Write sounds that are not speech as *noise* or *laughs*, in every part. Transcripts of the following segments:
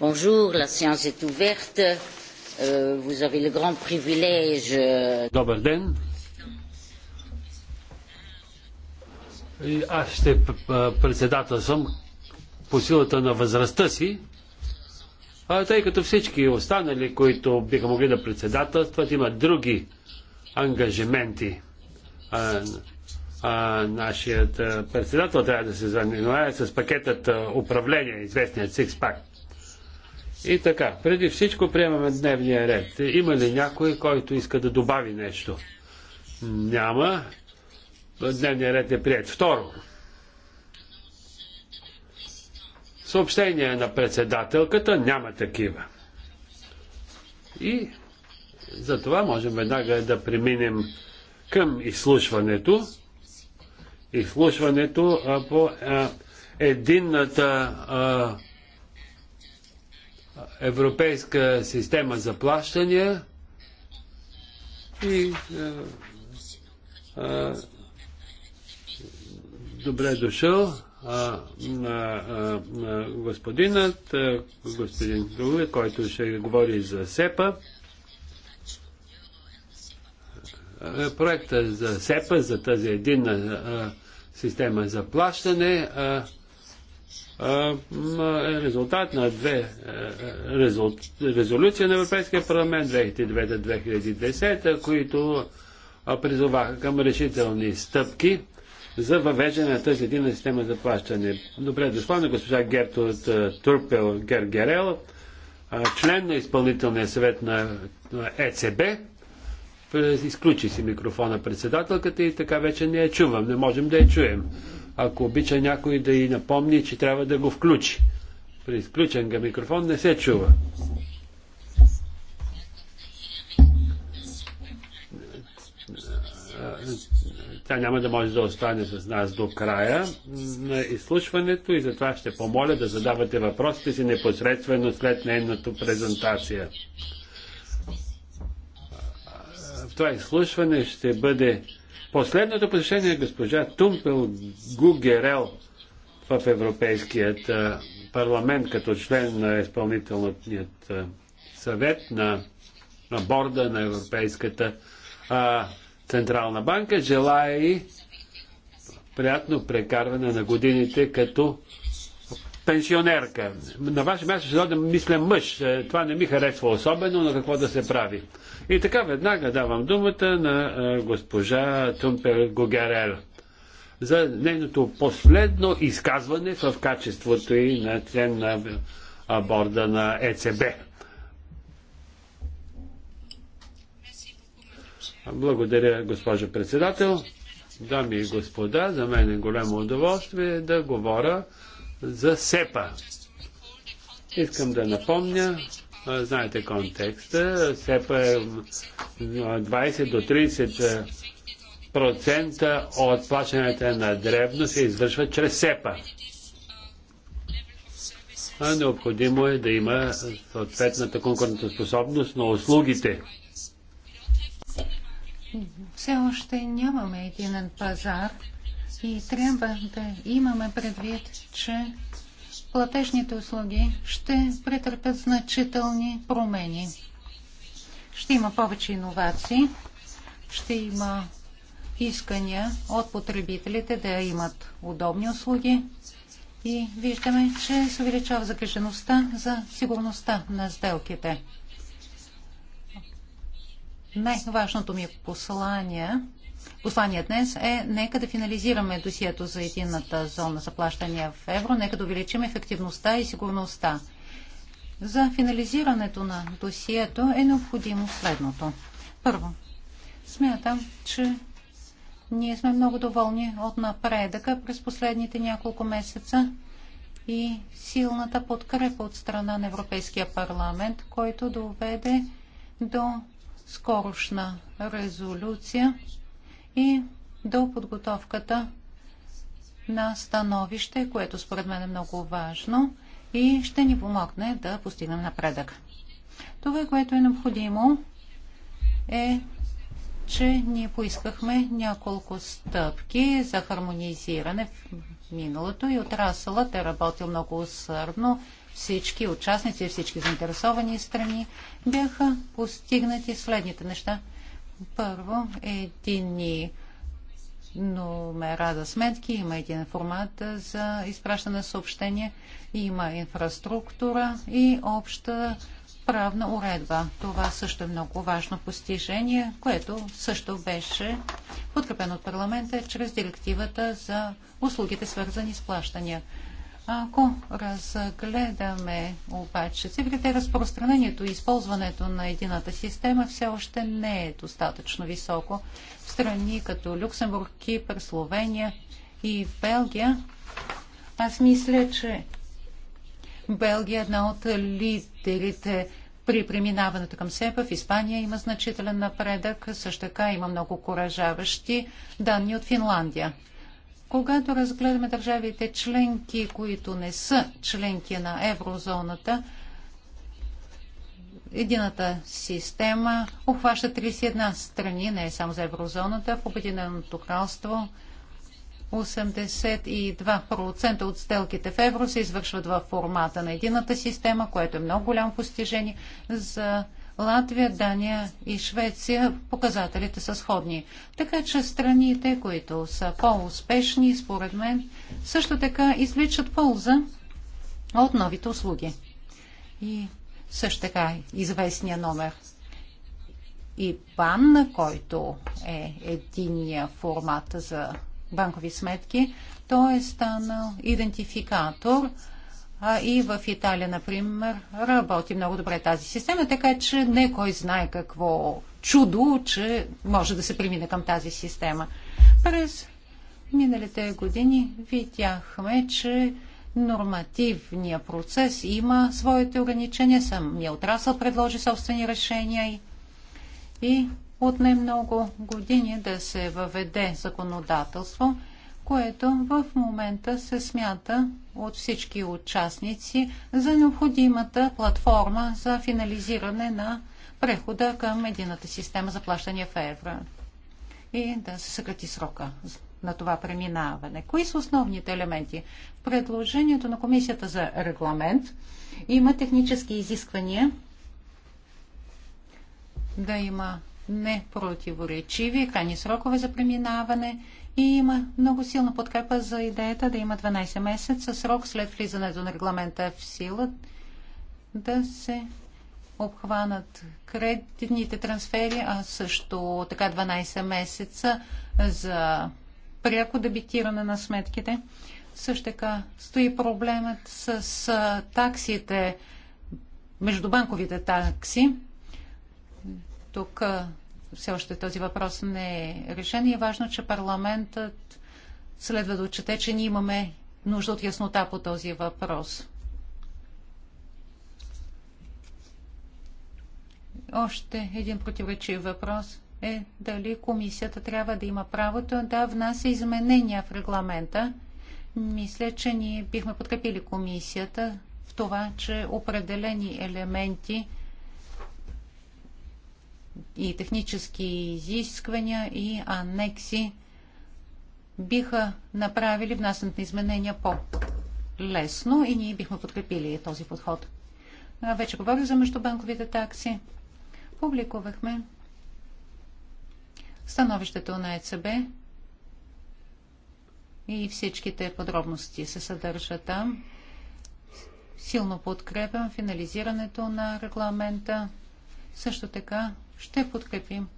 Bonjour, la séance est ouverte. Euh, vous avez le grand privilège. Euh, Добър ден. аз ще председател съм по силата на възрастта си, а тъй като всички останали, които биха могли да председателстват, имат други ангажименти. А, а, нашият председател трябва да се занимава с пакетът управление, известният Сикспак. И така, преди всичко приемаме дневния ред. Има ли някой, който иска да добави нещо? Няма. Дневния ред е прият. Второ. Съобщение на председателката няма такива. И за това можем веднага да преминем към изслушването. Изслушването а, по а, единната а, европейска система за плащания и а, е, а, е, добре дошъл а, на господинът, господин Друга, който ще говори за СЕПА. Е, проекта за СЕПА, за тази единна система за плащане, а, е резултат на две е, е, резолюции на Европейския парламент 2009-2010, които призоваха към решителни стъпки за въвеждане на тази единна система за плащане. Добре дошла на госпожа Гертот Турпел Гергерел, член на изпълнителния съвет на ЕЦБ. Изключи си микрофона председателката и така вече не я чувам. Не можем да я чуем. Ако обича някой да й напомни, че трябва да го включи. При изключен га микрофон не се чува. Тя няма да може да остане с нас до края на изслушването и затова ще помоля да задавате въпросите си непосредствено след нейната презентация. Това изслушване ще бъде Последното посещение е госпожа Тумпел Гугерел в Европейският парламент като член на изпълнителният съвет на, на борда на Европейската а, Централна банка. Желая и приятно прекарване на годините като пенсионерка. На ваше място ще мисля мъж. Е, това не ми харесва особено, но какво да се прави. И така веднага давам думата на госпожа Тумпер Гугарел за нейното последно изказване в качеството и на член на борда на ЕЦБ. Благодаря, госпожо председател. Дами и господа, за мен е голямо удоволствие да говоря за СЕПА. Искам да напомня Знаете контекста. СЕПА е 20 до 30 процента от плащането на древно се извършва чрез СЕПА. необходимо е да има съответната конкурентоспособност на услугите. Все още нямаме единен пазар и трябва да имаме предвид, че платежните услуги ще претърпят значителни промени. Ще има повече иновации, ще има искания от потребителите да имат удобни услуги и виждаме, че се увеличава загрижеността за сигурността на сделките. Най-важното ми послание Посланият днес е нека да финализираме досието за единната зона за плащания в евро, нека да увеличим ефективността и сигурността. За финализирането на досието е необходимо следното. Първо, смятам, че ние сме много доволни от напредъка през последните няколко месеца и силната подкрепа от страна на Европейския парламент, който доведе до скорошна резолюция и до подготовката на становище, което според мен е много важно и ще ни помогне да постигнем напредък. Това, което е необходимо, е, че ние поискахме няколко стъпки за хармонизиране в миналото и отрасълът е работил много усърдно. Всички участници, всички заинтересовани страни бяха постигнати следните неща. Първо, единни номера за сметки, има един формат за изпращане съобщения, има инфраструктура и обща правна уредба. Това също е много важно постижение, което също беше подкрепено от парламента чрез директивата за услугите свързани с плащания. Ако разгледаме обаче цифрите, разпространението и използването на едината система все още не е достатъчно високо. В страни като Люксембург, Кипър, Словения и Белгия, аз мисля, че Белгия е една от лидерите при преминаването към СЕПА в Испания има значителен напредък, също така има много коражаващи данни от Финландия. Когато разгледаме държавите членки, които не са членки на еврозоната, едината система обхваща 31 страни, не е само за еврозоната, в Обединеното кралство 82% от сделките в евро се извършват в формата на едината система, което е много голямо постижение за Латвия, Дания и Швеция показателите са сходни. Така че страните, които са по-успешни, според мен, също така извличат полза от новите услуги. И също така известния номер и БАН, който е единия формат за банкови сметки, той е станал идентификатор – а и в Италия, например, работи много добре тази система, така че не кой знае какво чудо, че може да се премине към тази система. През миналите години видяхме, че нормативния процес има своите ограничения. Самия отрасъл предложи собствени решения и, и отне много години да се въведе законодателство – което в момента се смята от всички участници за необходимата платформа за финализиране на прехода към едината система за плащане в евро и да се съкрати срока на това преминаване. Кои са основните елементи? Предложението на комисията за регламент има технически изисквания да има непротиворечиви крайни срокове за преминаване – и има много силна подкрепа за идеята да има 12 месеца срок след влизането на регламента в сила да се обхванат кредитните трансфери, а също така 12 месеца за пряко дебитиране на сметките. Също така стои проблемът с таксите, междубанковите такси. Тук все още този въпрос не е решен и е важно, че парламентът следва да отчете, че ние имаме нужда от яснота по този въпрос. Още един противоречив въпрос е дали комисията трябва да има правото да внася изменения в регламента. Мисля, че ние бихме подкрепили комисията в това, че определени елементи – и технически изисквания и анекси биха направили внасянето на изменения по-лесно и ние бихме подкрепили този подход. Вече говорих за междубанковите такси. Публикувахме становището на ЕЦБ и всичките подробности се съдържат там. Силно подкрепям финализирането на регламента. Също така ще подкрепим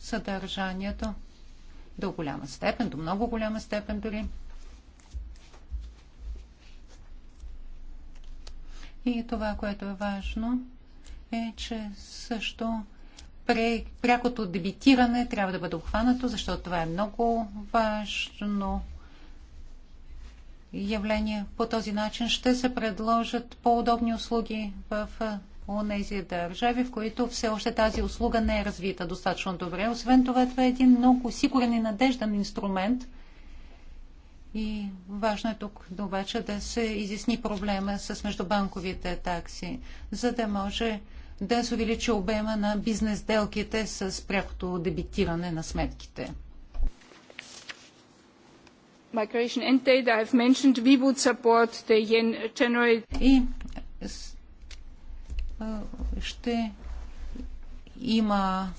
съдържанието до голяма степен, до много голяма степен дори. И това, което е важно, е, че също прякото дебитиране трябва да бъде обхванато, защото това е много важно явление. По този начин ще се предложат по-удобни услуги в онези държави, в които все още тази услуга не е развита достатъчно добре. Освен това, това е един много сигурен и надежден инструмент. И важно е тук обаче да се изясни проблема с междубанковите такси, за да може да се увеличи обема на бизнес делките с прякото дебитиране на сметките. И е, ще има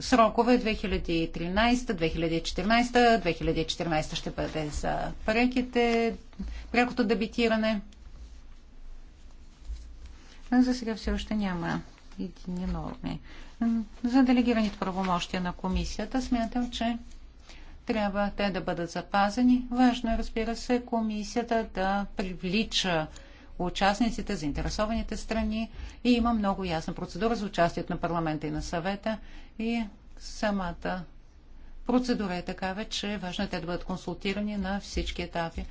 срокове 2013, 2014, 2014 ще бъде за преките, прекото дебитиране. За сега все още няма едини норми. За делегираните правомощия на комисията смятам, че трябва те да бъдат запазени. Важно е, разбира се, комисията да привлича участниците, заинтересованите страни и има много ясна процедура за участието на парламента и на съвета и самата процедура е такава, че е важно те да бъдат консултирани на всички етапи.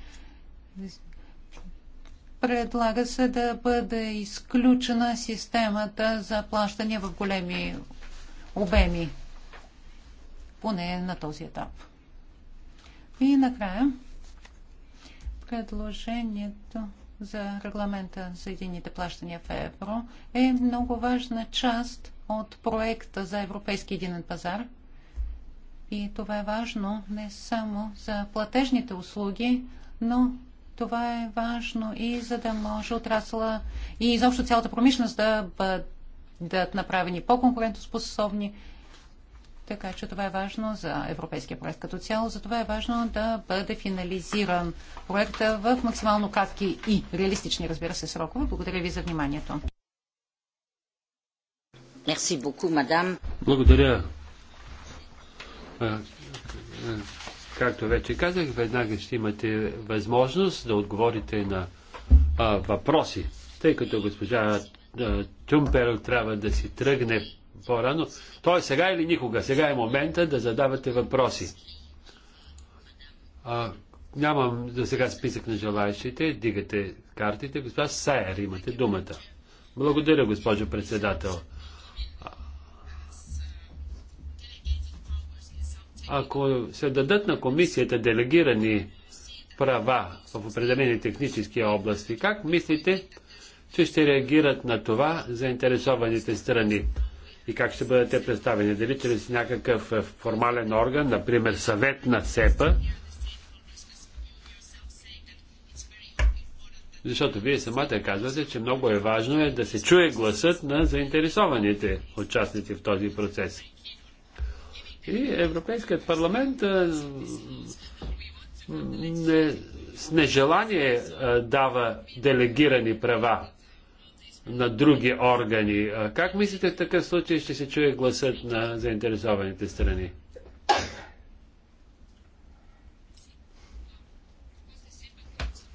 Предлага се да бъде изключена системата за плащане в големи обеми, поне на този етап. И накрая предложението за регламента за едините плащания в евро е много важна част от проекта за Европейски единен пазар. И това е важно не само за платежните услуги, но това е важно и за да може отрасла и изобщо цялата промишленост да бъдат направени по-конкурентоспособни, така че това е важно за европейския проект като цяло. Затова е важно да бъде финализиран проекта в максимално кратки и реалистични, разбира се, срокове. Благодаря ви за вниманието. Мерси боку, мадам. Благодаря. Е, е, както вече казах, веднага ще имате възможност да отговорите на въпроси, тъй като госпожа е, Тюмпер трябва да си тръгне по-рано. Той сега или никога. Сега е момента да задавате въпроси. А, нямам за сега списък на желаящите. Дигате картите. Госпожа Сайер, имате думата. Благодаря, госпожо председател. Ако се дадат на комисията делегирани права в определени технически области, как мислите, че ще реагират на това заинтересованите страни? и как ще бъдете представени. Дали чрез някакъв е, формален орган, например съвет на СЕПА, защото вие самата казвате, че много е важно е да се чуе гласът на заинтересованите участници в този процес. И Европейският парламент е, не, с нежелание а, е, дава делегирани права на други органи. Как мислите в такъв случай ще се чуе гласът на заинтересованите страни?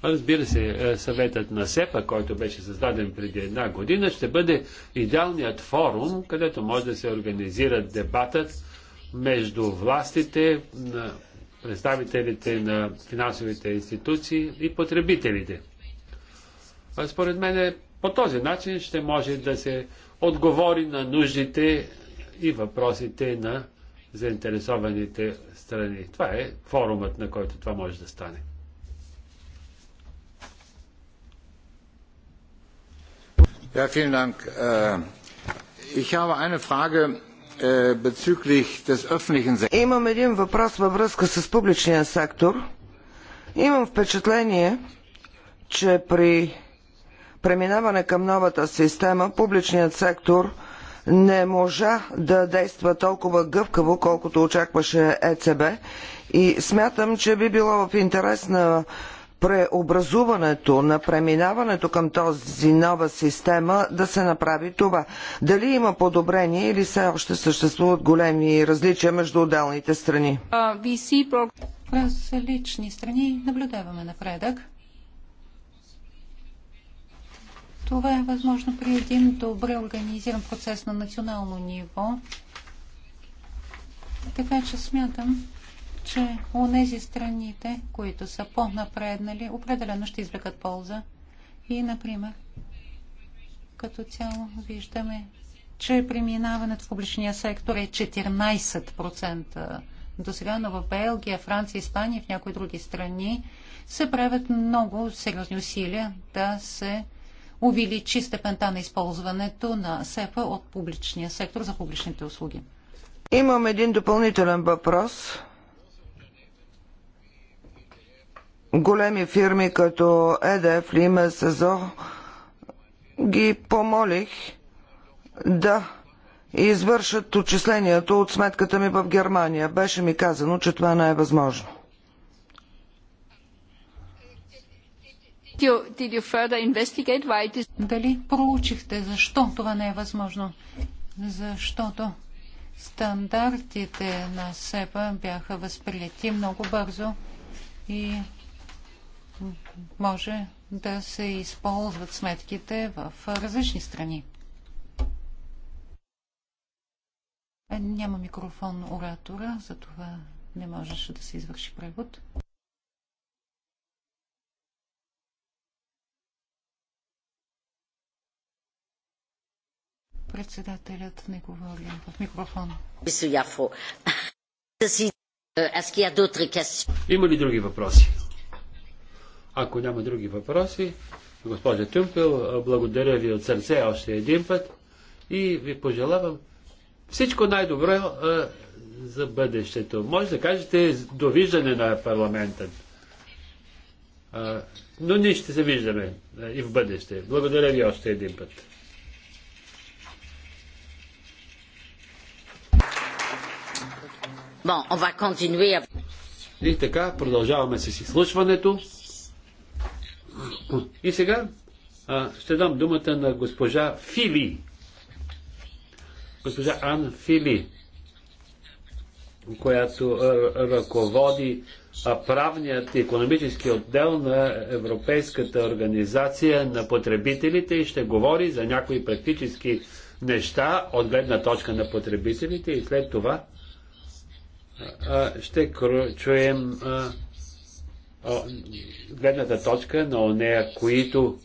Разбира се, е, съветът на СЕПА, който беше създаден преди една година, ще бъде идеалният форум, където може да се организира дебатът между властите, представителите на финансовите институции и потребителите. Според мен е по този начин ще може да се отговори на нуждите и въпросите на заинтересованите страни. Това е форумът, на който това може да стане. Ja, vielen Dank. Äh, ich habe eine Frage äh, bezüglich des öffentlichen Sektors. Имам един въпрос във връзка с публичния сектор. Имам впечатление, че при преминаване към новата система, публичният сектор не можа да действа толкова гъвкаво, колкото очакваше ЕЦБ и смятам, че би било в интерес на преобразуването, на преминаването към този нова система да се направи това. Дали има подобрение или все още съществуват големи различия между отделните страни? През страни наблюдаваме напредък. Това е възможно при един добре организиран процес на национално ниво. Така че смятам, че у нези страните, които са по-напреднали, определено ще извлекат полза. И, например, като цяло виждаме, че преминаването в публичния сектор е 14% до сега, но в Белгия, Франция, Испания и в някои други страни се правят много сериозни усилия да се увеличи степента на използването на СЕФА от публичния сектор за публичните услуги. Имам един допълнителен въпрос. Големи фирми като ЕДФ, Лима, СЕЗО ги помолих да извършат отчислението от сметката ми в Германия. Беше ми казано, че това не е възможно. Дали проучихте защо това не е възможно? Защото стандартите на СЕПА бяха възприяти много бързо и може да се използват сметките в различни страни. Е, няма микрофон оратора, за това не можеше да се извърши превод. Председателят не говори в микрофон. Euh, Има ли други въпроси? Ако няма други въпроси, госпожа Тюмпел, благодаря ви от сърце още един път и ви пожелавам всичко най-добро за бъдещето. Може да кажете довиждане на парламента. но ние ще се виждаме и в бъдеще. Благодаря ви още един път. И така, продължаваме с изслушването. И сега а, ще дам думата на госпожа Фили. Госпожа Ан Фили, която ръководи правният економически отдел на Европейската организация на потребителите и ще говори за някои практически неща от гледна точка на потребителите и след това ще чуем гледната точка на онея, които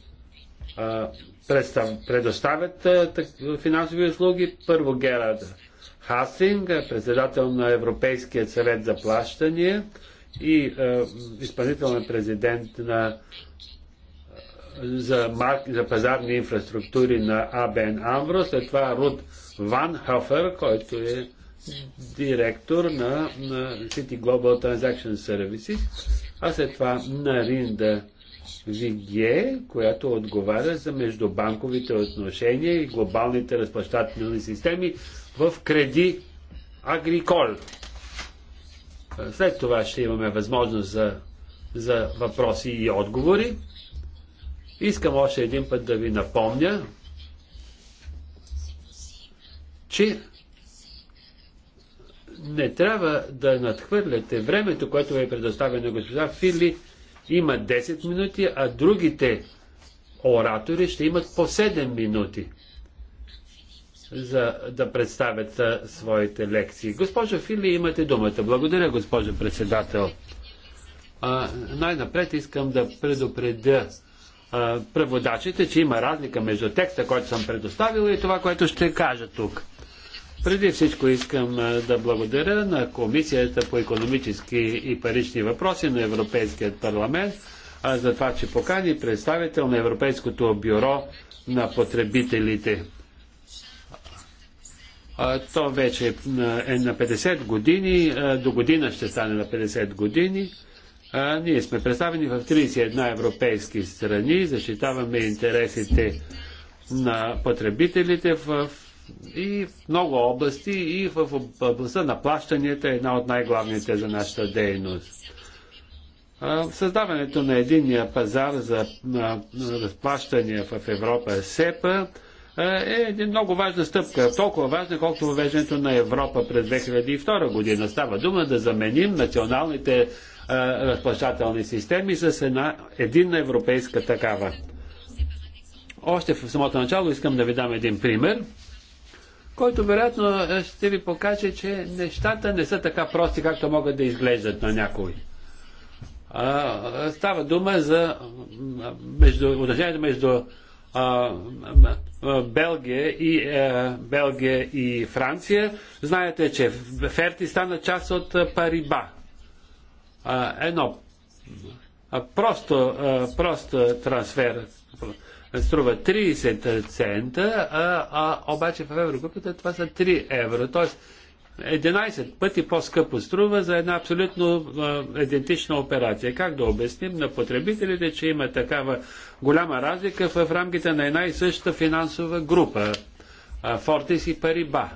предоставят финансови услуги. Първо Герард Хасинг, председател на Европейския съвет за плащания и изпълнителен президент на за, марк, за пазарни инфраструктури на АБН Амбро, след това Руд Ван Хофер, който е директор на, на City Global Transaction Services, а след това на Ринда Вигие, която отговаря за междубанковите отношения и глобалните разплащателни системи в Креди Агрикол. След това ще имаме възможност за, за въпроси и отговори. Искам още един път да ви напомня, че не трябва да надхвърляте времето, което ви е предоставено госпожа Фили. Има 10 минути, а другите оратори ще имат по 7 минути за да представят своите лекции. Госпожо Фили, имате думата. Благодаря, госпожо председател. най-напред искам да предупредя а, преводачите, че има разлика между текста, който съм предоставил, и това, което ще кажа тук. Преди всичко искам да благодаря на Комисията по економически и парични въпроси на Европейският парламент за това, че покани представител на Европейското бюро на потребителите. То вече е на 50 години, до година ще стане на 50 години. Ние сме представени в 31 европейски страни, защитаваме интересите на потребителите в и в много области, и в областта на плащанията е една от най-главните за нашата дейност. Създаването на единния пазар за разплащания в Европа СЕПА е един много важна стъпка. Толкова важна, колкото въвеждането на Европа през 2002 година. Става дума да заменим националните разплащателни системи с една единна европейска такава. Още в самото начало искам да ви дам един пример – който вероятно е, ще ви покаже, че нещата не са така прости, както могат да изглеждат на някой. А, става дума за между, отношението между а, а, Белгия, и, а, е, Белгия и Франция. Знаете, че Ферти стана част от е, Париба. А, едно а, просто, а, просто трансфер струва 30 цента, а, а обаче в еврогрупата това са 3 евро. Тоест 11 пъти по-скъпо струва за една абсолютно а, идентична операция. Как да обясним на потребителите, че има такава голяма разлика в рамките на една и съща финансова група Фортис и Париба?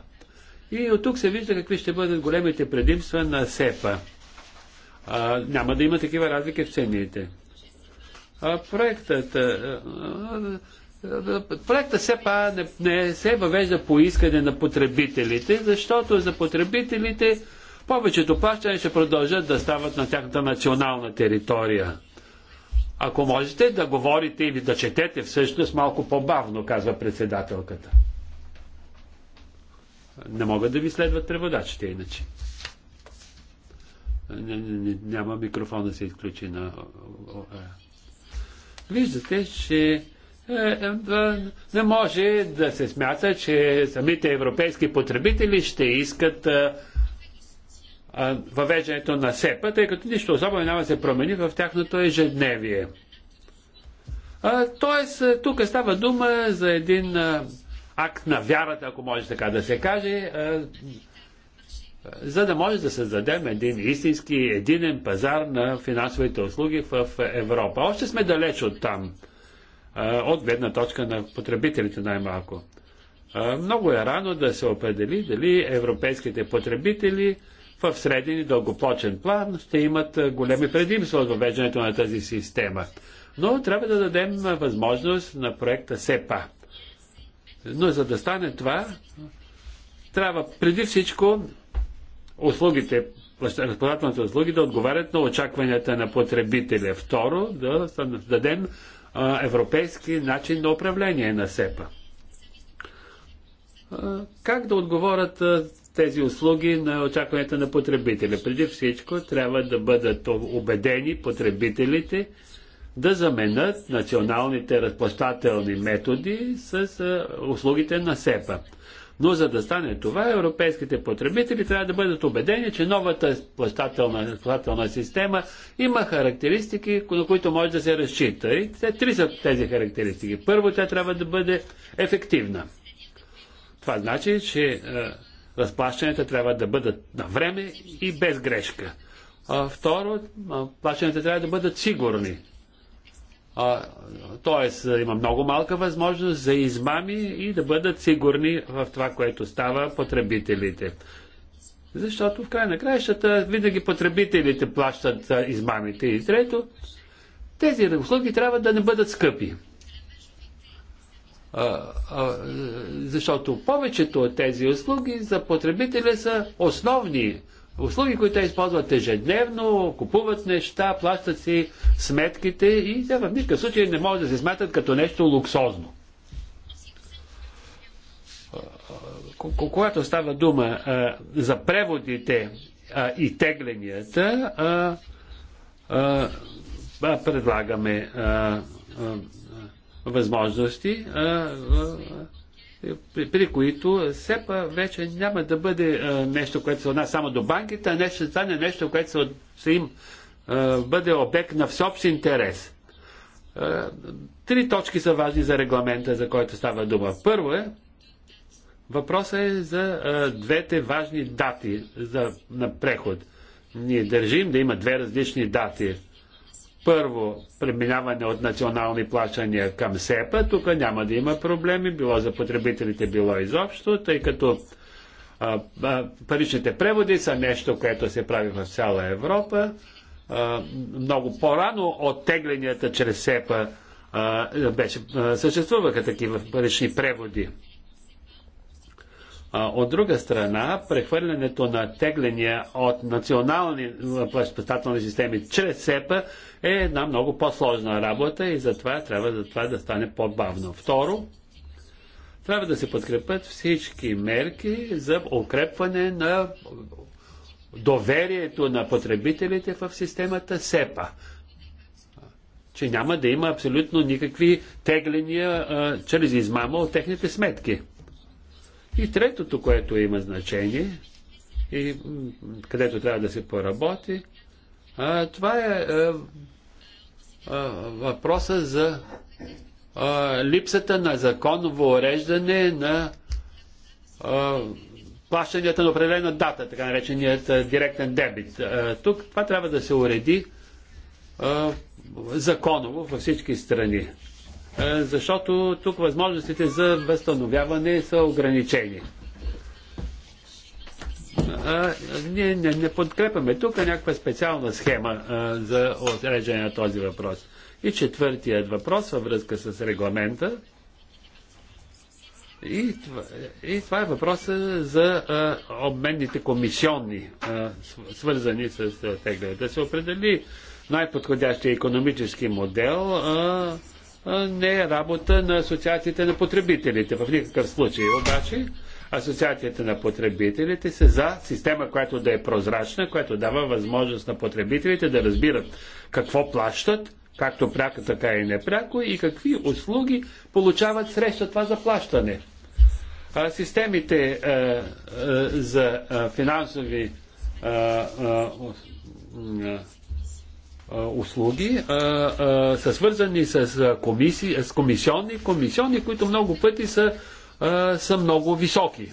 И от тук се вижда какви ще бъдат големите предимства на СЕПА. А, няма да има такива разлики в цените проектът Проекта все па не, не се въвежда по искане на потребителите, защото за потребителите повечето плащане ще продължат да стават на тяхната национална територия. Ако можете да говорите или да четете всъщност малко по-бавно, казва председателката. Не могат да ви следват преводачите иначе. Няма микрофона се изключи на е. Виждате, че е, е, не може да се смята, че самите европейски потребители ще искат е, въвеждането на СЕПА, тъй като нищо особено няма да се промени в тяхното ежедневие. Тоест, тук става дума за един акт на вярата, ако може така да се каже, за да може да създадем един истински единен пазар на финансовите услуги в Европа. Още сме далеч от там, от гледна точка на потребителите най-малко. Много е рано да се определи дали европейските потребители в среден и дългоплочен план ще имат големи предимства от въвеждането на тази система. Но трябва да дадем възможност на проекта СЕПА. Но за да стане това, трябва преди всичко услугите, разплащателните услуги да отговарят на очакванията на потребителя. Второ, да дадем европейски начин на управление на СЕПА. Как да отговорят тези услуги на очакванията на потребителя? Преди всичко трябва да бъдат убедени потребителите да заменят националните разплащателни методи с услугите на СЕПА. Но за да стане това, европейските потребители трябва да бъдат убедени, че новата плащателна, плащателна система има характеристики, на които може да се разчита. И те, три са тези характеристики. Първо, тя трябва да бъде ефективна. Това значи, че е, разплащанията трябва да бъдат на време и без грешка. А, второ, плащанията трябва да бъдат сигурни. Тоест има много малка възможност за измами и да бъдат сигурни в това, което става потребителите. Защото в край на краищата винаги потребителите плащат измамите. И трето, тези услуги трябва да не бъдат скъпи. А, а, защото повечето от тези услуги за потребителя са основни услуги, които те използват ежедневно, купуват неща, плащат си сметките и те в никакъв случай не могат да се смятат като нещо луксозно. Когато става дума а, за преводите а, и тегленията, а, а, предлагаме а, а, възможности. А, а, при, при които па вече няма да бъде а, нещо, което се отнася само до банките, а нещо ще стане е нещо, което се, се им а, бъде обект на всеобщ интерес. А, три точки са важни за регламента, за който става дума. Първо е, въпросът е за а, двете важни дати за, на преход. Ние държим да има две различни дати първо преминаване от национални плащания към СЕПА, тук няма да има проблеми, било за потребителите, било изобщо, тъй като а, а, паричните преводи са нещо, което се прави в цяла Европа. А, много по-рано оттегленията чрез СЕПА а, беше, а, съществуваха такива парични преводи. От друга страна, прехвърлянето на тегления от национални плащателни системи чрез СЕПА е една много по-сложна работа и затова трябва за това да стане по-бавно. Второ, трябва да се подкрепят всички мерки за укрепване на доверието на потребителите в системата СЕПА. Че няма да има абсолютно никакви тегления а, чрез измама от техните сметки. И третото, което има значение и където трябва да се поработи, а, това е а, е, а, въпроса за а, липсата на законово уреждане на а, плащанията на определена дата, така нареченият а, директен дебит. А, тук това трябва да се уреди а, законово във всички страни защото тук възможностите за възстановяване са ограничени. А, ние не, не подкрепяме тук някаква специална схема а, за отреждане на този въпрос. И четвъртият въпрос във връзка с регламента. И това, и това е въпроса за а, обменните комисионни, а, свързани с тегле. Да се определи най-подходящия економически модел. А, не е работа на асоциацията на потребителите в никакъв случай. Обаче асоциацията на потребителите са за система, която да е прозрачна, която дава възможност на потребителите да разбират какво плащат, както пряко, така и непряко, и какви услуги получават срещу това заплащане. А, системите а, е, а, е, за а, финансови а, а, услуги а, а, са свързани с, комисии, с комисионни, комисионни, които много пъти са, а, са много високи.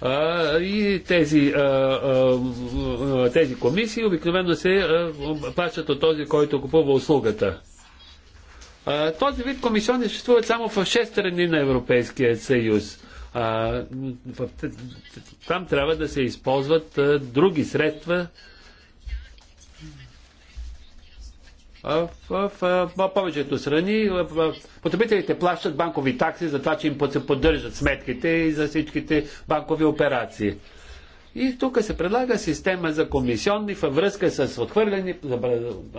А, и тези, а, а, тези комисии обикновено се плащат от този, който купува услугата. А, този вид комисионни съществуват само в 6 страни на Европейския съюз. А, в, там трябва да се използват а, други средства, В, в, в, в повечето страни потребителите плащат банкови такси за това, че им се поддържат сметките и за всичките банкови операции. И тук се предлага система за комисионни във връзка с отхвърлени,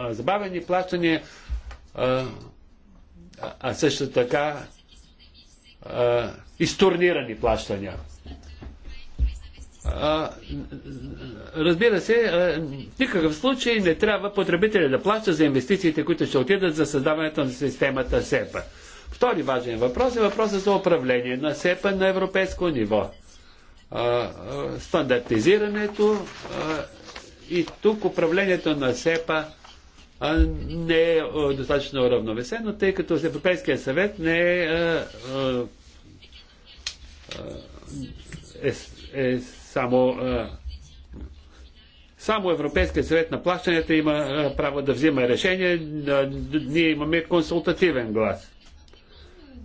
забавени плащания, а, а също така а, изтурнирани плащания разбира се, в никакъв случай не трябва потребителя да плаща за инвестициите, които ще отидат за създаването на системата СЕПА. Втори важен въпрос е въпросът за управление на СЕПА на европейско ниво. Стандартизирането и тук управлението на СЕПА не е достатъчно равновесено, тъй като Европейския съвет не е, е, е, е само, само Европейския съвет на плащанията има право да взима решение. Ние имаме консултативен глас.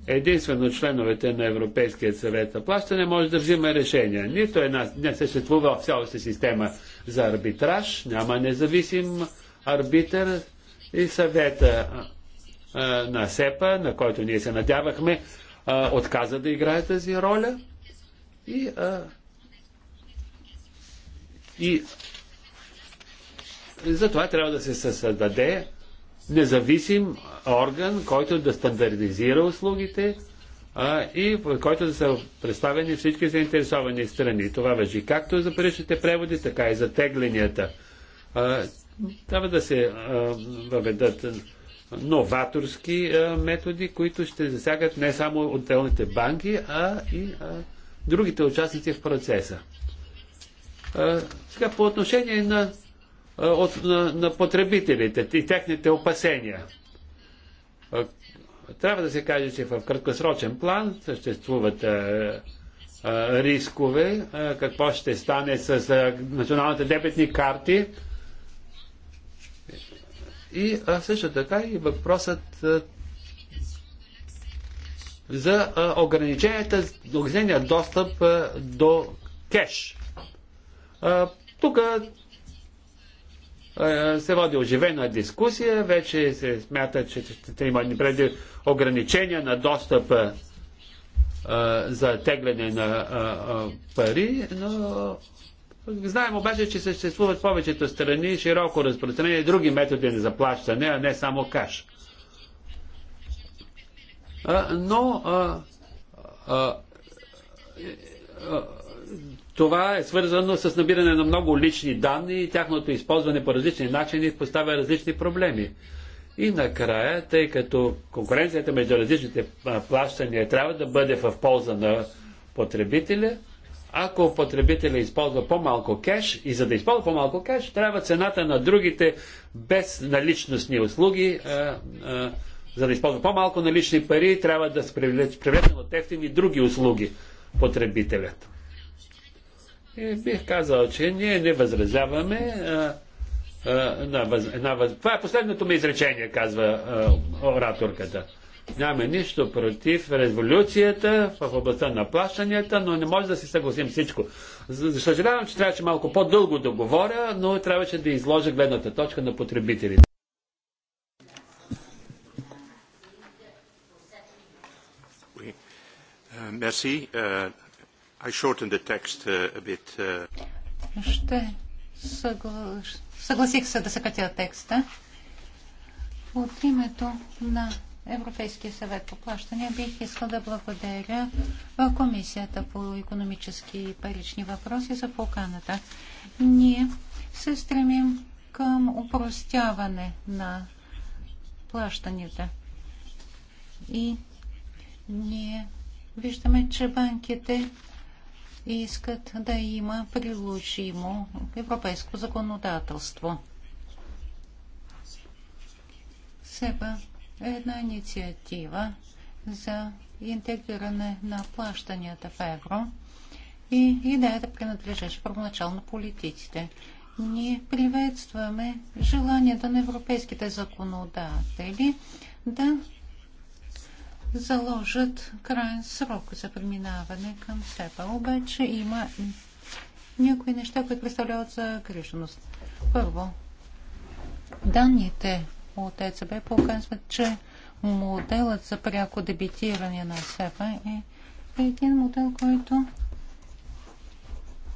Единствено членовете на Европейския съвет на плащане може да взима решение. Нито една не съществува в цялата система за арбитраж, няма независим арбитър и съвета на СЕПА, на който ние се надявахме, отказа да играе тази роля. И а, и затова трябва да се създаде независим орган, който да стандартизира услугите а, и в който да са представени всички заинтересовани страни. Това въжи както за паричните преводи, така и за тегленията. А, трябва да се а, въведат новаторски а, методи, които ще засягат не само отделните банки, а и а, другите участници в процеса. Сега по отношение на, от, на, на потребителите и техните опасения. Трябва да се каже, че в краткосрочен план съществуват рискове, какво ще стане с националните дебетни карти. И също така и въпросът за ограниченията, ограничения достъп до кеш. Тук се води оживена дискусия, вече се смята, че ще има преди ограничения на достъп за тегляне на пари, но знаем обаче, че съществуват повечето страни широко разпространение други методи на заплащане, а не само каш. Но това е свързано с набиране на много лични данни и тяхното използване по различни начини поставя различни проблеми. И накрая, тъй като конкуренцията между различните плащания трябва да бъде в полза на потребителя, ако потребителя използва по-малко кеш и за да използва по-малко кеш, трябва цената на другите без наличностни услуги, а, а, за да използва по-малко налични пари, трябва да се привлече от ефтини други услуги потребителят. И бих казал, че ние не възразяваме а, а, на въз, Това е последното ми изречение, казва а, ораторката. Нямаме нищо против революцията в областта на плащанията, но не може да си съгласим всичко. Съжалявам, че трябваше малко по-дълго да говоря, но трябваше да изложа гледната точка на потребителите. Euh, merci. Euh, I shortened the text uh, a bit. Uh. Ще съгла... съгласих се да съкратя текста. От името на Европейския съвет по плащане бих искал да благодаря в Комисията по економически и парични въпроси за поканата. Ние се стремим към упростяване на плащанията. И ние виждаме, че банките искат да има приложимо европейско законодателство. СЕБА е една инициатива за интегриране на плащанията в евро и идеята принадлежеше първоначално политиците. Ние приветстваме желанията на европейските законодатели да заложат крайен срок за преминаване към СЕПА. Обаче има някои неща, които представляват за грешност. Първо, данните от ЕЦБ показват, че моделът за пряко дебитиране на СЕПА е един модел, който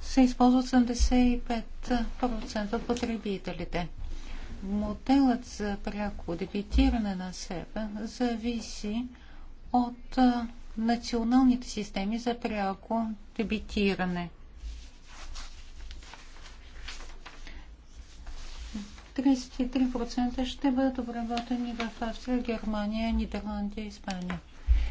се използва 75% от потребителите. Моделът за пряко дебитиране на СЕПА зависи от националните системи за пряко дебитиране. процента ще бъдат обработени в Австрия, Германия, Нидерландия и Испания.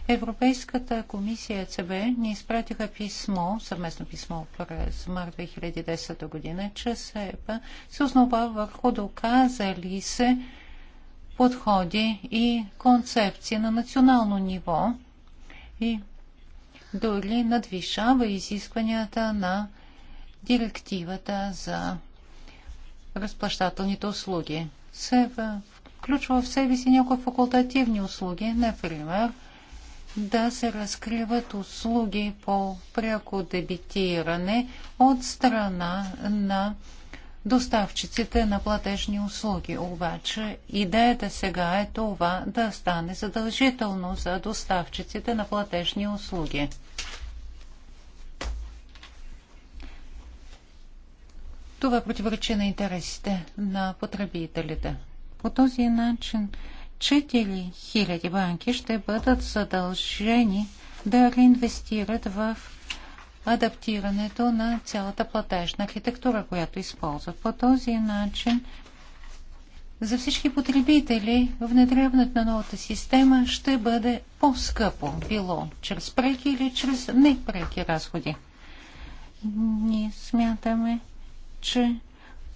Европейската комисия ЦБ ни изпратиха писмо, съвместно писмо през март 2010 година, че СЕПА се основа върху доказали се подходи и концепции на национално ниво и дори надвишава изискванията на директивата за разплащателните услуги. Се включва в себе си някои факултативни услуги, например да се разкриват услуги по пряко дебитиране от страна на доставчиците на платежни услуги. Обаче идеята сега е това да стане задължително за доставчиците на платежни услуги. Това противоречи на интересите на потребителите. По този начин 4000 банки ще бъдат задължени да реинвестират в адаптирането на цялата платежна архитектура, която използват. По този начин за всички потребители внедряването на новата система ще бъде по-скъпо, било чрез преки или чрез непреки разходи. Ние смятаме, че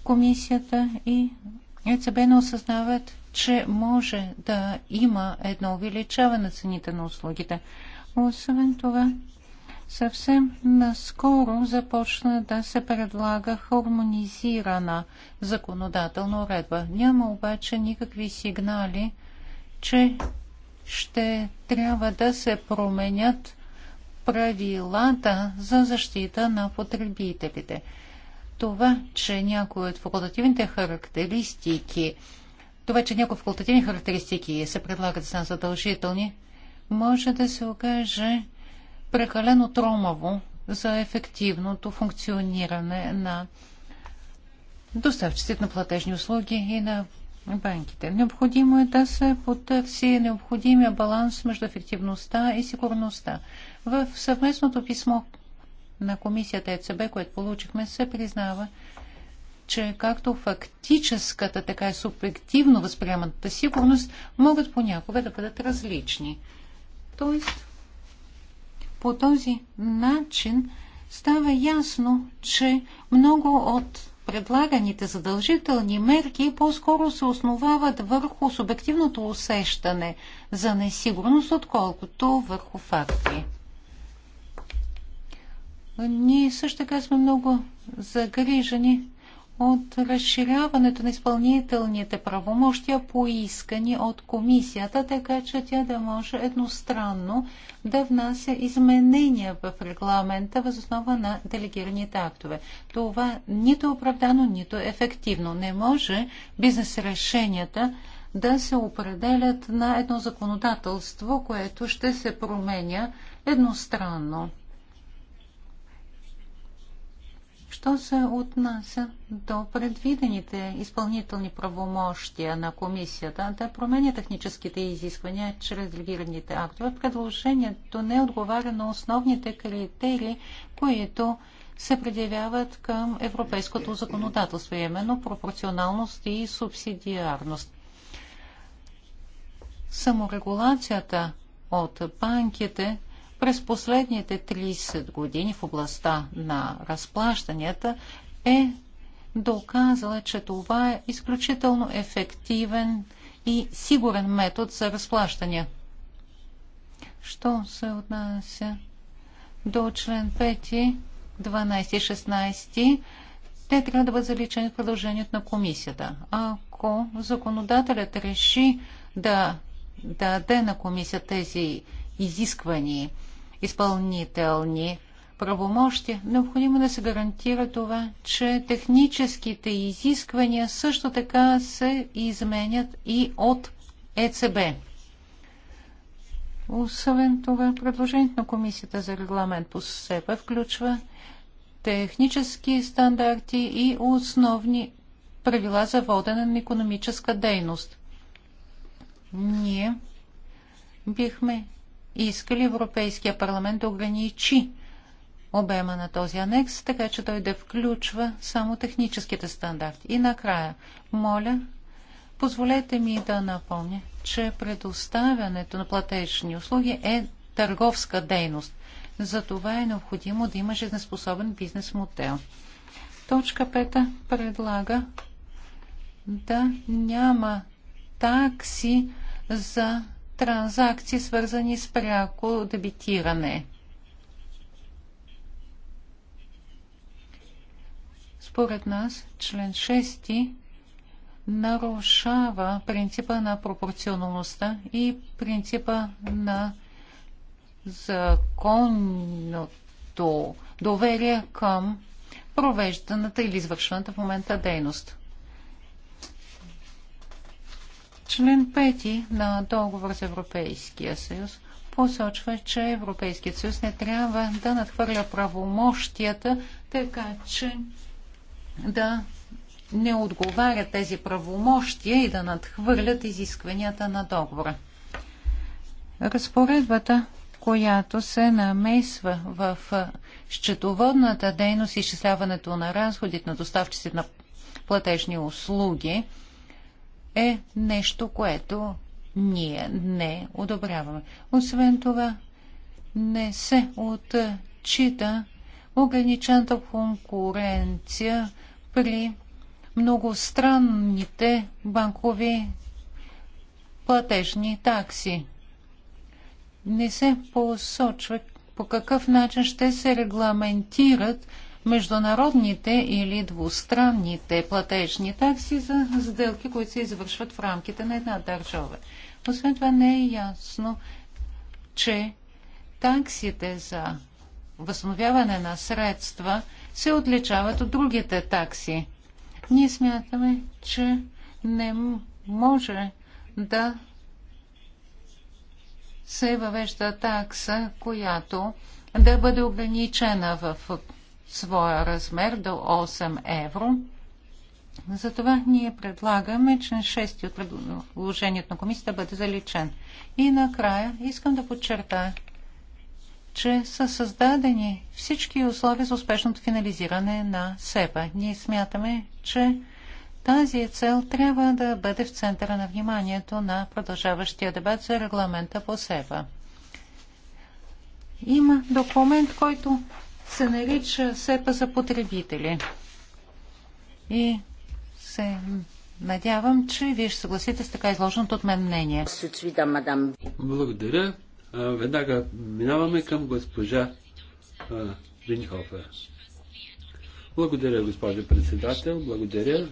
комисията и ЕЦБ не осъзнават, че може да има едно увеличаване на цените на услугите. Освен това, Съвсем наскоро започна да се предлага хармонизирана законодателна уредба. Няма обаче никакви сигнали, че ще трябва да се променят правилата за защита на потребителите. Това, че някои от факултативните характеристики, това, че някои факултативни характеристики се предлагат са задължителни, може да се окаже прекалено тромаво за ефективното функциониране на доставчиците на платежни услуги и на банките. Необходимо е да се потърси необходимия баланс между ефективността и сигурността. В съвместното писмо на комисията ЕЦБ, което получихме, се признава, че както фактическата, така и субективно възприеманата сигурност могат понякога да бъдат различни. Тоест, по този начин става ясно, че много от предлаганите задължителни мерки по-скоро се основават върху субективното усещане за несигурност, отколкото върху факти. Ние също така сме много загрижени от разширяването на изпълнителните правомощия поискани от комисията, така че тя да може едностранно да внася изменения в регламента възоснова на делегираните актове. Това нито е оправдано, нито е ефективно. Не може бизнес решенията да се определят на едно законодателство, което ще се променя едностранно. Що се отнася до предвидените изпълнителни правомощия на комисията да променя техническите изисквания чрез делегираните актове, предложението не отговаря на основните критерии, които се предявяват към европейското законодателство, именно пропорционалност и субсидиарност. Саморегулацията от банките през последните 30 години в областта на разплащанията е доказала, че това е изключително ефективен и сигурен метод за разплащане. Що се отнася до член 5, 12 и 16, те трябва да бъдат заличени в продължението на комисията. Ако законодателят реши да даде на комисията тези изисквания изпълнителни правомощи, необходимо е да се гарантира това, че техническите изисквания също така се изменят и от ЕЦБ. Освен това, предложението на Комисията за регламент по СЕПА включва технически стандарти и основни правила за водене на економическа дейност. Ние бихме иска ли Европейския парламент да ограничи обема на този анекс, така че той да включва само техническите стандарти. И накрая, моля, позволете ми да напомня, че предоставянето на платежни услуги е търговска дейност. За това е необходимо да има жизнеспособен бизнес модел. Точка 5 предлага да няма такси за транзакции, свързани с пряко дебитиране. Според нас, член 6 нарушава принципа на пропорционалността и принципа на законното доверие към провежданата или извършената в момента дейност. Член 5 на договор за Европейския съюз посочва, че Европейският съюз не трябва да надхвърля правомощията, така че да не отговарят тези правомощия и да надхвърлят изискванията на договора. Разпоредбата, която се намесва в счетоводната дейност и изчисляването на разходите на доставчиците на платежни услуги, е нещо, което ние не одобряваме. Освен това, не се отчита ограничената конкуренция при многостранните банкови платежни такси. Не се посочва по какъв начин ще се регламентират международните или двустранните платежни такси за сделки, които се извършват в рамките на една държава. Освен това не е ясно, че таксите за възстановяване на средства се отличават от другите такси. Ние смятаме, че не може да се въвежда такса, която да бъде ограничена в своя размер до 8 евро. Затова ние предлагаме член 6 от предложението на комисията бъде заличен. И накрая искам да подчертая, че са създадени всички условия за успешното финализиране на СЕПА. Ние смятаме, че тази цел трябва да бъде в центъра на вниманието на продължаващия дебат за регламента по СЕПА. Има документ, който се нарича СЕПА за потребители. И се надявам, че вие ще съгласите с така изложеното от мен мнение. Благодаря. Веднага минаваме към госпожа Винхофер. Благодаря, госпожо председател. Благодаря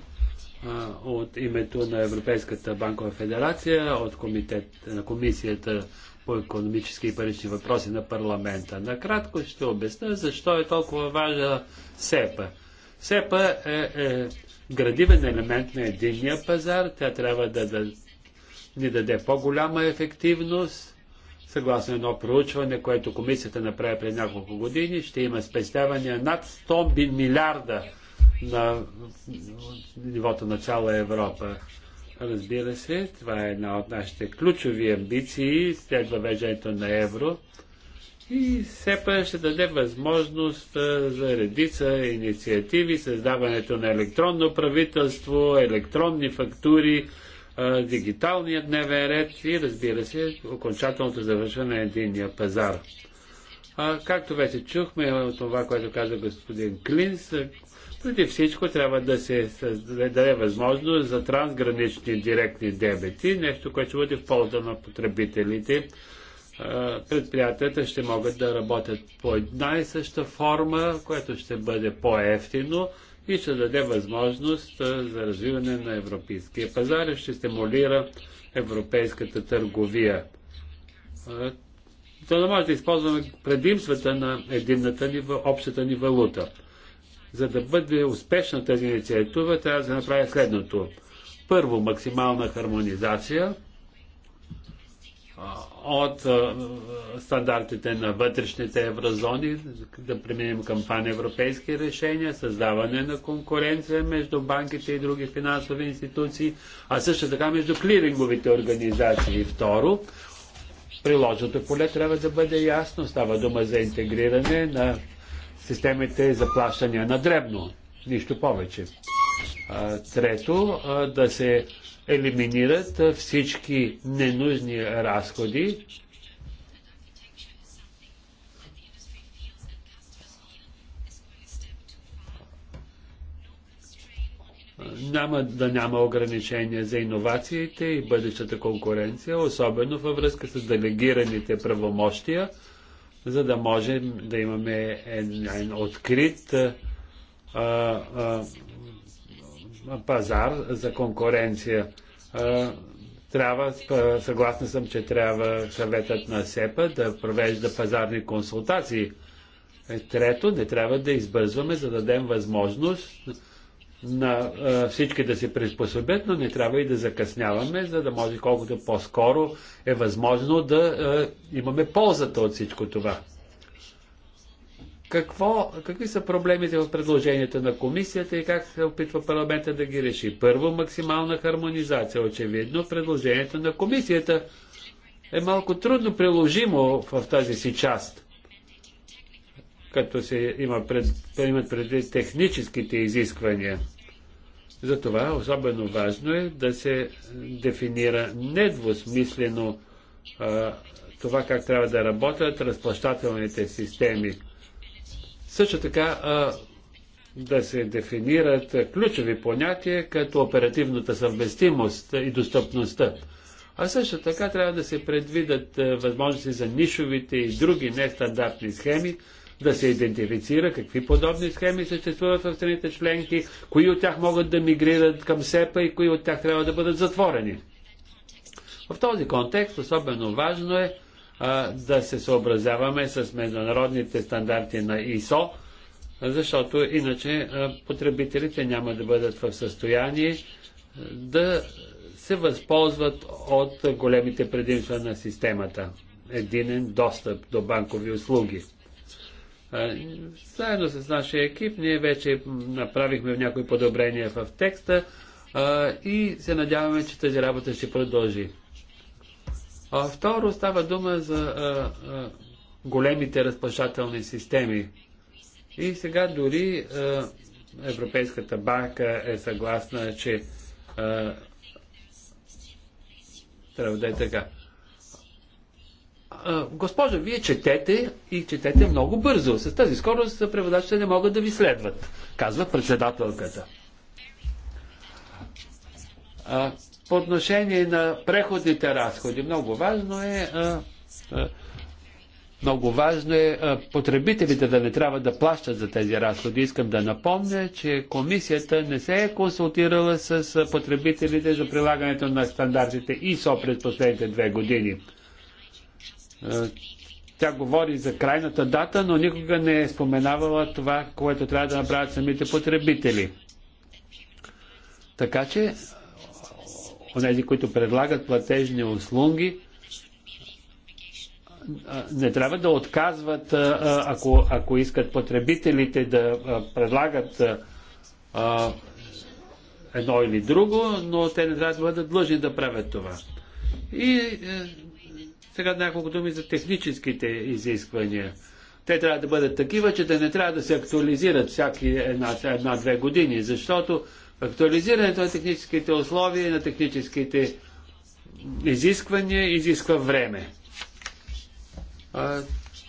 от името на Европейската банкова федерация, от комитет, на комисията по економически и парични въпроси на парламента. Накратко ще обясня защо е толкова важна СЕПА. СЕПА е, е градивен елемент на единния пазар. Тя трябва да, да ни даде по-голяма ефективност. Съгласно едно проучване, което комисията направи пред няколко години, ще има спестявания над 100 милиарда на нивото на цяла Европа. Разбира се, това е една от нашите ключови амбиции след въвеждането на евро. И все СЕПА ще даде възможност за редица инициативи, създаването на електронно правителство, електронни фактури, дигиталният дневен ред и разбира се, окончателното завършване на единния пазар. А, както вече чухме от това, което каза господин Клинс, преди всичко трябва да се даде възможност за трансгранични директни дебети, нещо, което ще бъде в полза на потребителите. Предприятията ще могат да работят по една и съща форма, което ще бъде по-ефтино и ще даде възможност за развиване на европейския пазар и ще стимулира европейската търговия. За да може да използваме предимствата на единната ни, общата ни валута. За да бъде успешна тази инициатива, трябва да се направи следното. Първо, максимална хармонизация от стандартите на вътрешните еврозони, да преминем към паневропейски решения, създаване на конкуренция между банките и други финансови институции, а също така между клиринговите организации. Второ, приложното поле трябва да бъде ясно. Става дума за интегриране на системите за плащания на дребно. Нищо повече. Трето, да се елиминират всички ненужни разходи, няма да няма ограничения за иновациите и бъдещата конкуренция, особено във връзка с делегираните правомощия за да можем да имаме един открит а, а, пазар за конкуренция. А, трябва, съгласна съм, че трябва съветът на СЕПА да провежда пазарни консултации. Трето, не трябва да избързваме, за да дадем възможност на всички да се приспособят, но не трябва и да закъсняваме, за да може колкото по-скоро е възможно да имаме ползата от всичко това. Какво, какви са проблемите в предложението на комисията и как се опитва парламента да ги реши? Първо, максимална хармонизация. Очевидно, предложението на комисията е малко трудно приложимо в тази си част като се има пред, имат предвид техническите изисквания. Затова особено важно е да се дефинира недвусмислено а, това как трябва да работят разплащателните системи. Също така а, да се дефинират ключови понятия като оперативната съвместимост и достъпността. А също така трябва да се предвидат възможности за нишовите и други нестандартни схеми, да се идентифицира какви подобни схеми съществуват в страните членки, кои от тях могат да мигрират към СЕПА и кои от тях трябва да бъдат затворени. В този контекст особено важно е а, да се съобразяваме с международните стандарти на ИСО, защото иначе а, потребителите няма да бъдат в състояние да се възползват от големите предимства на системата. Единен достъп до банкови услуги. Заедно с нашия екип ние вече направихме някои подобрения в текста и се надяваме, че тази работа ще продължи. Второ става дума за големите разплащателни системи. И сега дори Европейската банка е съгласна, че трябва да е така госпожо, вие четете и четете много бързо. С тази скорост преводачите не могат да ви следват, казва председателката. По отношение на преходните разходи, много важно е много важно е потребителите да не трябва да плащат за тези разходи. Искам да напомня, че комисията не се е консултирала с потребителите за прилагането на стандартите ИСО през последните две години. Е, тя говори за крайната дата, но никога не е споменавала това, което трябва да направят самите потребители. Така че, онези, които предлагат платежни услуги, е, не трябва да отказват, е, ако, ако искат потребителите да предлагат а, едно или друго, но те не трябва да бъдат длъжни да правят това. И сега няколко думи за техническите изисквания. Те трябва да бъдат такива, че да не трябва да се актуализират всяки една-две една, години, защото актуализирането на техническите условия и на техническите изисквания изисква време.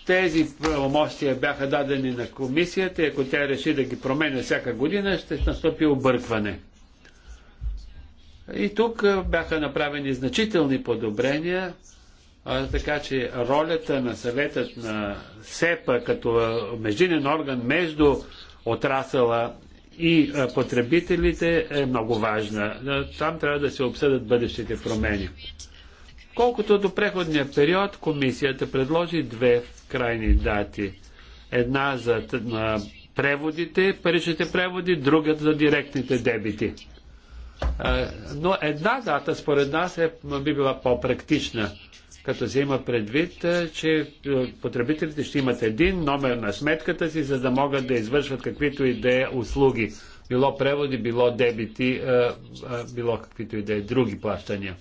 Тези правомощия бяха дадени на комисията и ако тя реши да ги променя всяка година, ще настъпи объркване. И тук бяха направени значителни подобрения така че ролята на съветът на СЕПА като междинен орган между отрасъла и потребителите е много важна. Там трябва да се обсъдят бъдещите промени. Колкото до преходния период, комисията предложи две крайни дати. Една за на преводите, паричните преводи, другата за директните дебити. Но една дата според нас е, би била по-практична – като се има предвид, че потребителите ще имат един номер на сметката си, за да могат да извършват каквито и да е услуги. Било преводи, било дебити, било каквито и да е други плащания.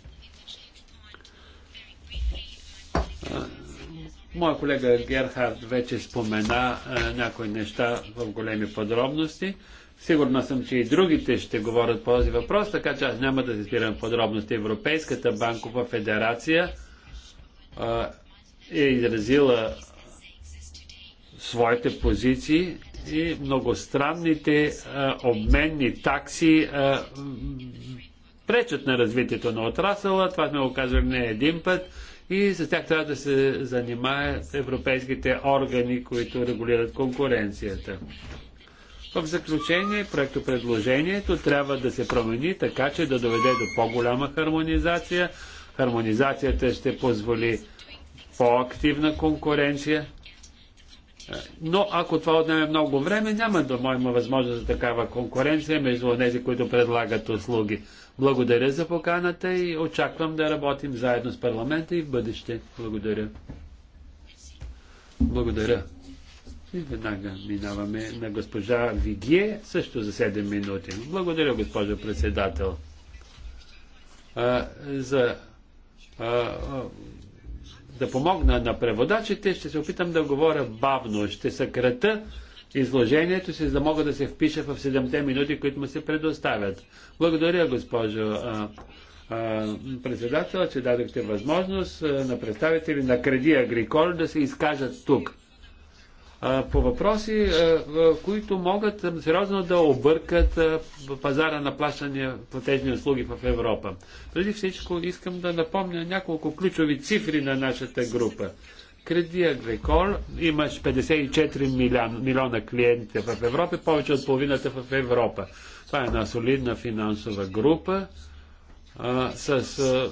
Моя колега Герхард вече спомена някои неща в големи подробности. Сигурна съм, че и другите ще говорят по този въпрос, така че аз няма да се спирам подробности. Европейската банкова федерация е изразила своите позиции и многостранните а, обменни такси а, пречат на развитието на отрасъла. Това сме го казвали не един път и с тях трябва да се занимаят европейските органи, които регулират конкуренцията. В заключение, проектопредложението трябва да се промени така, че да доведе до по-голяма хармонизация Хармонизацията ще позволи по-активна конкуренция. Но ако това отнеме много време, няма да има възможност за такава конкуренция между тези, които предлагат услуги. Благодаря за поканата и очаквам да работим заедно с парламента и в бъдеще. Благодаря. Благодаря. И веднага минаваме на госпожа Вигие, също за 7 минути. Благодаря, госпожа председател, за да помогна на преводачите, ще се опитам да говоря бавно. Ще съкрата изложението си, за да мога да се впиша в 7 минути, които му се предоставят. Благодаря, госпожо а, а, председател, че дадохте възможност а, на представители на Креди Агрикол да се изкажат тук по въпроси, които могат сериозно да объркат пазара на плащания платежни услуги в Европа. Преди всичко искам да напомня няколко ключови цифри на нашата група. Креди Грекор имаш 54 милион, милиона клиенти в Европа, повече от половината в Европа. Това е една солидна финансова група а, с. А,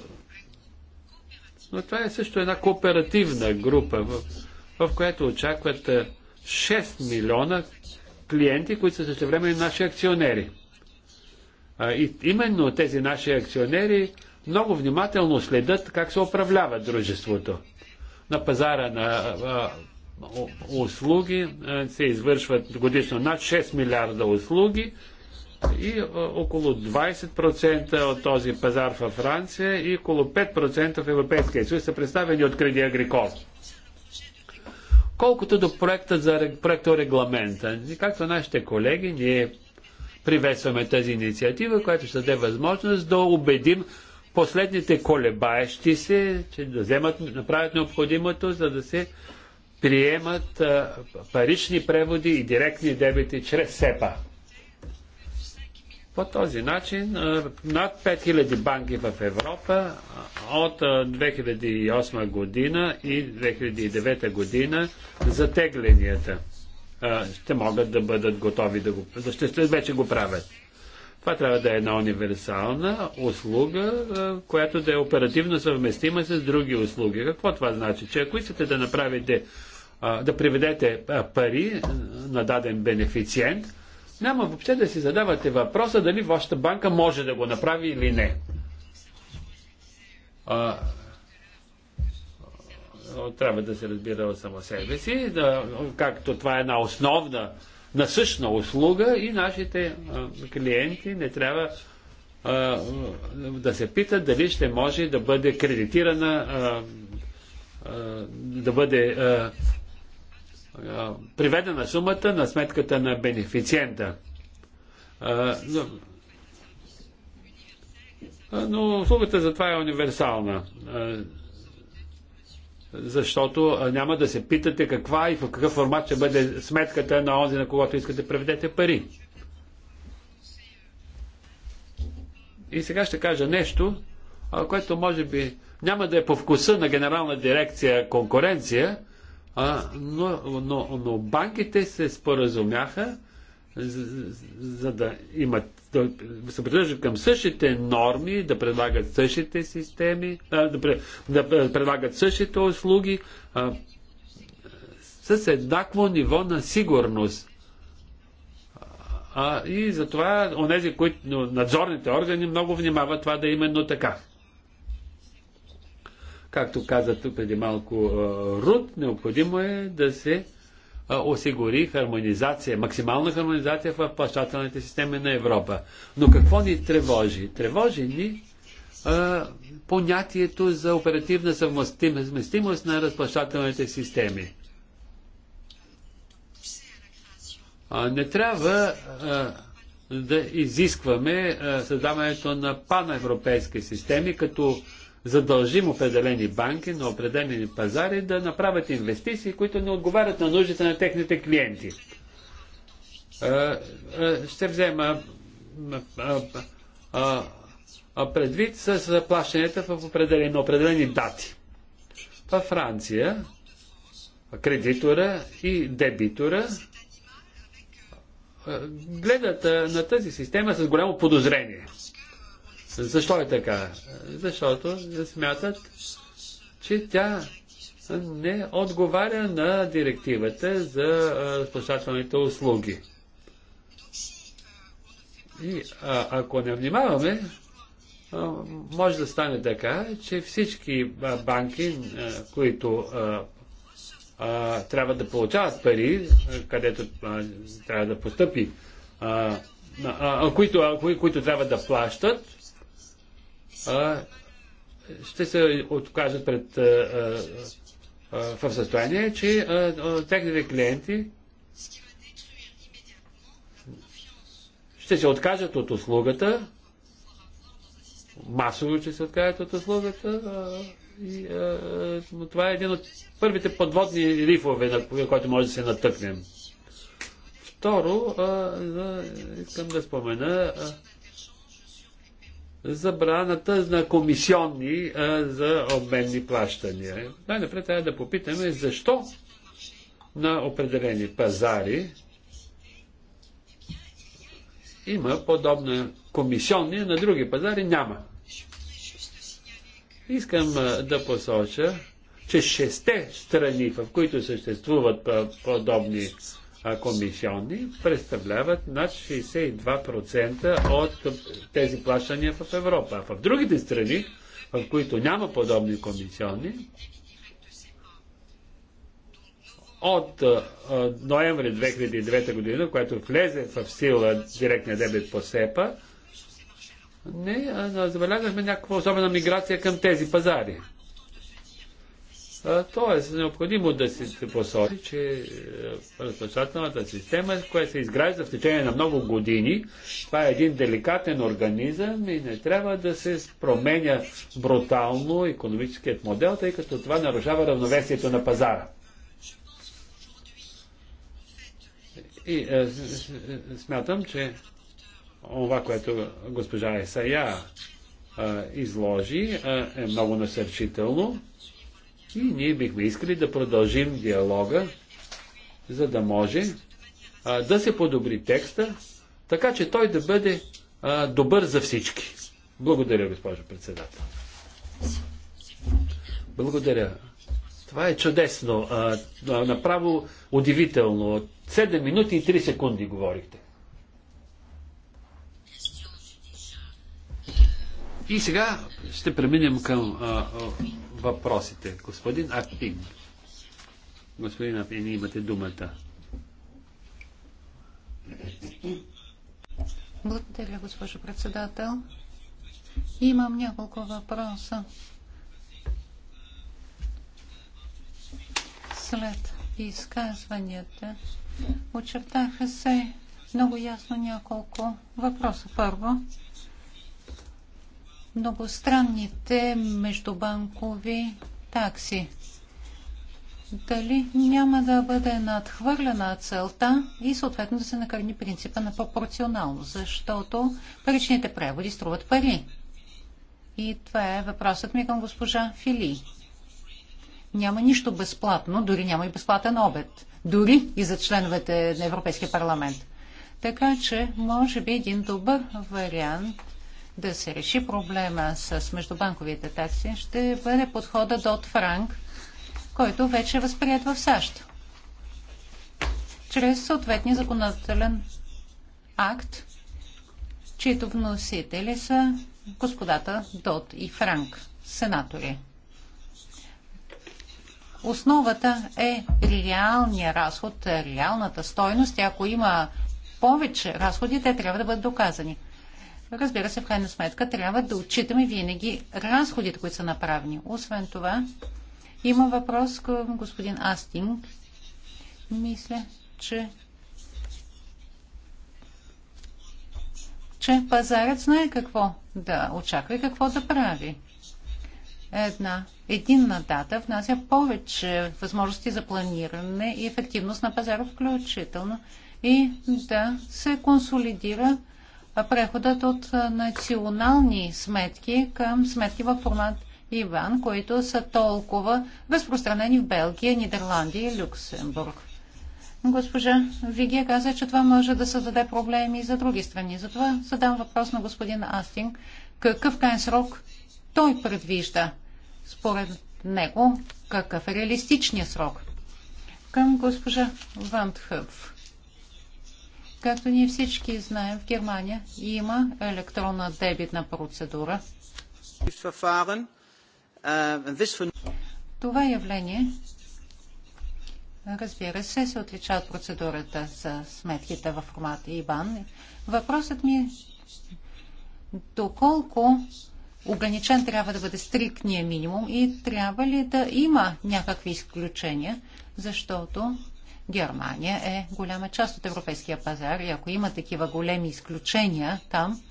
но това е също една кооперативна група, в, в която очакват 6 милиона клиенти, които са също време наши акционери. А, и именно тези наши акционери много внимателно следят как се управлява дружеството. На пазара на а, услуги се извършват годишно над 6 милиарда услуги и около 20% от този пазар във Франция и около 5% в Европейския съюз са представени от Креди Агрикол. Колкото до проекта за проекта регламента, както нашите колеги, ние приветстваме тази инициатива, която ще даде възможност да убедим последните колебаещи се, че да вземат, направят необходимото, за да се приемат а, парични преводи и директни дебити чрез СЕПА. По този начин над 5000 банки в Европа от 2008 година и 2009 година затегленията ще могат да бъдат готови да го ще, ще вече го правят. Това трябва да е една универсална услуга, която да е оперативно съвместима с други услуги. Какво това значи? Че ако искате да направите, да приведете пари на даден бенефициент, няма въобще да си задавате въпроса дали вашата банка може да го направи или не. А, трябва да се разбира от само себе си, да, както това е една основна, насъщна услуга и нашите а, клиенти не трябва а, да се питат дали ще може да бъде кредитирана, а, а, да бъде а, приведена сумата на сметката на бенефициента. Но услугата за това е универсална. Защото няма да се питате каква и в какъв формат ще бъде сметката на онзи, на когото искате да преведете пари. И сега ще кажа нещо, което може би няма да е по вкуса на Генерална дирекция конкуренция, а, но, но, но банките се споразумяха, за, за да имат, да се придържат към същите норми, да предлагат същите системи, да, да, да предлагат същите услуги а, с еднакво ниво на сигурност. А, и затова онези, които надзорните органи много внимават това да е именно така. Както каза тук преди малко Рут, необходимо е да се осигури хармонизация, максимална хармонизация в плащателните системи на Европа. Но какво ни тревожи? Тревожи ни а, понятието за оперативна съвместимост на разплащателните системи. А, не трябва а, да изискваме създаването на паневропейски системи, като задължим определени банки на определени пазари да направят инвестиции, които не отговарят на нуждите на техните клиенти. Е, е, ще взема предвид с заплащанията в определени, на определени дати. В Франция кредитора и дебитора е, гледат на тази система с голямо подозрение. Защо е така? Защото смятат, че тя не отговаря на директивата за спасателните услуги. И а, ако не внимаваме, а, може да стане така, че всички а, банки, а, които а, а, трябва да получават пари, а, където а, трябва да постъпи, а, а, а, които, а, които трябва да плащат, ще се откажат пред, в състояние, че техните клиенти ще се откажат от услугата, масово, че се откажат от услугата. И, а, но това е един от първите подводни рифове, на които може да се натъкнем. Второ, а, а, искам да спомена а, забраната на комисионни а, за обменни плащания. Най-напред трябва да попитаме защо на определени пазари има подобна комисионни, на други пазари няма. Искам да посоча, че шесте страни, в които съществуват а, подобни комисионни представляват над 62% от тези плащания в Европа. А в другите страни, в които няма подобни комисионни, от ноември 2009 година, което влезе в сила директния дебет по СЕПА, не забелязахме някаква особена миграция към тези пазари. Тоест, необходимо да се посочи, че е, разплащателната система, която се изгражда в течение на много години, това е един деликатен организъм и не трябва да се променя брутално економическият модел, тъй като това нарушава равновесието на пазара. И е, смятам, че това, което госпожа Есая е, изложи, е, е много насърчително. И ние бихме искали да продължим диалога, за да може а, да се подобри текста, така че той да бъде а, добър за всички. Благодаря, госпожо председател. Благодаря. Това е чудесно. А, направо удивително. 7 минути и 3 секунди говорихте. И сега ще преминем към а, въпросите. Господин Актин. Господин Актин, имате думата. Благодаря, госпожо председател. Имам няколко въпроса. След изказванията очертаха се много ясно няколко въпроса. Първо, многостранните междубанкови такси. Дали няма да бъде надхвърлена целта и съответно да се накърни принципа на пропорционално, защото паричните преводи струват пари. И това е въпросът ми към госпожа Фили. Няма нищо безплатно, дори няма и безплатен обед. Дори и за членовете на Европейския парламент. Така че, може би един добър вариант да се реши проблема с междубанковите такси, ще бъде подхода Дот Франк, който вече е възприят в САЩ. Чрез съответния законодателен акт, чието вносители са господата Дот и Франк, сенатори. Основата е реалния разход, реалната стойност. Ако има повече разходи, те трябва да бъдат доказани. Разбира се, в крайна сметка трябва да отчитаме винаги разходите, които са направени. Освен това, има въпрос към господин Астинг. Мисля, че че пазарът знае какво да очаква и какво да прави. Една единна дата внася повече възможности за планиране и ефективност на пазара включително и да се консолидира преходът от национални сметки към сметки в формат Иван, които са толкова разпространени в Белгия, Нидерландия и Люксембург. Госпожа Вигия каза, че това може да създаде проблеми и за други страни. Затова задам въпрос на господин Астинг. Какъв крайен срок той предвижда? Според него, какъв е реалистичният срок? Към госпожа Вандхъв. Както ние всички знаем, в Германия има електронна дебитна процедура. Äh, Това явление, разбира се, се отлича от процедурата за сметките в формат ИБАН. Въпросът ми е доколко ограничен трябва да бъде стриктния минимум и трябва ли да има някакви изключения, защото Германия е голяма част от европейския пазар и ако има такива големи изключения там,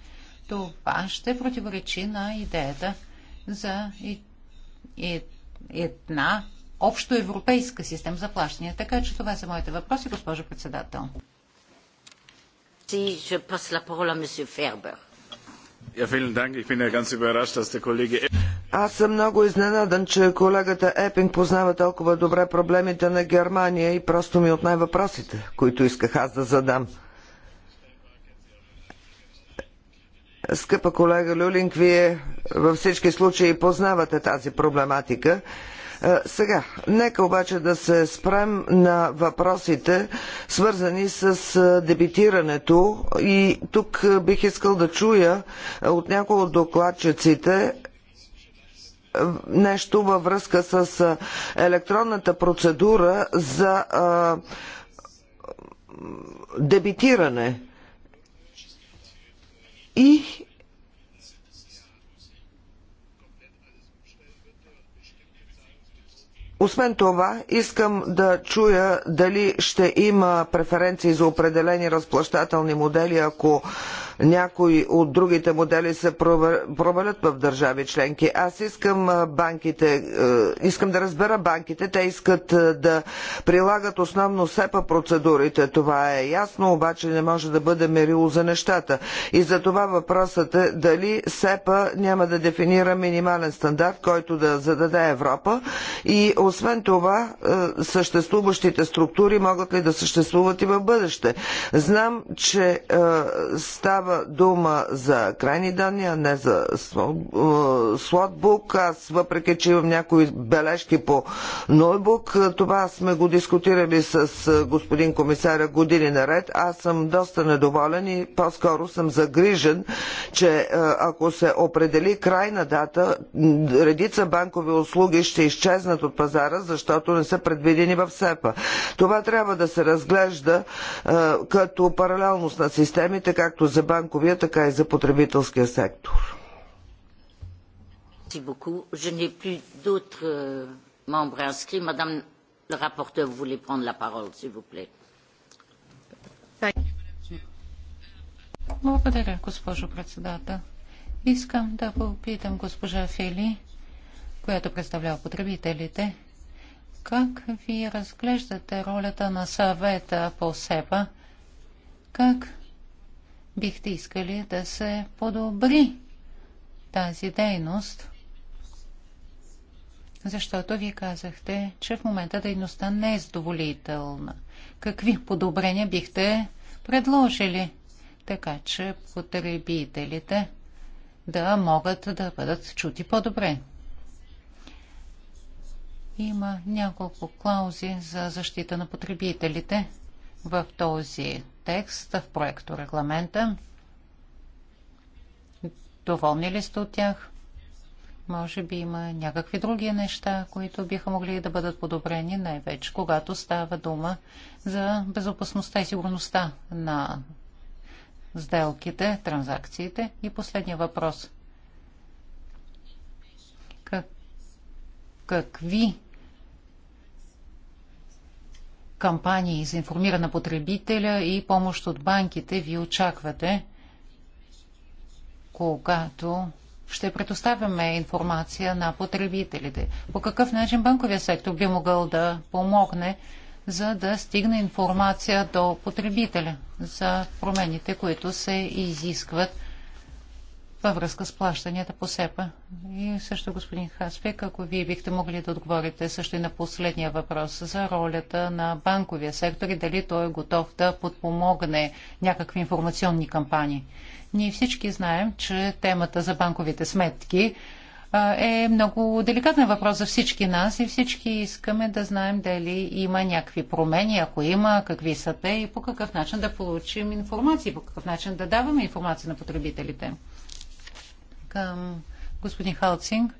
това ще противоречи на идеята за една общо европейска система за плащания. Така че това са моите въпроси, госпожо председател. Ja, аз съм много изненадан, че колегата Епинг познава толкова добре проблемите на Германия и просто ми отне въпросите, които исках аз да задам. Скъпа колега Люлинг, вие във всички случаи познавате тази проблематика. Е, сега, нека обаче да се спрем на въпросите, свързани с е, дебитирането. И тук е, бих искал да чуя от някои от докладчиците нещо във връзка с електронната процедура за дебитиране. И Освен това, искам да чуя дали ще има преференции за определени разплащателни модели, ако някои от другите модели се провалят в държави членки. Аз искам банките, искам да разбера банките, те искат да прилагат основно СЕПА процедурите. Това е ясно, обаче не може да бъде мерило за нещата. И за това въпросът е дали СЕПА няма да дефинира минимален стандарт, който да зададе Европа и освен това съществуващите структури могат ли да съществуват и в бъдеще. Знам, че става става дума за крайни данни, а не за е, слотбук. Аз, въпреки че имам някои бележки по ноутбук, е, това сме го дискутирали с е, господин комисаря години наред. Аз съм доста недоволен и по-скоро съм загрижен, че ако се определи крайна дата, редица банкови услуги ще изчезнат от пазара, защото не са предвидени в СЕПА. Това трябва да се разглежда като паралелност на системите, както за банковия, така и за потребителския сектор. Euh, Благодаря, госпожо председател. Искам да попитам госпожа Фили, която представлява потребителите, как ви разглеждате ролята на съвета по СЕПА? Как бихте искали да се подобри тази дейност? Защото вие казахте, че в момента дейността не е задоволителна. Какви подобрения бихте предложили, така че потребителите да могат да бъдат чути по-добре? Има няколко клаузи за защита на потребителите в този текст в проекто регламента. Доволни ли сте от тях? Може би има някакви други неща, които биха могли да бъдат подобрени, най-вече когато става дума за безопасността и сигурността на сделките, транзакциите. И последния въпрос. Как, какви кампании за информиране на потребителя и помощ от банките ви очаквате, когато ще предоставяме информация на потребителите? По какъв начин банковия сектор би могъл да помогне, за да стигне информация до потребителя за промените, които се изискват във връзка с плащанията по СЕПА. И също, господин Хаспек, ако вие бихте могли да отговорите също и на последния въпрос за ролята на банковия сектор и дали той е готов да подпомогне някакви информационни кампании. Ние всички знаем, че темата за банковите сметки е много деликатен въпрос за всички нас и всички искаме да знаем дали има някакви промени, ако има, какви са те и по какъв начин да получим информация, по какъв начин да даваме информация на потребителите към господин Халцинг.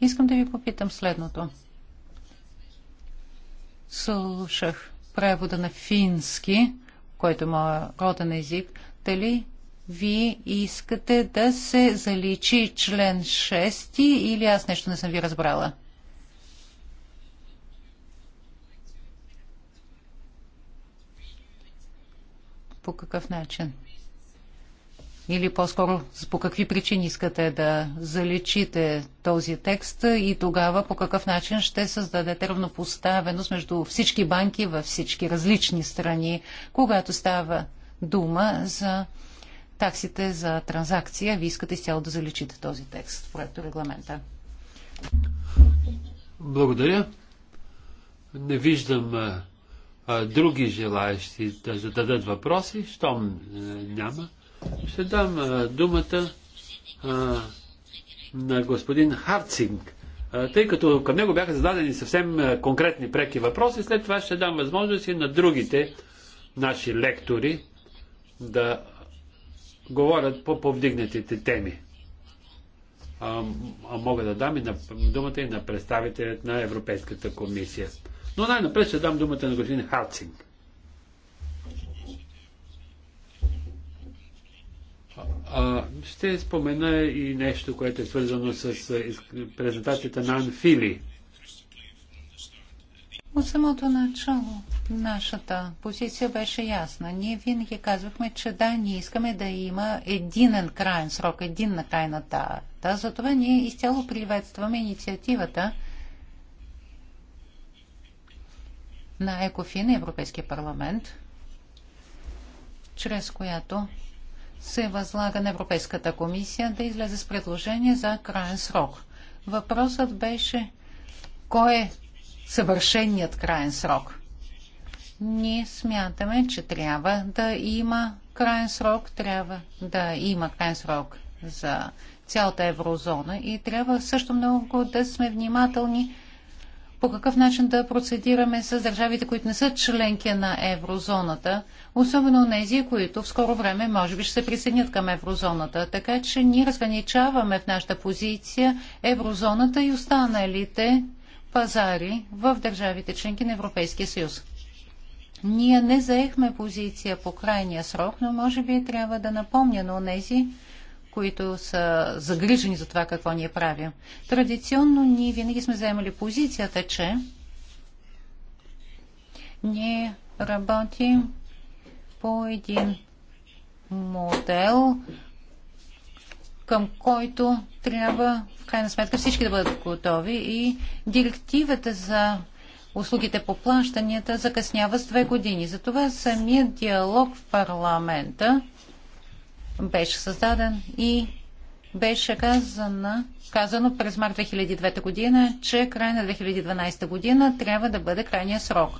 Искам да ви попитам следното. Слушах превода на фински, който е моя роден език. Дали вие искате да се заличи член 6 или аз нещо не съм ви разбрала? По какъв начин? или по-скоро по какви причини искате да заличите този текст и тогава по какъв начин ще създадете равнопоставеност между всички банки във всички различни страни, когато става дума за таксите за транзакция. Вие искате изцяло да заличите този текст в проекто регламента. Благодаря. Не виждам а, а, други желаящи да зададат въпроси. Щом а, няма. Ще дам а, думата а, на господин Харцинг, а, тъй като към него бяха зададени съвсем а, конкретни преки въпроси. След това ще дам възможност и на другите наши лектори да говорят по повдигнатите теми. А, а мога да дам и на, думата и на представителят на Европейската комисия. Но най-напред ще дам думата на господин Харцинг. А, ще спомена и нещо, което е свързано с презентацията на Анфили. От самото начало нашата позиция беше ясна. Ние винаги казвахме, че да, ние искаме да има единен крайен срок, на крайна Да, Затова ние изцяло приветстваме инициативата на ЕКОФИН, Европейския парламент, чрез която се възлага на Европейската комисия да излезе с предложение за крайен срок. Въпросът беше кой е съвършеният крайен срок. Ние смятаме, че трябва да има крайен срок, трябва да има крайен срок за цялата еврозона и трябва също много да сме внимателни по какъв начин да процедираме с държавите, които не са членки на еврозоната, особено тези, които в скоро време може би ще се присъединят към еврозоната. Така че ние разграничаваме в нашата позиция еврозоната и останалите пазари в държавите членки на Европейския съюз. Ние не заехме позиция по крайния срок, но може би трябва да напомня на онези, които са загрижени за това какво ние правим. Традиционно ние винаги сме заемали позицията, че ние работим по един модел, към който трябва в крайна сметка всички да бъдат готови и директивата за услугите по плащанията закъснява с две години. Затова самият диалог в парламента беше създаден и беше казано, казано през март 2009 година, че край на 2012 година трябва да бъде крайния срок.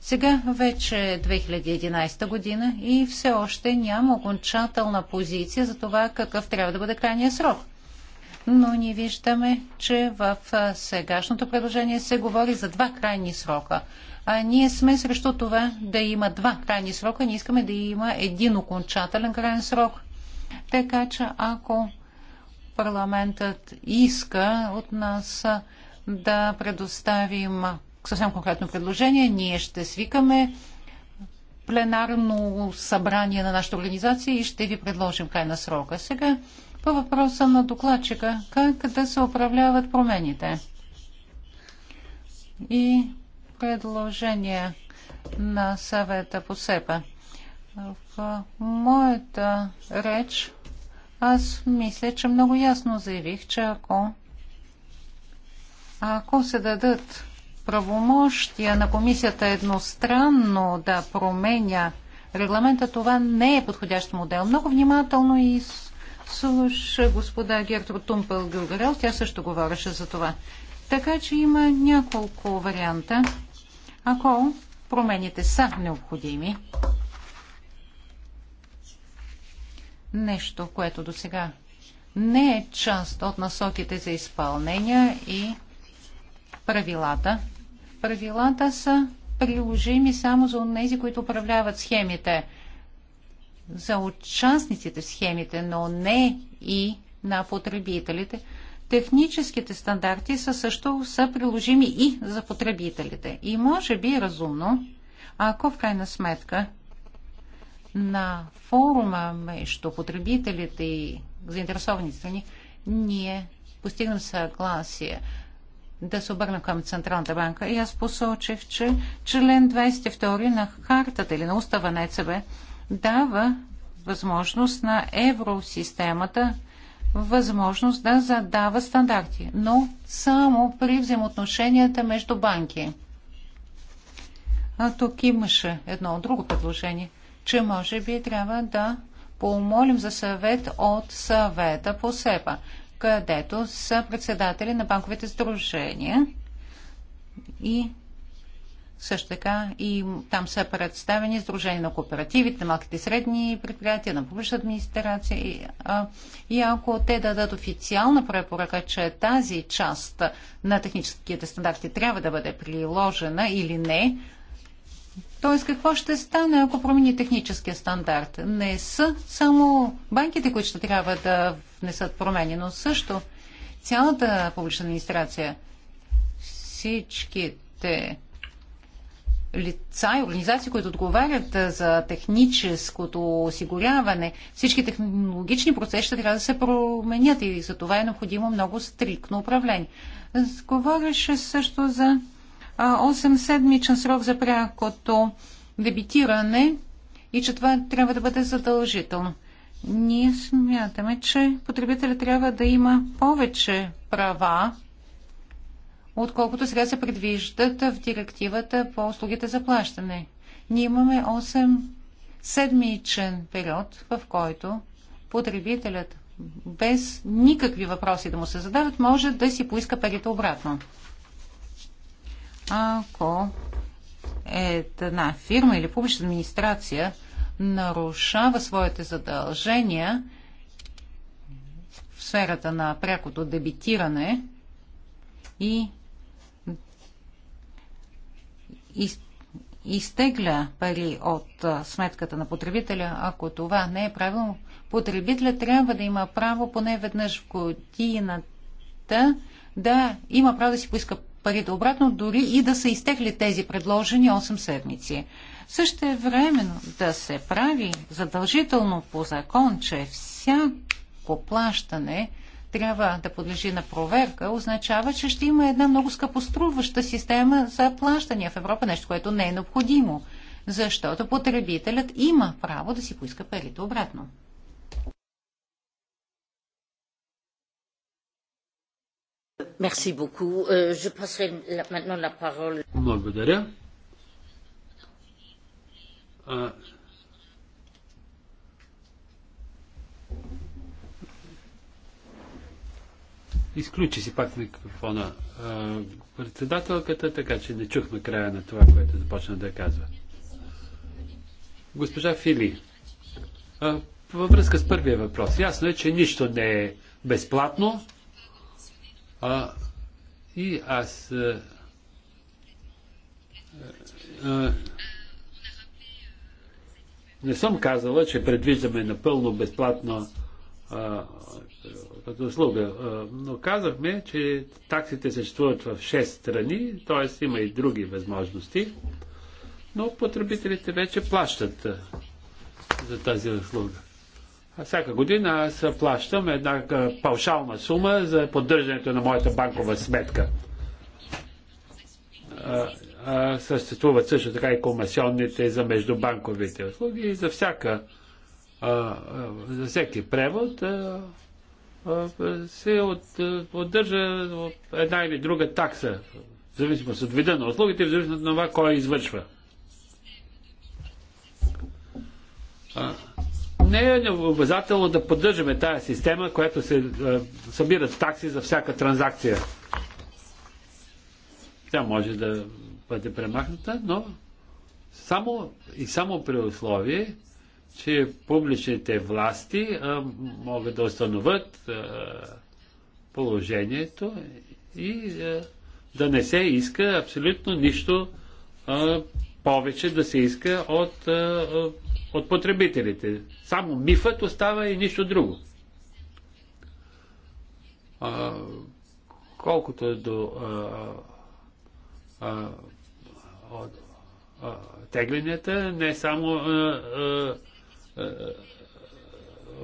Сега вече е 2011 година и все още няма окончателна позиция за това какъв трябва да бъде крайния срок. Но ние виждаме, че в сегашното предложение се говори за два крайни срока – а ние сме срещу това да има два крайни срока. Ние искаме да има един окончателен крайен срок. Така че ако парламентът иска от нас да предоставим съвсем конкретно предложение, ние ще свикаме пленарно събрание на нашата организация и ще ви предложим край на срока. Сега по въпроса на докладчика, как да се управляват промените. И предложения на съвета по СЕПА. В моята реч аз мисля, че много ясно заявих, че ако, ако се дадат правомощия на комисията едностранно да променя регламента, това не е подходящ модел. Много внимателно и слуша господа Гертру Тумпел Гюлгарел, тя също говореше за това. Така че има няколко варианта ако промените са необходими. Нещо, което до сега не е част от насоките за изпълнение и правилата. Правилата са приложими само за тези, които управляват схемите, за участниците в схемите, но не и на потребителите техническите стандарти са също са приложими и за потребителите. И може би е разумно, ако в крайна сметка на форума между потребителите и заинтересованите страни ние постигнем съгласие да се обърна към Централната банка. И аз посочих, че член 22 на хартата или на устава на ЕЦБ дава възможност на евросистемата възможност да задава стандарти, но само при взаимоотношенията между банки. А тук имаше едно друго предложение, че може би трябва да помолим за съвет от съвета по СЕПА, където са председатели на банковите сдружения и също така и там са представени Сдружение на кооперативите, на малките и средни предприятия, на публична администрация. И, а, и ако те дадат официална препоръка, че тази част на техническите стандарти трябва да бъде приложена или не, т.е. какво ще стане, ако промени техническия стандарт? Не са само банките, които ще трябва да внесат промени, но също цялата публична администрация, всичките лица и организации, които отговарят за техническото осигуряване, всички технологични процеси ще трябва да се променят и за това е необходимо много стрикно управление. Говореше също за 8 седмичен срок за прякото дебитиране и че това трябва да бъде задължително. Ние смятаме, че потребителят трябва да има повече права отколкото сега се предвиждат в директивата по услугите за плащане. Ние имаме 8 седмичен период, в който потребителят без никакви въпроси да му се задават, може да си поиска парите обратно. Ако една фирма или публична администрация нарушава своите задължения в сферата на прякото дебитиране и из, изтегля пари от сметката на потребителя, ако това не е правилно, потребителя трябва да има право поне веднъж в годината да има право да си поиска парите обратно, дори и да са изтегли тези предложени 8 седмици. Също е времено да се прави задължително по закон, че всяко плащане трябва да подлежи на проверка, означава, че ще има една много скъпоструваща система за плащания в Европа, нещо, което не е необходимо, защото потребителят има право да си поиска парите обратно. Euh, Благодаря. Изключи си пак микрофона а, председателката, така че не чухме края на това, което започна да казва. Госпожа Фили, а, във връзка с първия въпрос, ясно е, че нищо не е безплатно. А, и аз а, а, не съм казала, че предвиждаме напълно безплатно а, като услуга. Но казахме, че таксите съществуват в 6 страни, т.е. има и други възможности, но потребителите вече плащат за тази услуга. А всяка година аз плащам една паушална сума за поддържането на моята банкова сметка. А, а съществуват също така и комисионните за междубанковите услуги и за всяка за всеки превод се от, поддържа една или друга такса, в зависимост от вида на услугите, в зависимост от това кой извършва. А, не е обязателно да поддържаме тази система, която се а, такси за всяка транзакция. Тя може да бъде премахната, но само и само при условие, че публичните власти а, могат да установят а, положението и а, да не се иска абсолютно нищо а, повече да се иска от, а, от потребителите. Само мифът остава и нищо друго. А, колкото до а, а, от, а, тегленията, не само а, а,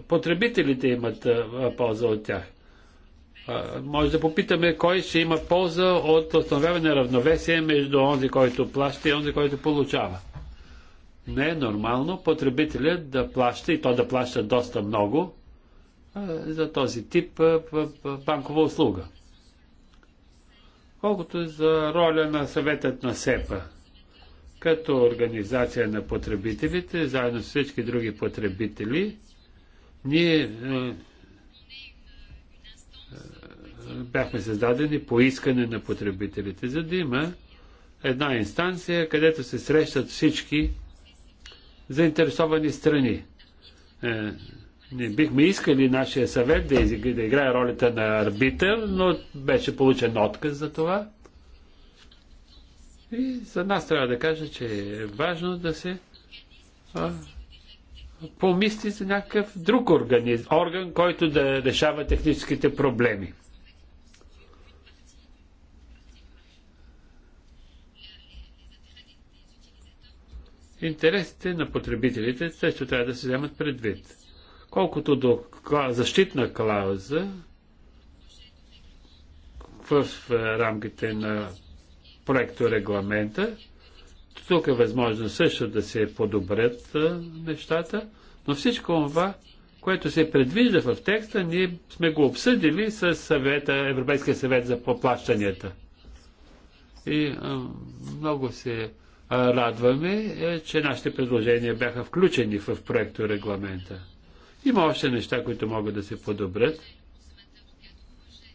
потребителите имат полза от тях. Може да попитаме кой ще има полза от установяване на равновесие между онзи, който плаща и онзи, който получава. Не е нормално потребителят да плаща и то да плаща доста много за този тип банкова услуга. Колкото за роля на съветът на СЕПА – като организация на потребителите, заедно с всички други потребители, ние е, е, бяхме създадени по искане на потребителите, за да има една инстанция, където се срещат всички заинтересовани страни. Е, не бихме искали нашия съвет да, да играе ролята на арбитър, но беше получен отказ за това. И за нас трябва да кажа, че е важно да се а, помисли за някакъв друг организ, орган, който да решава техническите проблеми. Интересите на потребителите също трябва да се вземат предвид. Колкото до защитна клауза в рамките на проекто регламента. Тук е възможно също да се подобрят нещата, но всичко това, което се предвижда в текста, ние сме го обсъдили с съвета, Европейския съвет за поплащанията. И а, много се а, радваме, е, че нашите предложения бяха включени в проекто регламента. Има още неща, които могат да се подобрят.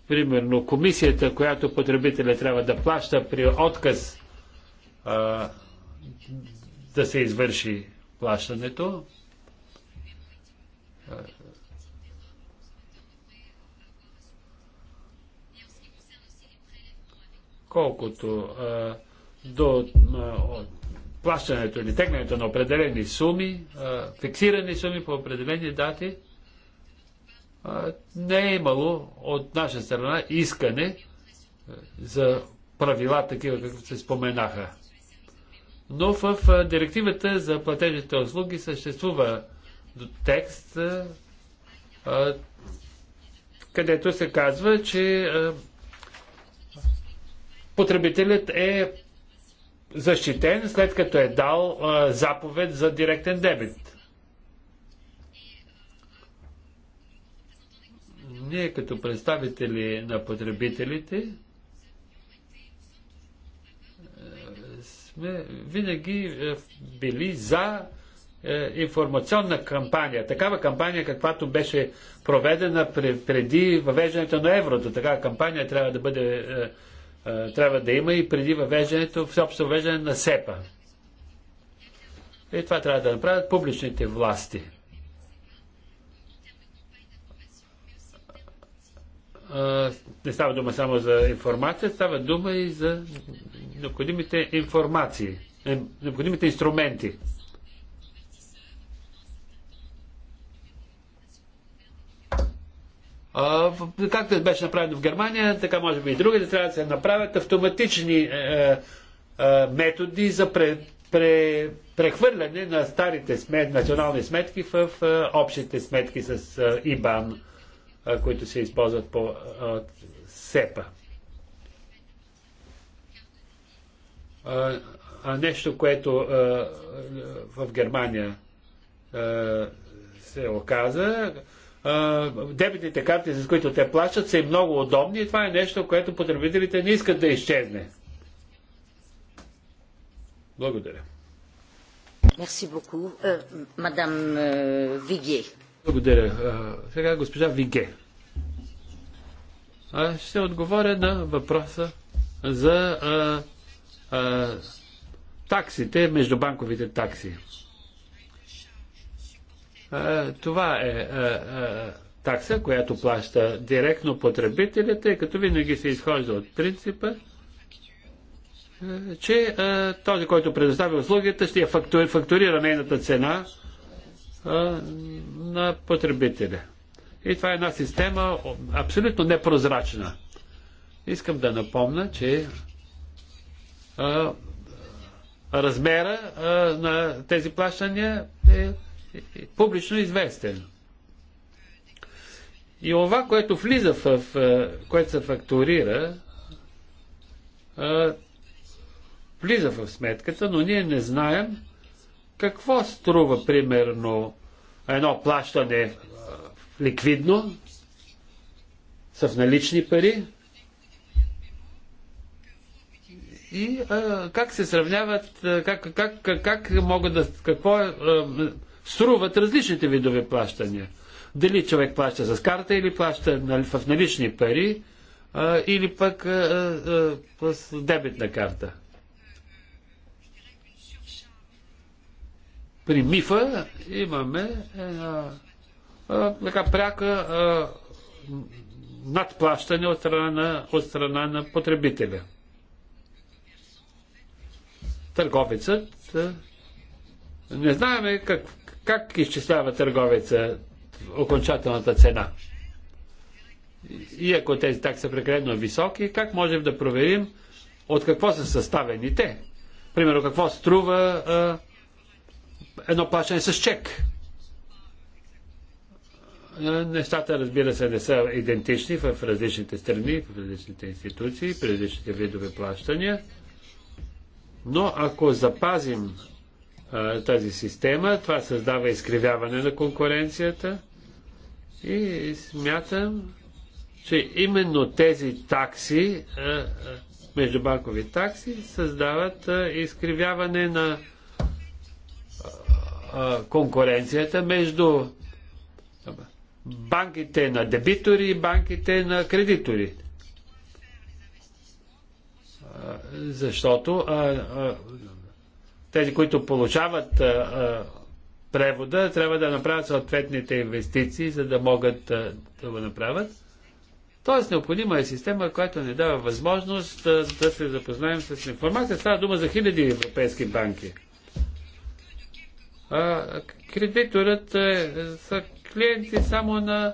Примерно комисията, която потребителя трябва да плаща при отказ а, да се извърши плащането. Колкото а, до а, плащането или тегнането на определени суми, а, фиксирани суми по определени дати, не е имало от наша страна искане е, за правила, такива както се споменаха. Но в директивата за платежните услуги съществува текст, е, където се казва, че е, потребителят е защитен след като е дал заповед за директен дебит. ние като представители на потребителите е, сме винаги е, били за е, информационна кампания, такава кампания, каквато беше проведена преди въвеждането на еврото. Такава кампания трябва да бъде трябва да има и преди въвеждането, всеобщо въвеждане на СЕПА. И това трябва да направят публичните власти. не става дума само за информация, става дума и за необходимите информации, е, необходимите инструменти. както беше направено в Германия, така може би и другите трябва да се направят автоматични е, е, е методи за пре, пре, прехвърляне на старите смет, национални сметки в е, общите сметки с е, ИБАН които се използват по СЕПА. А нещо, което в Германия се оказа, дебитните карти, с които те плащат, са и много удобни и това е нещо, което потребителите не искат да изчезне. Благодаря. Merci beaucoup. Euh, Madame euh, Viguier. Благодаря. Сега госпожа Виге. Ще отговоря на въпроса за а, а, таксите, междубанковите такси. А, това е а, а, такса, която плаща директно потребителите, като винаги се изхожда от принципа, че а, този, който предоставя услугата, ще я фактурира нейната цена на потребителя. И това е една система абсолютно непрозрачна. Искам да напомна, че а, размера а, на тези плащания е, е публично известен. И това, което влиза в, в което се фактурира, а, влиза в сметката, но ние не знаем какво струва, примерно, едно плащане ликвидно, с налични пари? И а, как се сравняват, как, как, как, как могат да, какво а, струват различните видове плащания? Дали човек плаща с карта или плаща в налични пари, а, или пък а, а, с дебетна карта? при мифа имаме една, така пряка а, надплащане от страна, на, от страна на потребителя. Търговецът не знаеме как, как изчислява търговеца окончателната цена. И ако тези такси са прекалено високи, как можем да проверим от какво са съставени те? Примерно, какво струва а, едно плащане с чек. Нещата, разбира се, не са идентични в различните страни, в различните институции, при различните видове плащания. Но ако запазим а, тази система, това създава изкривяване на конкуренцията и смятам, че именно тези такси, а, а, междубанкови такси, създават а, изкривяване на конкуренцията между банките на дебитори и банките на кредитори. Защото тези, които получават превода, трябва да направят съответните инвестиции, за да могат да го направят. Тоест, необходима е система, която не дава възможност да се запознаем с информация. Става дума за хиляди европейски банки кредиторът е, са клиенти само на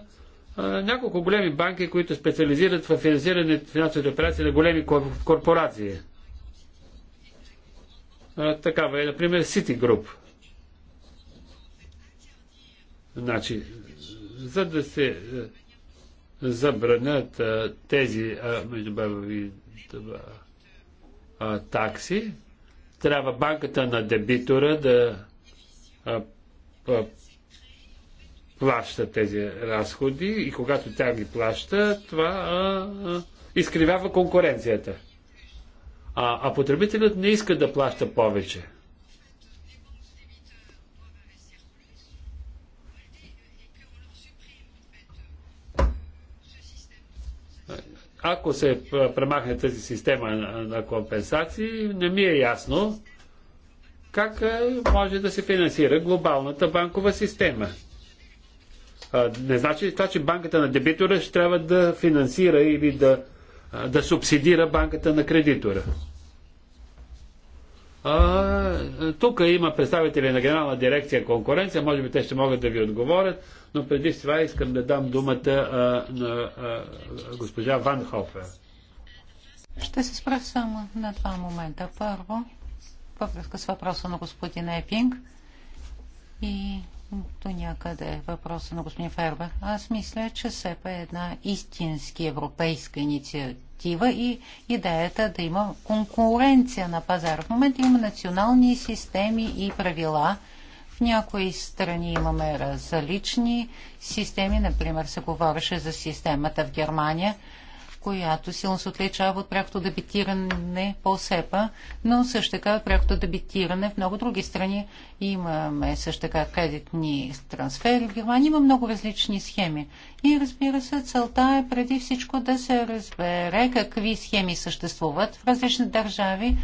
няколко големи банки, които специализират в финансиране финансовите операции на големи корпорации. Такава е, например, Citigroup. Значи, за да се е, забранят е, тези е, междубавови такси, трябва банката на дебитора да плаща тези разходи и когато тя ги плаща, това а, а, изкривява конкуренцията. А, а потребителят не иска да плаща повече. Ако се премахне тази система на компенсации, не ми е ясно как е, може да се финансира глобалната банкова система. Не значи ли това, че банката на дебитора ще трябва да финансира или да, да субсидира банката на кредитора? А, тук има представители на Генерална дирекция конкуренция, може би те ще могат да ви отговорят, но преди това искам да дам думата а, на а, госпожа Ван Хофер. Ще се спра само на два момента. Първо, във връзка с въпроса на господин Епинг и до някъде въпроса на господин Фербер. Аз мисля, че СЕПА е една истински европейска инициатива и идеята да има конкуренция на пазара. В момента има национални системи и правила. В някои страни имаме различни системи. Например, се говореше за системата в Германия – която силно се отличава от прякото дебитиране по СЕПА, но също така от прякото дебитиране в много други страни. Имаме също така кредитни трансфери в Германия, има много различни схеми. И разбира се, целта е преди всичко да се разбере какви схеми съществуват в различни държави,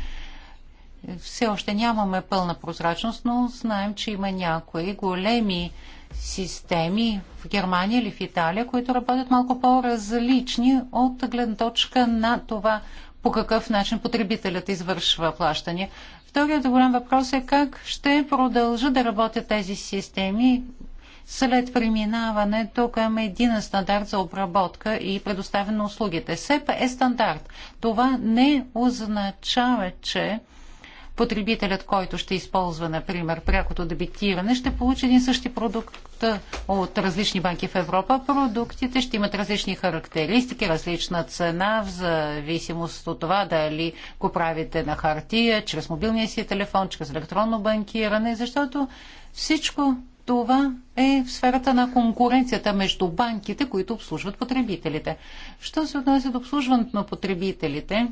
все още нямаме пълна прозрачност, но знаем, че има някои големи системи в Германия или в Италия, които работят малко по-различни от гледна точка на това по какъв начин потребителят извършва плащания. Вторият голям въпрос е как ще продължат да работят тези системи след преминаването към един стандарт за обработка и предоставяне на услугите. СЕП е стандарт. Това не означава, че потребителят, който ще използва, например, прякото дебитиране, ще получи един същи продукт от различни банки в Европа. Продуктите ще имат различни характеристики, различна цена, в зависимост от това дали го правите на хартия, чрез мобилния си телефон, чрез електронно банкиране, защото всичко това е в сферата на конкуренцията между банките, които обслужват потребителите. Що се отнася до обслужването на потребителите,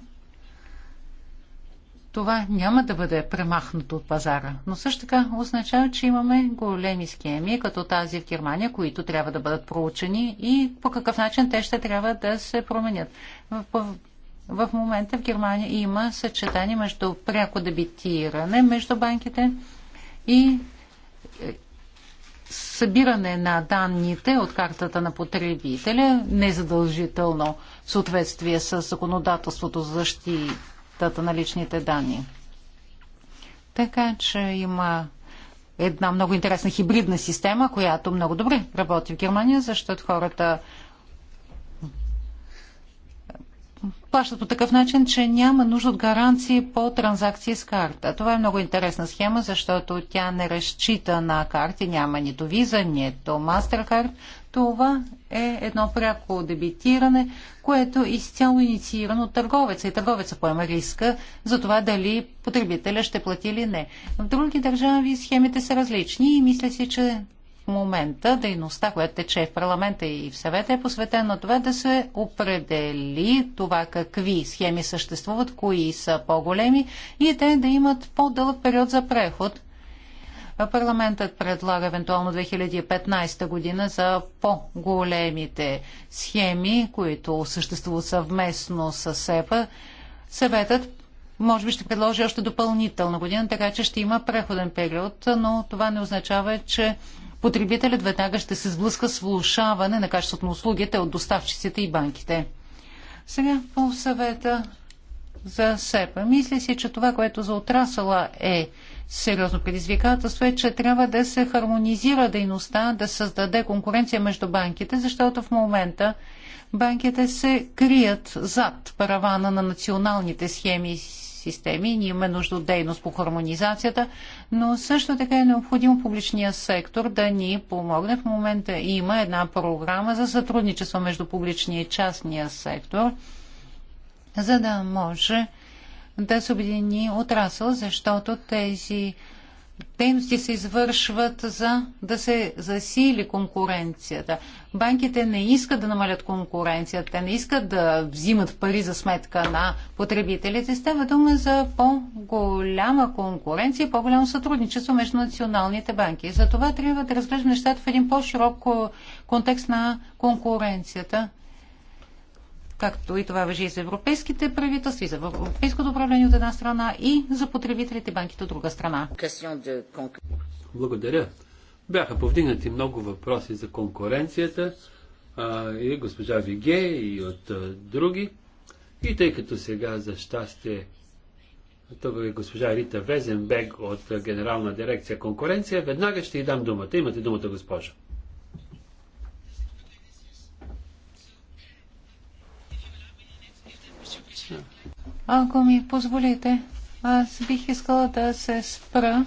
това няма да бъде премахнато от пазара. Но също така означава, че имаме големи схеми, като тази в Германия, които трябва да бъдат проучени и по какъв начин те ще трябва да се променят. В, в, в момента в Германия има съчетание между пряко дебитиране между банките и е, събиране на данните от картата на потребителя, незадължително в съответствие с законодателството за защита защитата на личните данни. Така че има една много интересна хибридна система, която много добре работи в Германия, защото хората плащат по такъв начин, че няма нужда от гаранции по транзакции с карта. Това е много интересна схема, защото тя не разчита на карти, няма нито виза, нито MasterCard, това е едно пряко дебитиране, което е изцяло инициирано от търговеца. И търговеца поема риска за това дали потребителя ще плати или не. В други държави схемите са различни и мисля си, че в момента дейността, която тече в парламента и в съвета е посветена на това да се определи това какви схеми съществуват, кои са по-големи и те да имат по-дълъг период за преход – Парламентът предлага евентуално 2015 година за по-големите схеми, които съществуват съвместно с СЕПА. Съветът може би ще предложи още допълнителна година, така че ще има преходен период, но това не означава, че потребителят веднага ще се сблъска с влушаване на качеството на услугите от доставчиците и банките. Сега по съвета за себе. Мисля си, че това, което за отрасъла е сериозно предизвикателство е, че трябва да се хармонизира дейността, да създаде конкуренция между банките, защото в момента банките се крият зад паравана на националните схеми и системи. Ние имаме нужда от дейност по хармонизацията, но също така е необходимо публичния сектор да ни помогне. В момента има една програма за сътрудничество между публичния и частния сектор – за да може да се обедини отрасъл, защото тези дейности се извършват за да се засили конкуренцията. Банките не искат да намалят конкуренцията, не искат да взимат пари за сметка на потребителите. Става дума за по-голяма конкуренция и по-голямо сътрудничество между националните банки. За това трябва да разглеждаме нещата в един по-широк контекст на конкуренцията както и това въжи и за европейските правителства, и за европейското управление от една страна, и за потребителите банките от друга страна. Благодаря. Бяха повдигнати много въпроси за конкуренцията а, и госпожа Виге и от а, други. И тъй като сега за щастие това е госпожа Рита Везенбег от Генерална дирекция конкуренция, веднага ще й дам думата. Имате думата, госпожо. Ако ми позволите, аз бих искала да се спра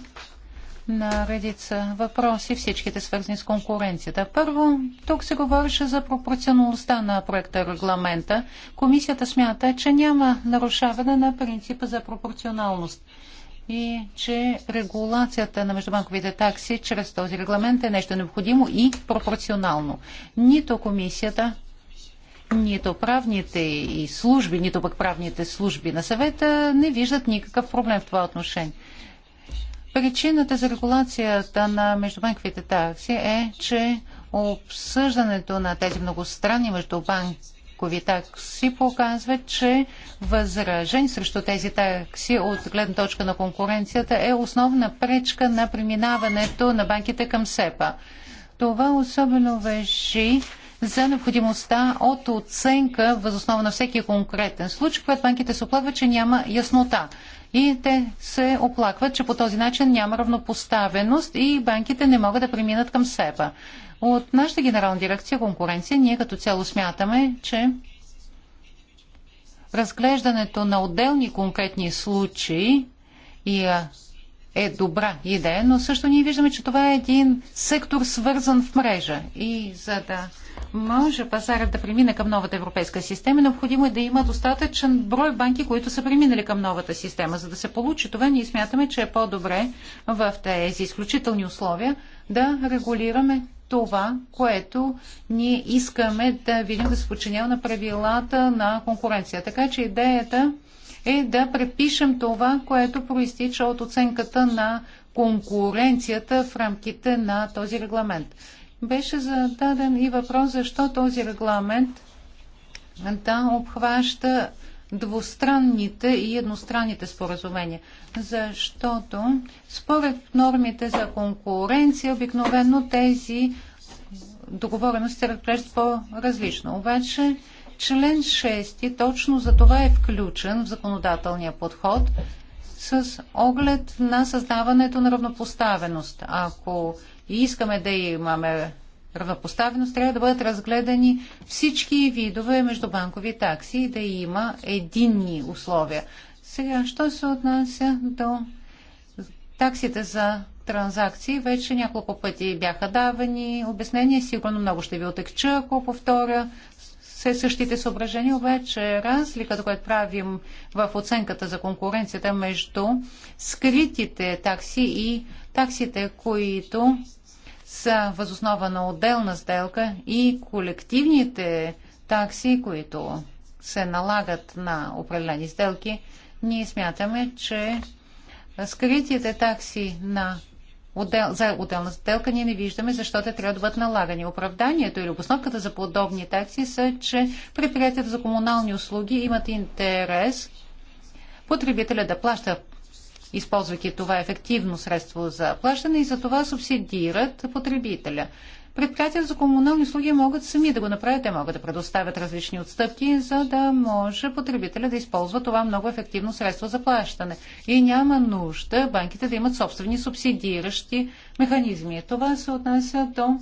на редица въпроси, всичките свързани с конкуренцията. Първо, тук се говореше за пропорционалността на проекта регламента. Комисията смята, че няма нарушаване на принципа за пропорционалност и че регулацията на междубанковите такси чрез този регламент е нещо необходимо и пропорционално. Нито комисията, нито правните и служби, нито пък правните служби на съвета не виждат никакъв проблем в това отношение. Причината за регулацията на междубанковите такси е, че обсъждането на тези многостранни междубанкови такси показва, че възражение срещу тези такси от гледна точка на конкуренцията е основна пречка на преминаването на банките към СЕПА. Това особено въжи за необходимостта от оценка възоснова на всеки конкретен случай, когато банките се оплакват, че няма яснота. И те се оплакват, че по този начин няма равнопоставеност и банките не могат да преминат към себе. От нашата генерална дирекция конкуренция ние като цяло смятаме, че разглеждането на отделни конкретни случаи и е добра идея, но също ние виждаме, че това е един сектор свързан в мрежа. И за да може пазарът да премине към новата европейска система, необходимо е да има достатъчен брой банки, които са преминали към новата система. За да се получи това, ние смятаме, че е по-добре в тези изключителни условия да регулираме това, което ние искаме да видим да се подчинява на правилата на конкуренция. Така че идеята е да препишем това, което проистича от оценката на конкуренцията в рамките на този регламент. Беше зададен и въпрос защо този регламент да обхваща двустранните и едностранните споразумения, защото според нормите за конкуренция обикновено тези договорености се разглеждат по-различно. Обаче член 6 точно за това е включен в законодателния подход с оглед на създаването на равнопоставеност. Ако и искаме да имаме равнопоставеност, трябва да бъдат разгледани всички видове междубанкови такси и да има единни условия. Сега, що се отнася до таксите за транзакции, вече няколко пъти бяха давани обяснения. Сигурно много ще ви отекча, ако повторя се същите съображения, обаче разликата, която правим в оценката за конкуренцията между скритите такси и таксите, които са възоснова на отделна сделка и колективните такси, които се налагат на определени сделки, ние смятаме, че скритите такси на отдел, за отделна сделка ние не виждаме, защо те трябва да бъдат налагани. Оправданието или обосновката за подобни такси са, че предприятията за комунални услуги имат интерес потребителя да плаща използвайки това ефективно средство за плащане и за това субсидират потребителя. Предприятия за комунални услуги могат сами да го направят, те могат да предоставят различни отстъпки, за да може потребителя да използва това много ефективно средство за плащане. И няма нужда банките да имат собствени субсидиращи механизми. Това се отнася до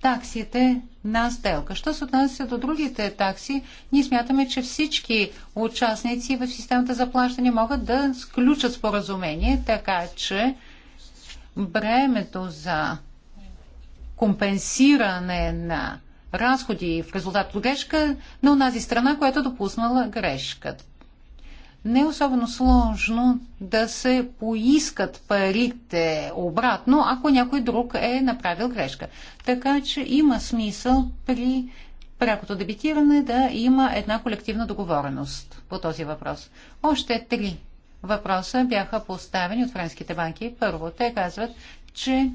таксите на сделка. Що се отнася до другите такси, ние смятаме, че всички участници в системата за плащане могат да сключат споразумение, така че бремето за компенсиране на разходи в резултат от грешка на онази страна, която е допуснала грешката не е особено сложно да се поискат парите обратно, ако някой друг е направил грешка. Така че има смисъл при прякото дебитиране да има една колективна договореност по този въпрос. Още три въпроса бяха поставени от френските банки. Първо, те казват, че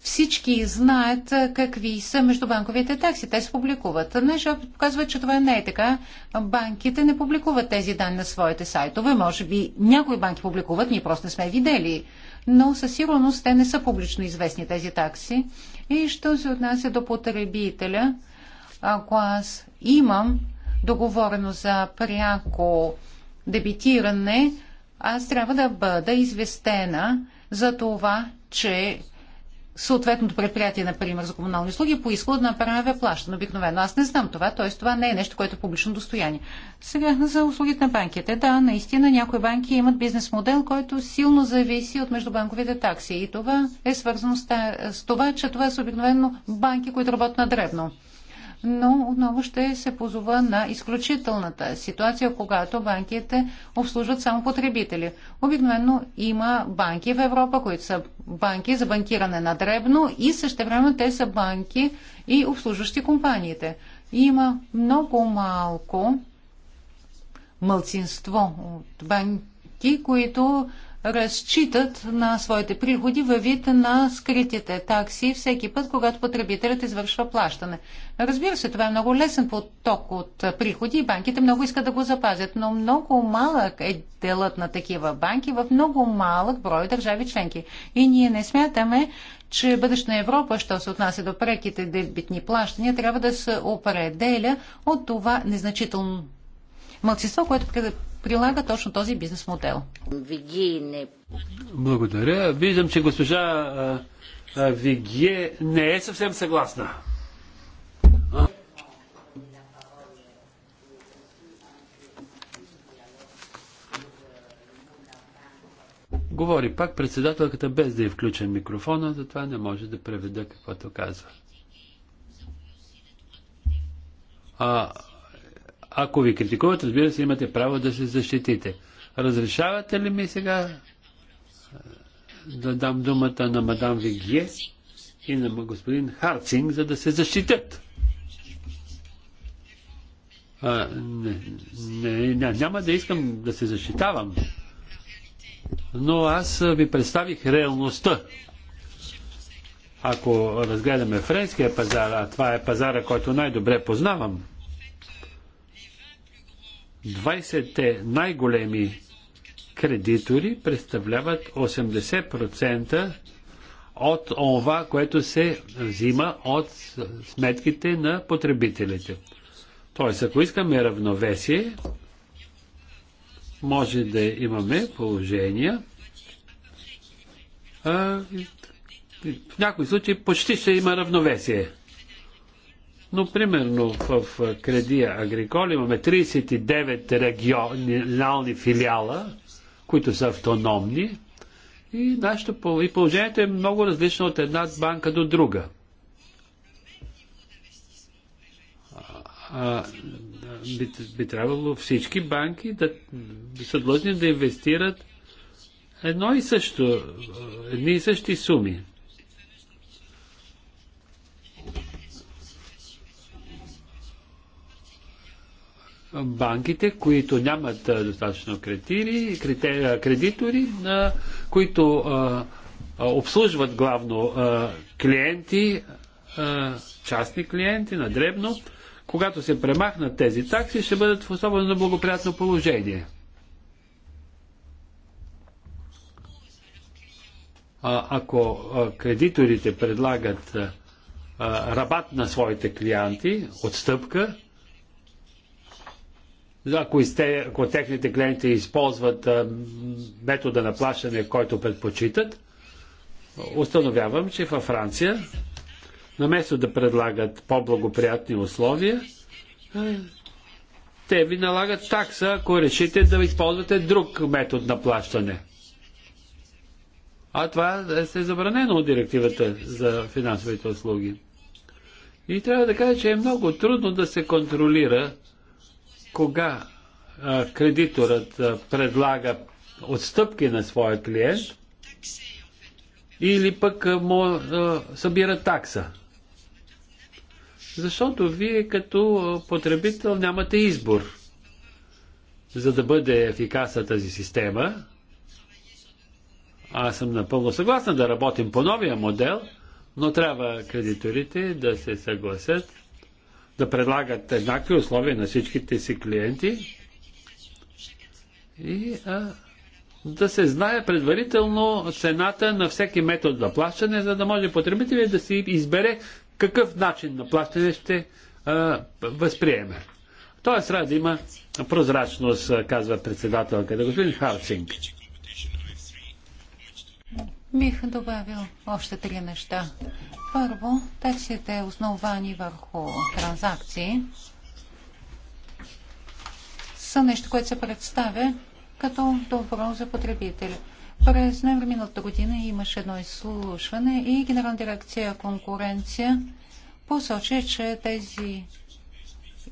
всички знаят какви са междубанковите такси. Те се публикуват. Днес опит показва, че това не е така. Банките не публикуват тези данни на своите сайтове. Може би някои банки публикуват, ние просто не сме видели. Но със сигурност те не са публично известни тези такси. И що се отнася до потребителя, ако аз имам договорено за пряко дебитиране, аз трябва да бъда известена за това, че съответното предприятие, например, за комунални услуги, поискало да направя плащане. Обикновено аз не знам това, т.е. това не е нещо, което е публично достояние. Сега за услугите на банките. Да, наистина някои банки имат бизнес модел, който силно зависи от междубанковите такси. И това е свързано с това, че това са обикновено банки, които работят на дребно но отново ще се позова на изключителната ситуация, когато банките обслужват само потребители. Обикновено има банки в Европа, които са банки за банкиране на дребно и също време те са банки и обслужващи компаниите. Има много малко мълцинство от банки, които разчитат на своите приходи във вид на скритите такси всеки път, когато потребителят извършва плащане. Разбира се, това е много лесен поток от приходи и банките много искат да го запазят, но много малък е делът на такива банки в много малък брой държави членки. И ние не смятаме, че бъдеща Европа, що се отнася до преките дебитни плащания, трябва да се определя от това незначително мълчество, което прилага точно този бизнес модел. Благодаря. Виждам, че госпожа а, а, Вигие не е съвсем съгласна. Говори пак председателката без да е включен микрофона, затова не може да преведа каквото казва. А, ако ви критикуват, разбира се, имате право да се защитите. Разрешавате ли ми сега да дам думата на мадам Вигие и на господин Харцинг, за да се защитят? А, не, не, не, няма да искам да се защитавам, но аз ви представих реалността. Ако разгледаме френския пазар, а това е пазара, който най-добре познавам, 20-те най-големи кредитори представляват 80% от това, което се взима от сметките на потребителите. Тоест, ако искаме равновесие, може да имаме положения. А, в някои случаи почти ще има равновесие. Но примерно в Кредия Агрикол имаме 39 регионални филиала, които са автономни и, нашето, и положението е много различно от една банка до друга. а, би, би трябвало всички банки да са длъжни да инвестират едно и също, едни и същи суми. банките, които нямат достатъчно кредитори, кредитори които обслужват главно клиенти, частни клиенти на дребно, когато се премахнат тези такси, ще бъдат в особено благоприятно положение. А, ако кредиторите предлагат рабат на своите клиенти, отстъпка, ако, сте, ако техните клиенти използват метода на плащане, който предпочитат, установявам, че във Франция, наместо да предлагат по-благоприятни условия, те ви налагат такса, ако решите да използвате друг метод на плащане. А това е, е забранено от директивата за финансовите услуги. И трябва да кажа, че е много трудно да се контролира кога а, кредиторът а, предлага отстъпки на своя клиент или пък а, му събира такса? Защото вие като потребител нямате избор. За да бъде ефикасна тази система, аз съм напълно съгласен да работим по новия модел, но трябва кредиторите да се съгласят да предлагат еднакви условия на всичките си клиенти и а, да се знае предварително цената на всеки метод на плащане, за да може потребителят да си избере какъв начин на плащане ще а, възприеме. Тоест, трябва да има прозрачност, казва председателката, господин Харцинг. Бих добавил още три неща. Първо, таксите основани върху транзакции са нещо, което се представя като добро за потребители. През ноември миналата година имаше едно изслушване и Генерална дирекция конкуренция посочи, че тези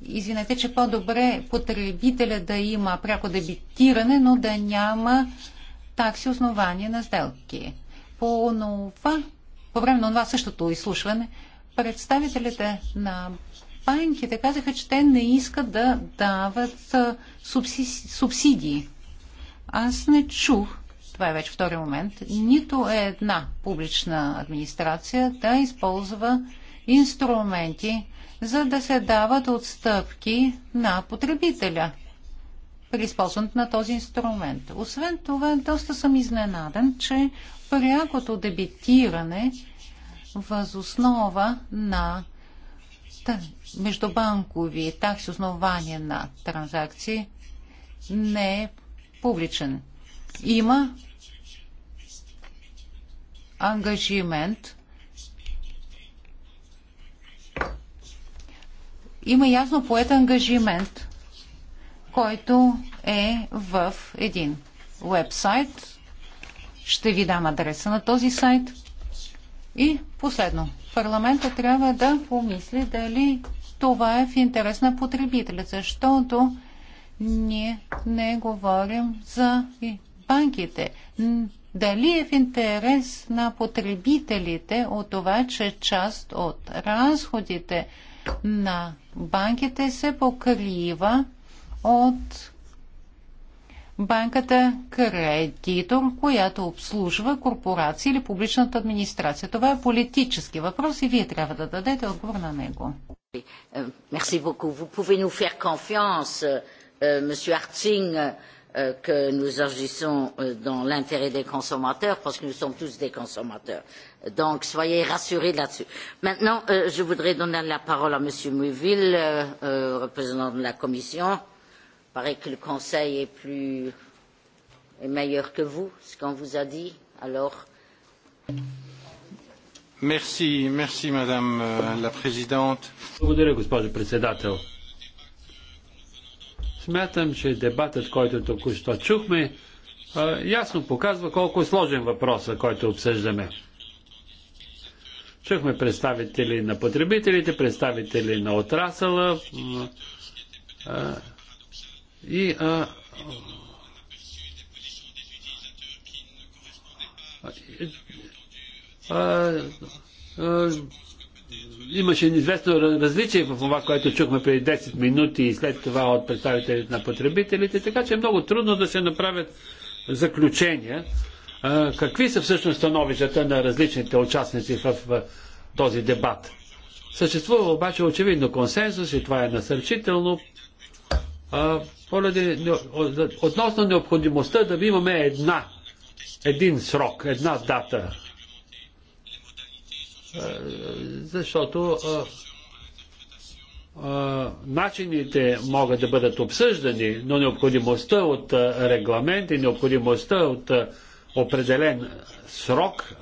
Извинете, че по-добре потребителя да има пряко дебитиране, но да няма такси основания на сделки. По, нова, по време на това същото изслушване, представителите на банките казаха, че те не искат да дават субси, субсидии. Аз не чух, това е вече втори момент, нито е една публична администрация да използва инструменти, за да се дават отстъпки на потребителя при използването на този инструмент. Освен това, доста съм изненаден, че прякото дебитиране възоснова на междубанкови такси основания на транзакции не е публичен. Има ангажимент има ясно поет ангажимент, който е в един вебсайт, ще ви дам адреса на този сайт. И последно, парламента трябва да помисли дали това е в интерес на потребителя, защото ние не говорим за банките. Дали е в интерес на потребителите от това, че част от разходите на банките се покрива от банката кредитор, която обслужва корпорации или публичната администрация. Това е политически въпрос и вие трябва да дадете отговор на него. Merci beaucoup. Vous pouvez nous faire confiance, Monsieur Harting, que nous agissons dans l'intérêt des consommateurs, parce que nous sommes tous des consommateurs. Donc, soyez rassurés là-dessus. Maintenant, je voudrais donner la parole à Monsieur Muville, représentant de la Commission paraît que le Conseil est plus est meilleur que vous, ce qu'on vous a dit. Alors. Merci, merci, Madame euh, la Présidente. Благодаря, госпожо председател. Смятам, че дебатът, който току-що чухме, ясно показва колко е сложен въпроса, който обсъждаме. Чухме представители на потребителите, представители на отрасъла, и а, а, а, имаше известно различие в това, което чухме преди 10 минути и след това от представителите на потребителите, така че е много трудно да се направят заключения. А, какви са всъщност становищата на различните участници в, в този дебат? Съществува обаче очевидно консенсус и това е насърчително. А, поради, относно необходимостта да имаме една, един срок, една дата. Е, защото е, е, начините могат да бъдат обсъждани, но необходимостта от регламент и необходимостта от определен срок,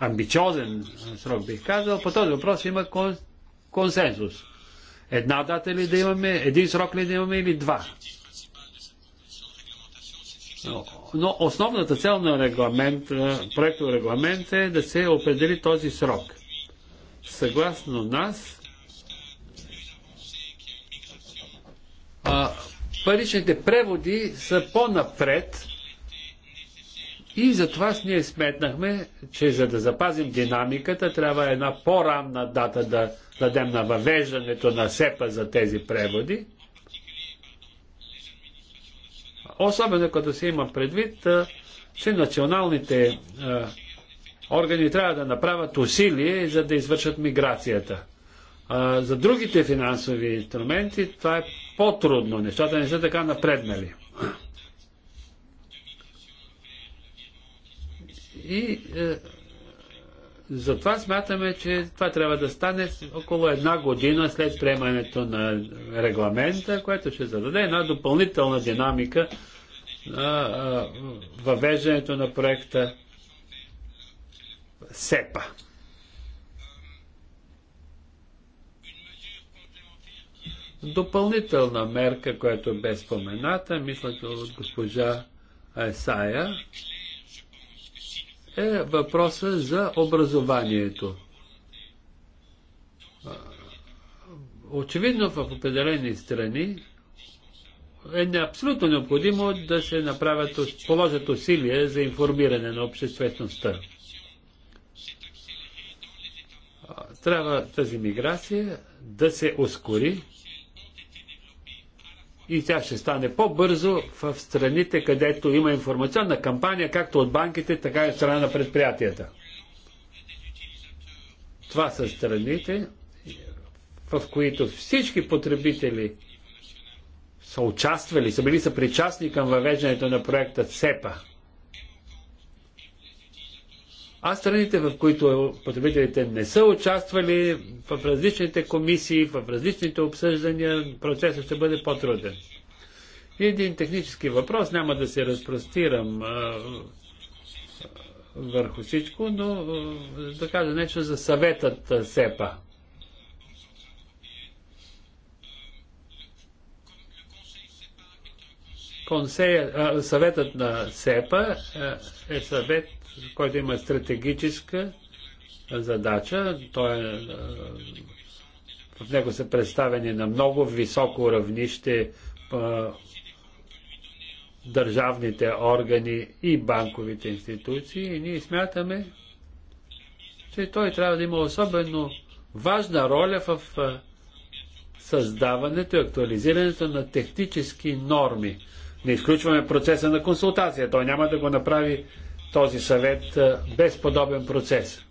амбициозен срок бих казал, по този въпрос има консенсус. Една дата ли да имаме, един срок ли да имаме или два? Но основната цел на регламент, проекто регламент е да се определи този срок. Съгласно нас, паричните преводи са по-напред и затова ние сметнахме, че за да запазим динамиката, трябва една по-ранна дата да дадем на въвеждането на СЕПА за тези преводи. Особено като се има предвид, че националните органи трябва да направят усилие, за да извършат миграцията. за другите финансови инструменти това е по-трудно. Нещата не са така напреднали. И е, затова смятаме, че това трябва да стане около една година след приемането на регламента, което ще зададе една допълнителна динамика на е, е, въвеждането на проекта СЕПА. Допълнителна мерка, която бе спомената, мисля, от госпожа Есая, е въпроса за образованието. Очевидно в определени страни е абсолютно необходимо да се направят, положат усилия за информиране на обществеността. Трябва тази миграция да се ускори и тя ще стане по-бързо в страните, където има информационна кампания, както от банките, така и от страна на предприятията. Това са страните, в които всички потребители са участвали, са били съпричастни към въвеждането на проекта СЕПА – а страните, в които е- потребителите не са участвали в различните комисии, в различните обсъждания, процесът ще бъде по-труден. И един технически въпрос, няма да се разпростирам върху всичко, но да кажа нещо за съветът СЕПА. Консея, а, съветът на СЕПА е съвет, който има стратегическа задача. Той е, в него са представени на много високо равнище държавните органи и банковите институции и ние смятаме, че той трябва да има особено важна роля в създаването и актуализирането на технически норми, не изключваме процеса на консултация. Той няма да го направи този съвет без подобен процес.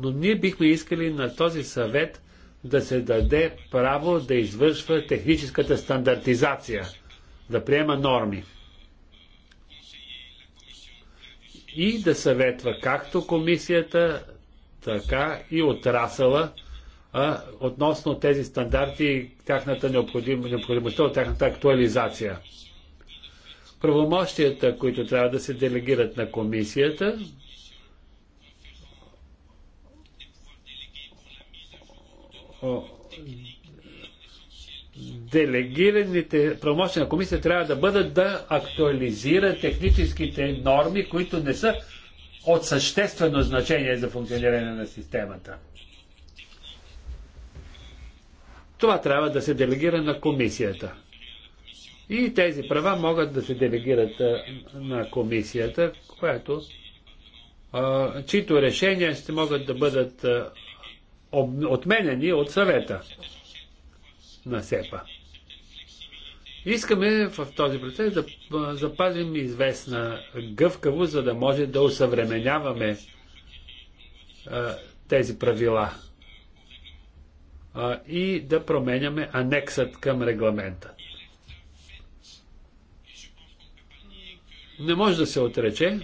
Но ние бихме искали на този съвет да се даде право да извършва техническата стандартизация, да приема норми. И да съветва както комисията, така и отрасъла а, относно тези стандарти и тяхната необходимост необходимостта от тяхната актуализация правомощията, които трябва да се делегират на комисията, делегираните правомощия на комисията трябва да бъдат да актуализира техническите норми, които не са от съществено значение за функциониране на системата. Това трябва да се делегира на комисията. И тези права могат да се делегират на комисията, която, чието решения ще могат да бъдат отменени от съвета на СЕПА. Искаме в този процес да запазим известна гъвкаво, за да може да усъвременяваме тези правила и да променяме анексът към регламента. не може да се отрече,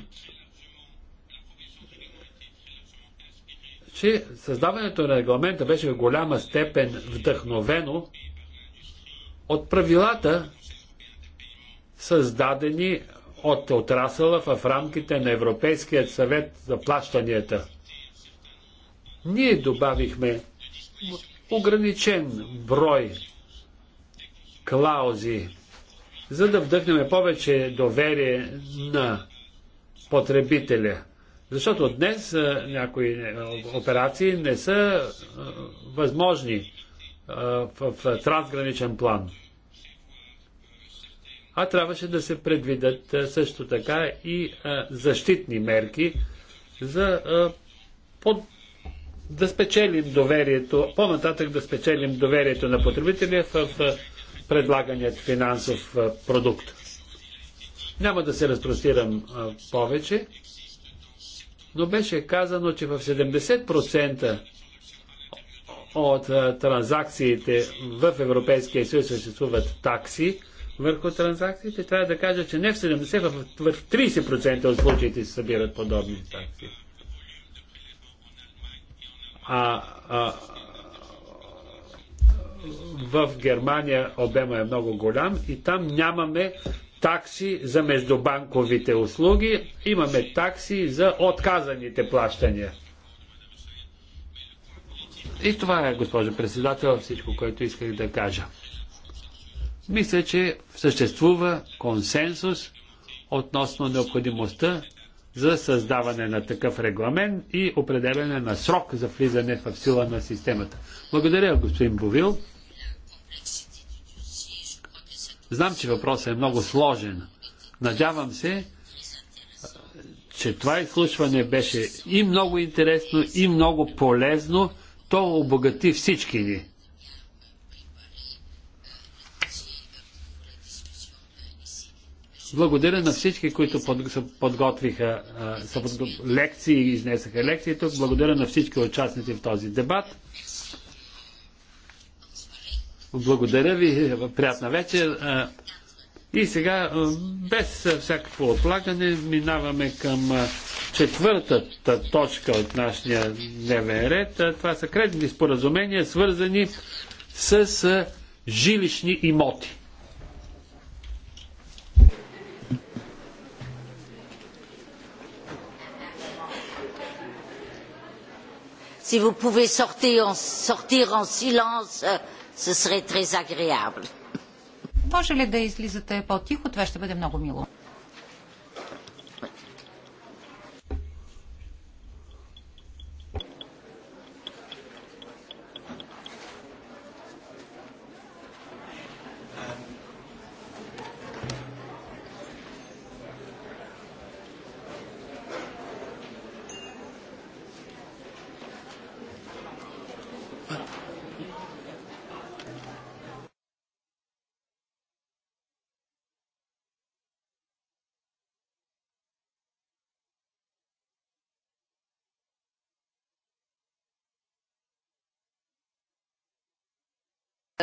че създаването на регламента беше в голяма степен вдъхновено от правилата, създадени от отрасъла в рамките на Европейският съвет за плащанията. Ние добавихме ограничен брой клаузи за да вдъхнем повече доверие на потребителя. Защото днес някои е, операции не са възможни в трансграничен план. А трябваше да се предвидат също така и защитни мерки за под да спечелим доверието, по-нататък да спечелим доверието на потребителя в предлаганият финансов продукт. Няма да се разпростирам повече, но беше казано, че в 70% от транзакциите в Европейския съюз съществуват такси върху транзакциите. Трябва да кажа, че не в 70%, в 30% от случаите се събират подобни такси. А, а, в Германия обема е много голям и там нямаме такси за междубанковите услуги, имаме такси за отказаните плащания. И това е, госпожо председател, всичко, което исках да кажа. Мисля, че съществува консенсус относно необходимостта за създаване на такъв регламент и определене на срок за влизане в сила на системата. Благодаря, господин Бовил. Знам, че въпросът е много сложен. Надявам се, че това изслушване беше и много интересно, и много полезно. То обогати всички ни. Благодаря на всички, които под, са подготвиха са подго... лекции и изнесаха лекции тук. Благодаря на всички участници в този дебат. Благодаря ви, приятна вечер. И сега, без всякакво отлагане, минаваме към четвъртата точка от нашия дневен ред. Това са кредитни споразумения, свързани с жилищни имоти. Si vous pouvez sortir en, sortir en silence, euh, Ce serait très agréable. Може ли да излизате по-тихо? Това ще бъде много мило.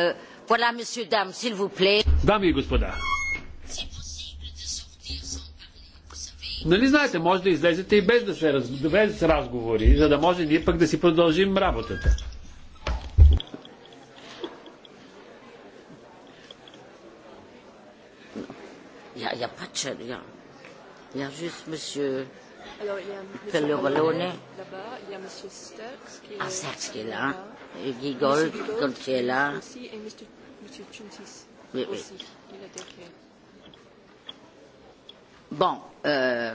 Euh, Дами и господа, нали знаете, може да излезете и без да се раз... без разговори, за да може ние пък да си продължим работата. Я, я a, я. Я pas месье. Alors, il y a M. Lorelone. Là-bas, il Sterks qui est, là. Et Guy Gold, Gold qui est là. Oui, oui. Bon, euh,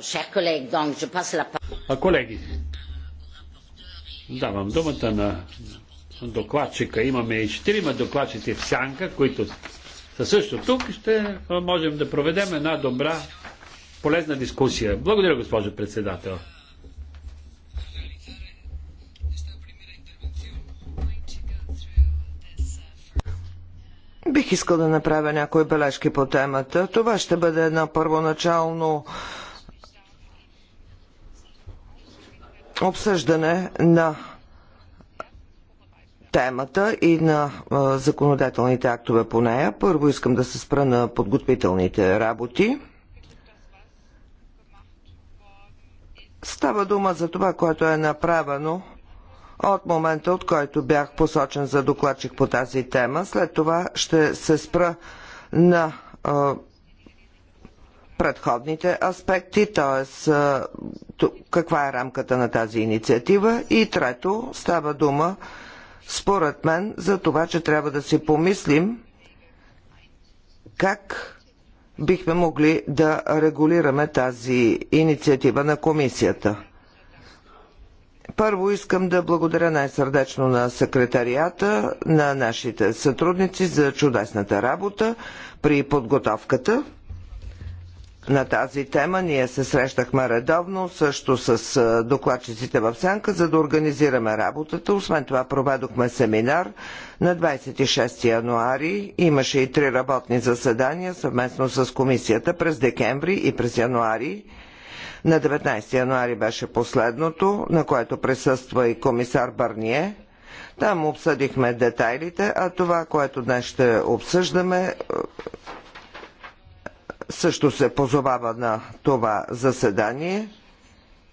chers collègues, donc je passe la parole. Колеги, давам думата на докладчика. Имаме и четирима докладчици в сянка, които са също тук. и Ще можем да проведем една добра полезна дискусия. Благодаря, госпожо председател. Бих искал да направя някои бележки по темата. Това ще бъде едно първоначално обсъждане на темата и на законодателните актове по нея. Първо искам да се спра на подготвителните работи. Става дума за това, което е направено от момента, от който бях посочен за докладчик по тази тема. След това ще се спра на а, предходните аспекти, т.е. каква е рамката на тази инициатива. И трето, става дума, според мен, за това, че трябва да си помислим как бихме могли да регулираме тази инициатива на комисията. Първо искам да благодаря най-сърдечно на секретарията, на нашите сътрудници за чудесната работа при подготовката на тази тема. Ние се срещахме редовно, също с докладчиците в Сянка, за да организираме работата. Освен това проведохме семинар на 26 януари. Имаше и три работни заседания съвместно с комисията през декември и през януари. На 19 януари беше последното, на което присъства и комисар Барние. Там обсъдихме детайлите, а това, което днес ще обсъждаме, също се позовава на това заседание.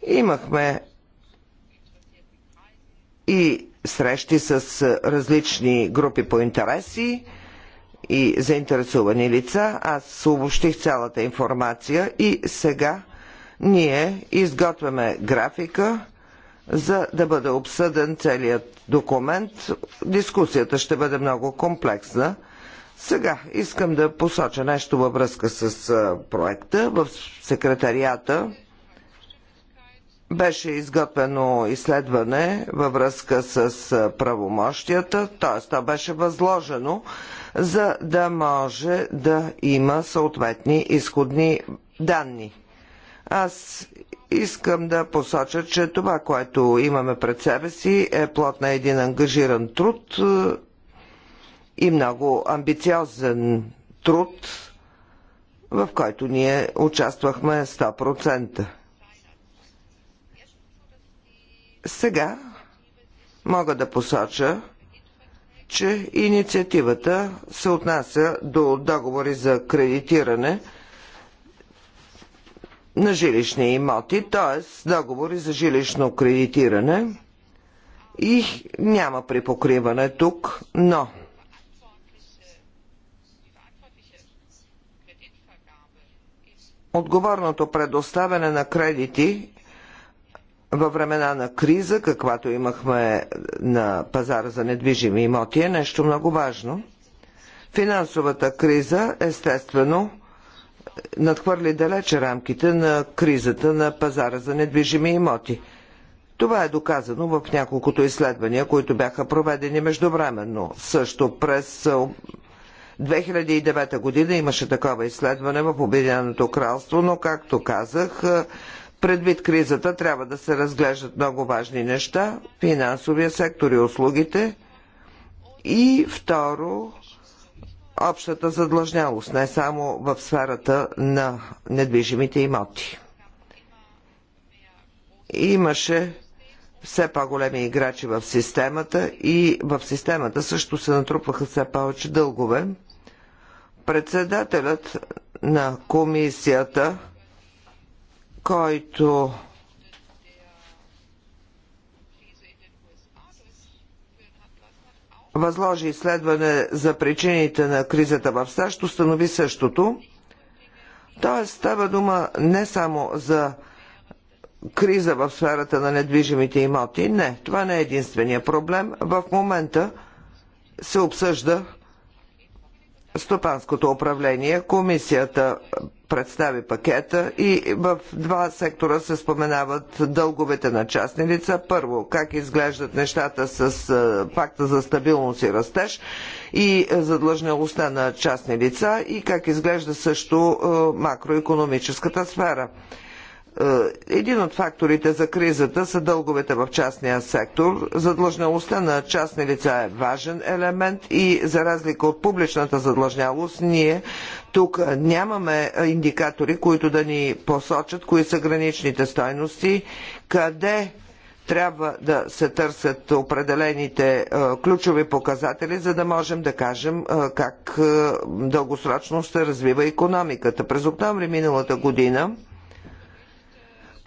Имахме и срещи с различни групи по интереси и заинтересувани лица. Аз обобщих цялата информация и сега ние изготвяме графика, за да бъде обсъден целият документ. Дискусията ще бъде много комплексна. Сега искам да посоча нещо във връзка с проекта. В секретарията беше изготвено изследване във връзка с правомощията, т.е. то беше възложено, за да може да има съответни изходни данни. Аз искам да посоча, че това, което имаме пред себе си е плод на един ангажиран труд и много амбициозен труд, в който ние участвахме 100%. Сега мога да посоча, че инициативата се отнася до договори за кредитиране на жилищни имоти, т.е. договори за жилищно кредитиране и няма припокриване тук, но отговорното предоставяне на кредити във времена на криза, каквато имахме на пазара за недвижими имоти, е нещо много важно. Финансовата криза, естествено, надхвърли далече рамките на кризата на пазара за недвижими имоти. Това е доказано в няколкото изследвания, които бяха проведени междувременно. Също през 2009 година имаше такова изследване в Обединеното кралство, но както казах, е, предвид кризата трябва да се разглеждат много важни неща финансовия сектор и услугите. И второ, общата задлъжнялост, не само в сферата на недвижимите имоти. Имаше все по-големи играчи в системата и в системата също се натрупваха все повече дългове. Председателят на комисията, който възложи изследване за причините на кризата в САЩ, установи същото. Тоест става дума не само за криза в сферата на недвижимите имоти. Не, това не е единствения проблем. В момента се обсъжда стопанското управление. Комисията представи пакета и в два сектора се споменават дълговете на частни лица. Първо, как изглеждат нещата с е, пакта за стабилност и растеж и е, задлъжнялостта на частни лица и как изглежда също е, макроекономическата сфера. Е, един от факторите за кризата са дълговете в частния сектор. Задлъжнялостта на частни лица е важен елемент и за разлика от публичната задлъжнялост, ние тук нямаме индикатори, които да ни посочат кои са граничните стойности, къде трябва да се търсят определените е, ключови показатели, за да можем да кажем е, как дългосрочно ще развива економиката. През октомври миналата година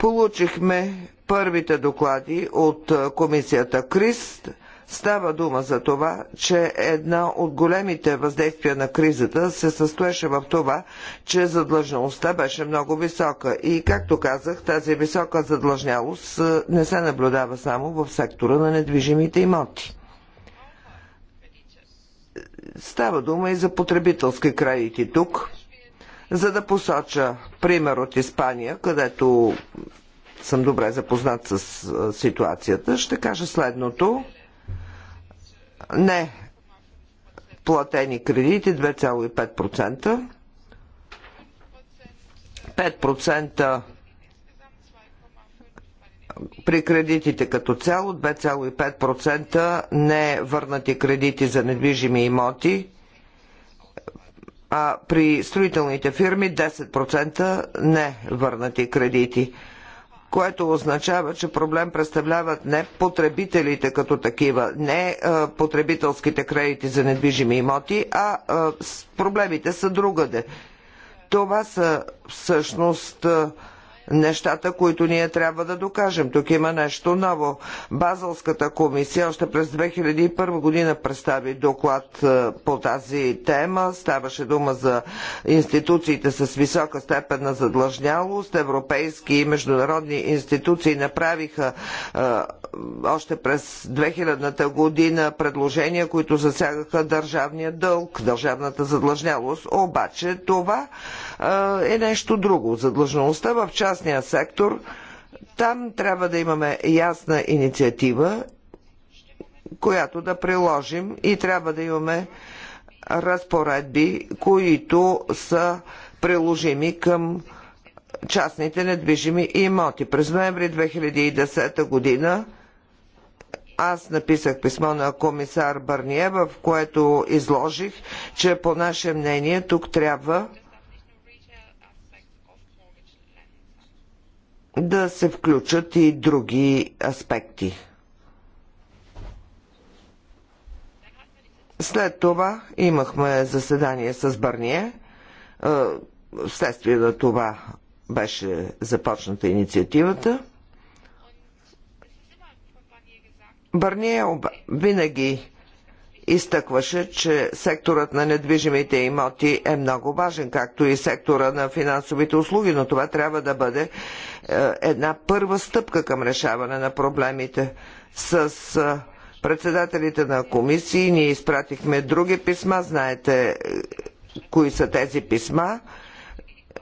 Получихме първите доклади от комисията КРИС. Става дума за това, че една от големите въздействия на кризата се състоеше в това, че задлъжнялостта беше много висока. И, както казах, тази висока задлъжнялост не се наблюдава само в сектора на недвижимите имоти. Става дума и за потребителски кредити тук – за да посоча пример от Испания, където съм добре запознат с ситуацията, ще кажа следното. Не платени кредити 2,5%. 5% при кредитите като цяло, 2,5% не върнати кредити за недвижими имоти, а при строителните фирми 10% не върнати кредити което означава, че проблем представляват не потребителите като такива, не е, потребителските кредити за недвижими имоти, а е, проблемите са другаде. Това са всъщност е, нещата, които ние трябва да докажем. Тук има нещо ново. Базълската комисия още през 2001 година представи доклад е, по тази тема. Ставаше дума за институциите с висока степен на задлъжнялост. Европейски и международни институции направиха е, още през 2000-та година предложения, които засягаха държавния дълг, държавната задлъжнялост. Обаче това е нещо друго. Задлъжнялостта в частния сектор, там трябва да имаме ясна инициатива, която да приложим и трябва да имаме разпоредби, които са приложими към частните недвижими имоти. През ноември 2010 година аз написах писмо на комисар Барние, в което изложих, че по наше мнение тук трябва да се включат и други аспекти. След това имахме заседание с Бърние. Е, вследствие на това беше започната инициативата. Бърния винаги изтъкваше, че секторът на недвижимите имоти е много важен, както и сектора на финансовите услуги, но това трябва да бъде е, една първа стъпка към решаване на проблемите. С е, председателите на комисии ние изпратихме други писма, знаете е, кои са тези писма.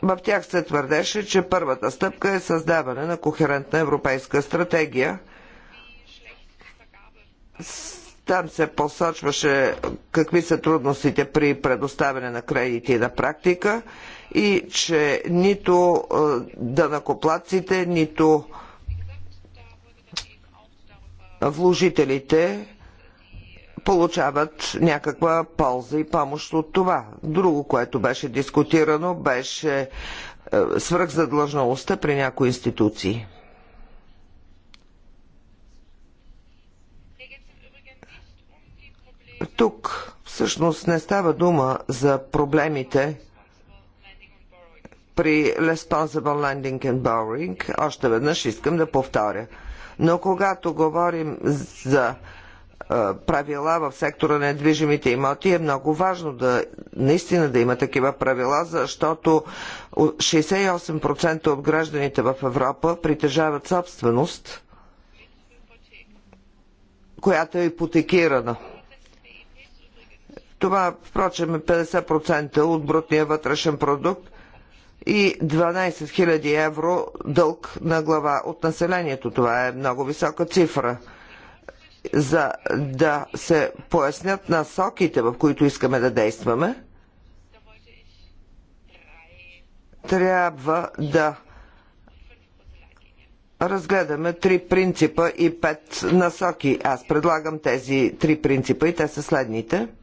В тях се твърдеше, че първата стъпка е създаване на кохерентна европейска стратегия там се посочваше какви са трудностите при предоставяне на кредити на практика и че нито е, дънакоплаците, нито вложителите получават някаква полза и помощ от това. Друго, което беше дискутирано, беше е, свръхзадлъжналостта при някои институции. Тук всъщност не става дума за проблемите при Responsible Lending and Borrowing. Още веднъж искам да повторя. Но когато говорим за е, правила в сектора на недвижимите имоти е много важно да наистина да има такива правила, защото 68% от гражданите в Европа притежават собственост, която е ипотекирана. Това, впрочем, е 50% от брутния вътрешен продукт и 12 000 евро дълг на глава от населението. Това е много висока цифра. За да се пояснят насоките, в които искаме да действаме, трябва да разгледаме три принципа и пет насоки. Аз предлагам тези три принципа и те са следните –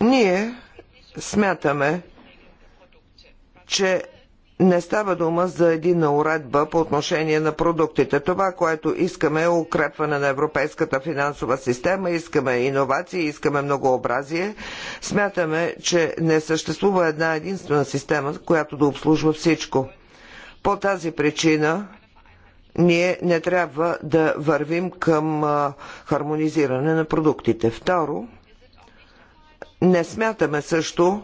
Ние смятаме, че не става дума за едина уредба по отношение на продуктите. Това, което искаме е укрепване на европейската финансова система, искаме иновации, искаме многообразие. Смятаме, че не съществува една единствена система, която да обслужва всичко. По тази причина ние не трябва да вървим към хармонизиране на продуктите. Второ, не смятаме също,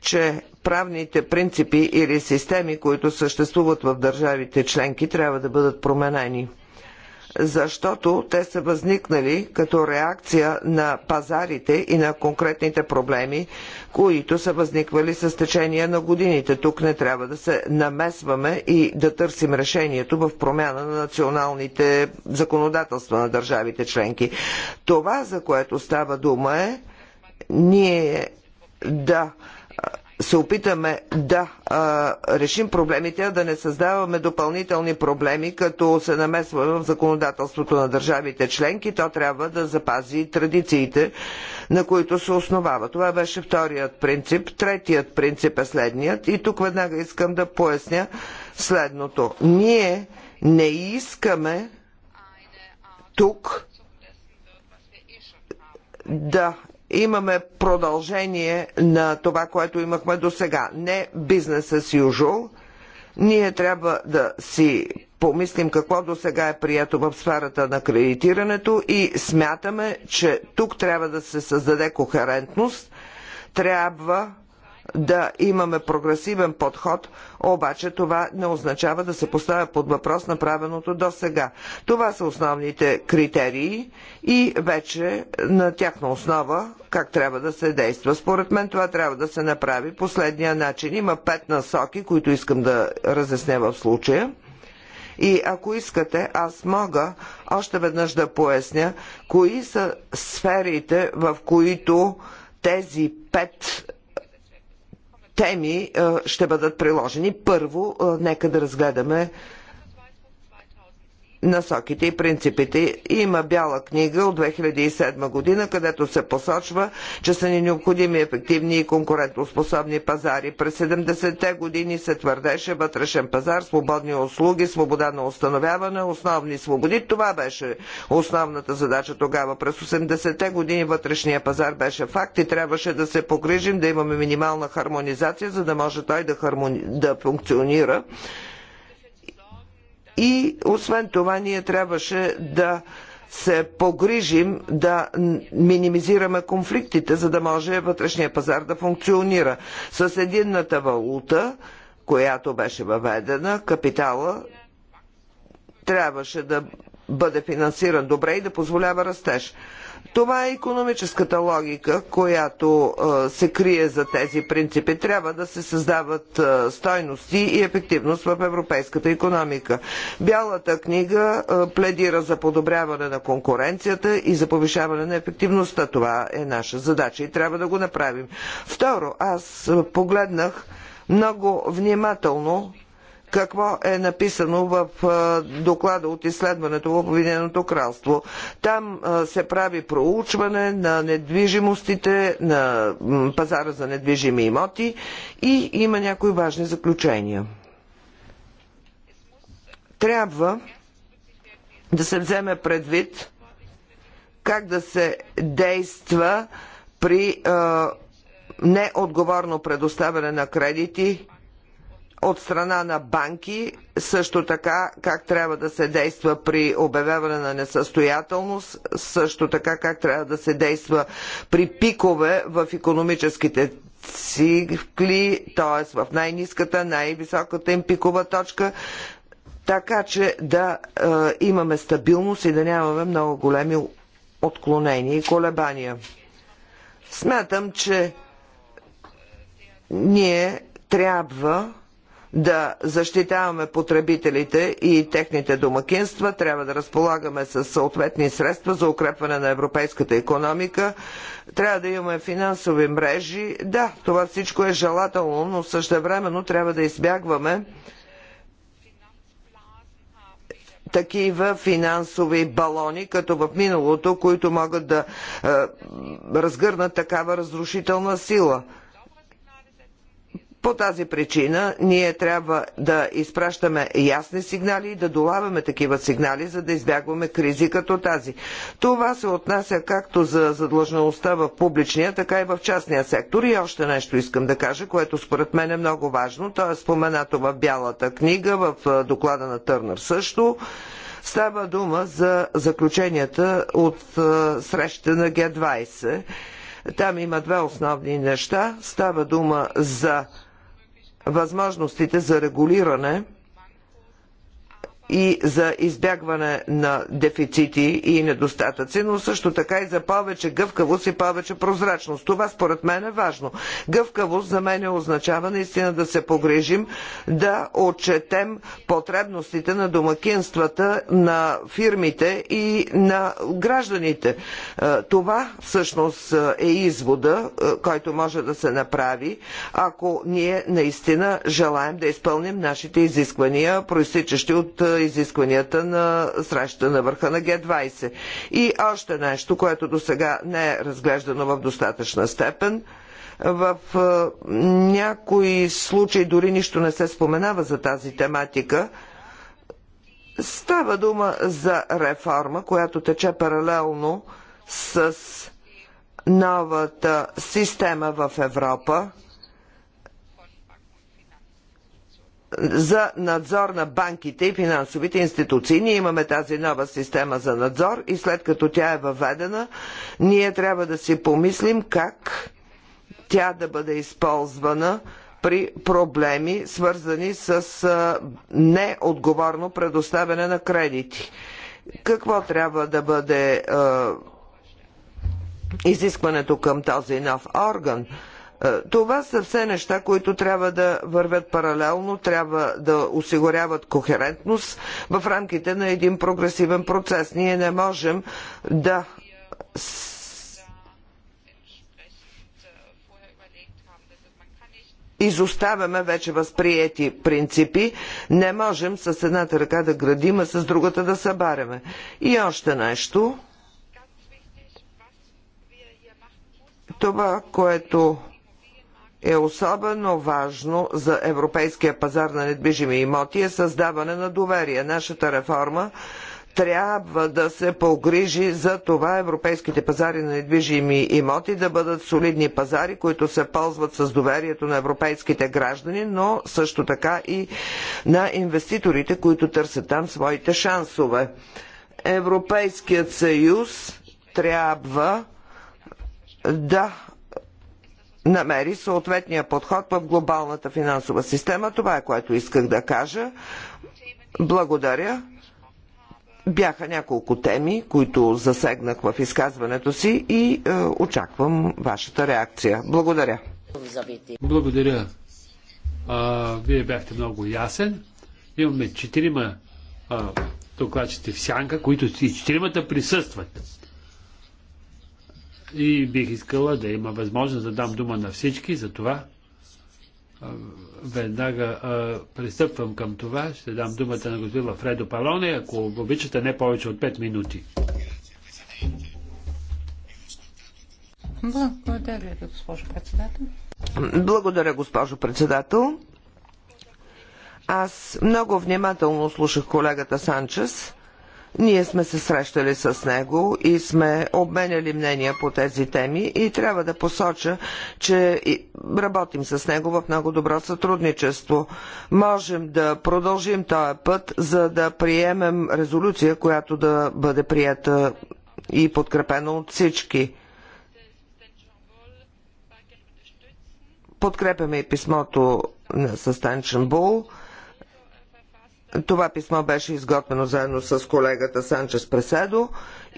че правните принципи или системи, които съществуват в държавите членки, трябва да бъдат променени защото те са възникнали като реакция на пазарите и на конкретните проблеми, които са възниквали с течение на годините. Тук не трябва да се намесваме и да търсим решението в промяна на националните законодателства на държавите членки. Това, за което става дума е ние да се опитаме да а, решим проблемите, а да не създаваме допълнителни проблеми, като се намесва в законодателството на държавите членки. То трябва да запази традициите на които се основава. Това беше вторият принцип. Третият принцип е следният. И тук веднага искам да поясня следното. Ние не искаме тук да имаме продължение на това, което имахме до сега. Не бизнес as usual. Ние трябва да си помислим какво до сега е прието в сферата на кредитирането и смятаме, че тук трябва да се създаде кохерентност, трябва да имаме прогресивен подход, обаче това не означава да се поставя под въпрос направеното до сега. Това са основните критерии и вече на тяхна основа как трябва да се действа. Според мен това трябва да се направи последния начин. Има пет насоки, които искам да разясня в случая. И ако искате, аз мога още веднъж да поясня, кои са сферите, в които тези пет теми е, ще бъдат приложени. Първо, е, нека да разгледаме насоките и принципите. Има бяла книга от 2007 година, където се посочва, че са ни необходими ефективни и конкурентоспособни пазари. През 70-те години се твърдеше вътрешен пазар, свободни услуги, свобода на установяване, основни свободи. Това беше основната задача тогава. През 80-те години вътрешния пазар беше факт и трябваше да се погрижим да имаме минимална хармонизация, за да може той да, хармони... да функционира и освен това ние трябваше да се погрижим да минимизираме конфликтите, за да може вътрешния пазар да функционира. С единната валута, която беше въведена, капитала трябваше да бъде финансиран добре и да позволява растеж. Това е економическата логика, която се крие за тези принципи. Трябва да се създават стойности и ефективност в европейската економика. Бялата книга пледира за подобряване на конкуренцията и за повишаване на ефективността. Това е наша задача и трябва да го направим. Второ, аз погледнах много внимателно какво е написано в доклада от изследването в Обединеното кралство. Там се прави проучване на недвижимостите, на пазара за недвижими имоти и има някои важни заключения. Трябва да се вземе предвид как да се действа при неотговорно предоставяне на кредити от страна на банки, също така как трябва да се действа при обявяване на несъстоятелност, също така как трябва да се действа при пикове в економическите цикли, т.е. в най-низката, най-високата им пикова точка, така че да е, имаме стабилност и да нямаме много големи отклонения и колебания. Смятам, че ние трябва да защитаваме потребителите и техните домакинства, трябва да разполагаме с съответни средства за укрепване на европейската економика, трябва да имаме финансови мрежи. Да, това всичко е желателно, но същевременно трябва да избягваме такива финансови балони, като в миналото, които могат да е, разгърнат такава разрушителна сила. По тази причина ние трябва да изпращаме ясни сигнали и да долавяме такива сигнали, за да избягваме кризи като тази. Това се отнася както за задлъжналостта в публичния, така и в частния сектор. И още нещо искам да кажа, което според мен е много важно. То е споменато в Бялата книга, в доклада на Търнър също. Става дума за заключенията от срещата на Г20. Там има две основни неща. Става дума за възможностите за регулиране и за избягване на дефицити и недостатъци, но също така и за повече гъвкавост и повече прозрачност. Това според мен е важно. Гъвкавост за мен е означава наистина да се погрежим, да отчетем потребностите на домакинствата, на фирмите и на гражданите. Е, това всъщност е извода, е, който може да се направи, ако ние наистина желаем да изпълним нашите изисквания, проистичащи от изискванията на среща на върха на Г-20. И още нещо, което до сега не е разглеждано в достатъчна степен. В е, някои случаи дори нищо не се споменава за тази тематика. Става дума за реформа, която тече паралелно с новата система в Европа, за надзор на банките и финансовите институции. Ние имаме тази нова система за надзор и след като тя е въведена, ние трябва да си помислим как тя да бъде използвана при проблеми, свързани с неотговорно предоставяне на кредити. Какво трябва да бъде изискването към този нов орган? Е, това са все неща, които трябва да вървят паралелно, трябва да осигуряват кохерентност в рамките на един прогресивен процес. Ние не можем да изоставяме вече възприети принципи, не можем с едната ръка да градим, а с другата да събаряме. И още нещо. Това, което е особено важно за европейския пазар на недвижими имоти е създаване на доверие. Нашата реформа трябва да се погрижи за това европейските пазари на недвижими имоти да бъдат солидни пазари, които се ползват с доверието на европейските граждани, но също така и на инвеститорите, които търсят там своите шансове. Европейският съюз трябва да намери съответния подход в глобалната финансова система. Това е което исках да кажа. Благодаря. Бяха няколко теми, които засегнах в изказването си и е, очаквам вашата реакция. Благодаря. Благодаря. А, вие бяхте много ясен. Имаме четирима докладчите в сянка, които и четиримата присъстват. И бих искала да има възможност да дам дума на всички, за това веднага пристъпвам към това. Ще дам думата на господин Фредо Палоне, ако обичате не повече от 5 минути. Благодаря госпожо председател. Благодаря, госпожо председател. Аз много внимателно слушах колегата Санчес. Ние сме се срещали с него и сме обменяли мнения по тези теми и трябва да посоча, че работим с него в много добро сътрудничество. Можем да продължим този път, за да приемем резолюция, която да бъде прията и подкрепена от всички. Подкрепяме и писмото на Състанчен Бул – това писмо беше изготвено заедно с колегата Санчес Преседо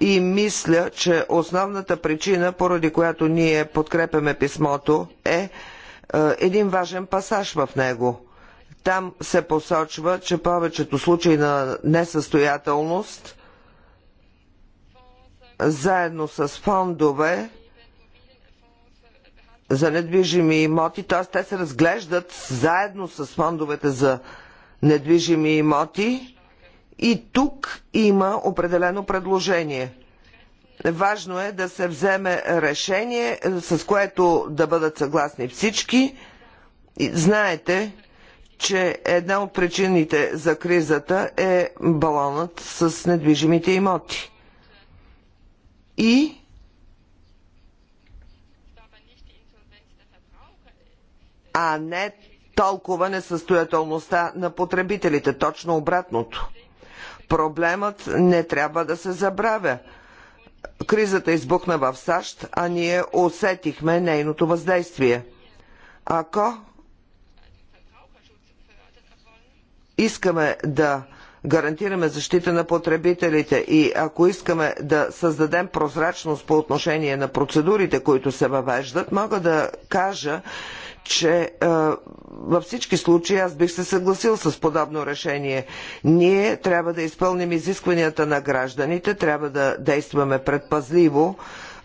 и мисля, че основната причина, поради която ние подкрепяме писмото, е, е един важен пасаж в него. Там се посочва, че повечето случаи на несъстоятелност заедно с фондове за недвижими имоти, т.е. те се разглеждат заедно с фондовете за недвижими имоти. И тук има определено предложение. Важно е да се вземе решение, с което да бъдат съгласни всички. Знаете, че една от причините за кризата е балонът с недвижимите имоти. И а не толкова несъстоятелността на потребителите. Точно обратното. Проблемът не трябва да се забравя. Кризата избухна в САЩ, а ние усетихме нейното въздействие. Ако искаме да гарантираме защита на потребителите и ако искаме да създадем прозрачност по отношение на процедурите, които се въвеждат, мога да кажа, че е, във всички случаи аз бих се съгласил с подобно решение. Ние трябва да изпълним изискванията на гражданите, трябва да действаме предпазливо.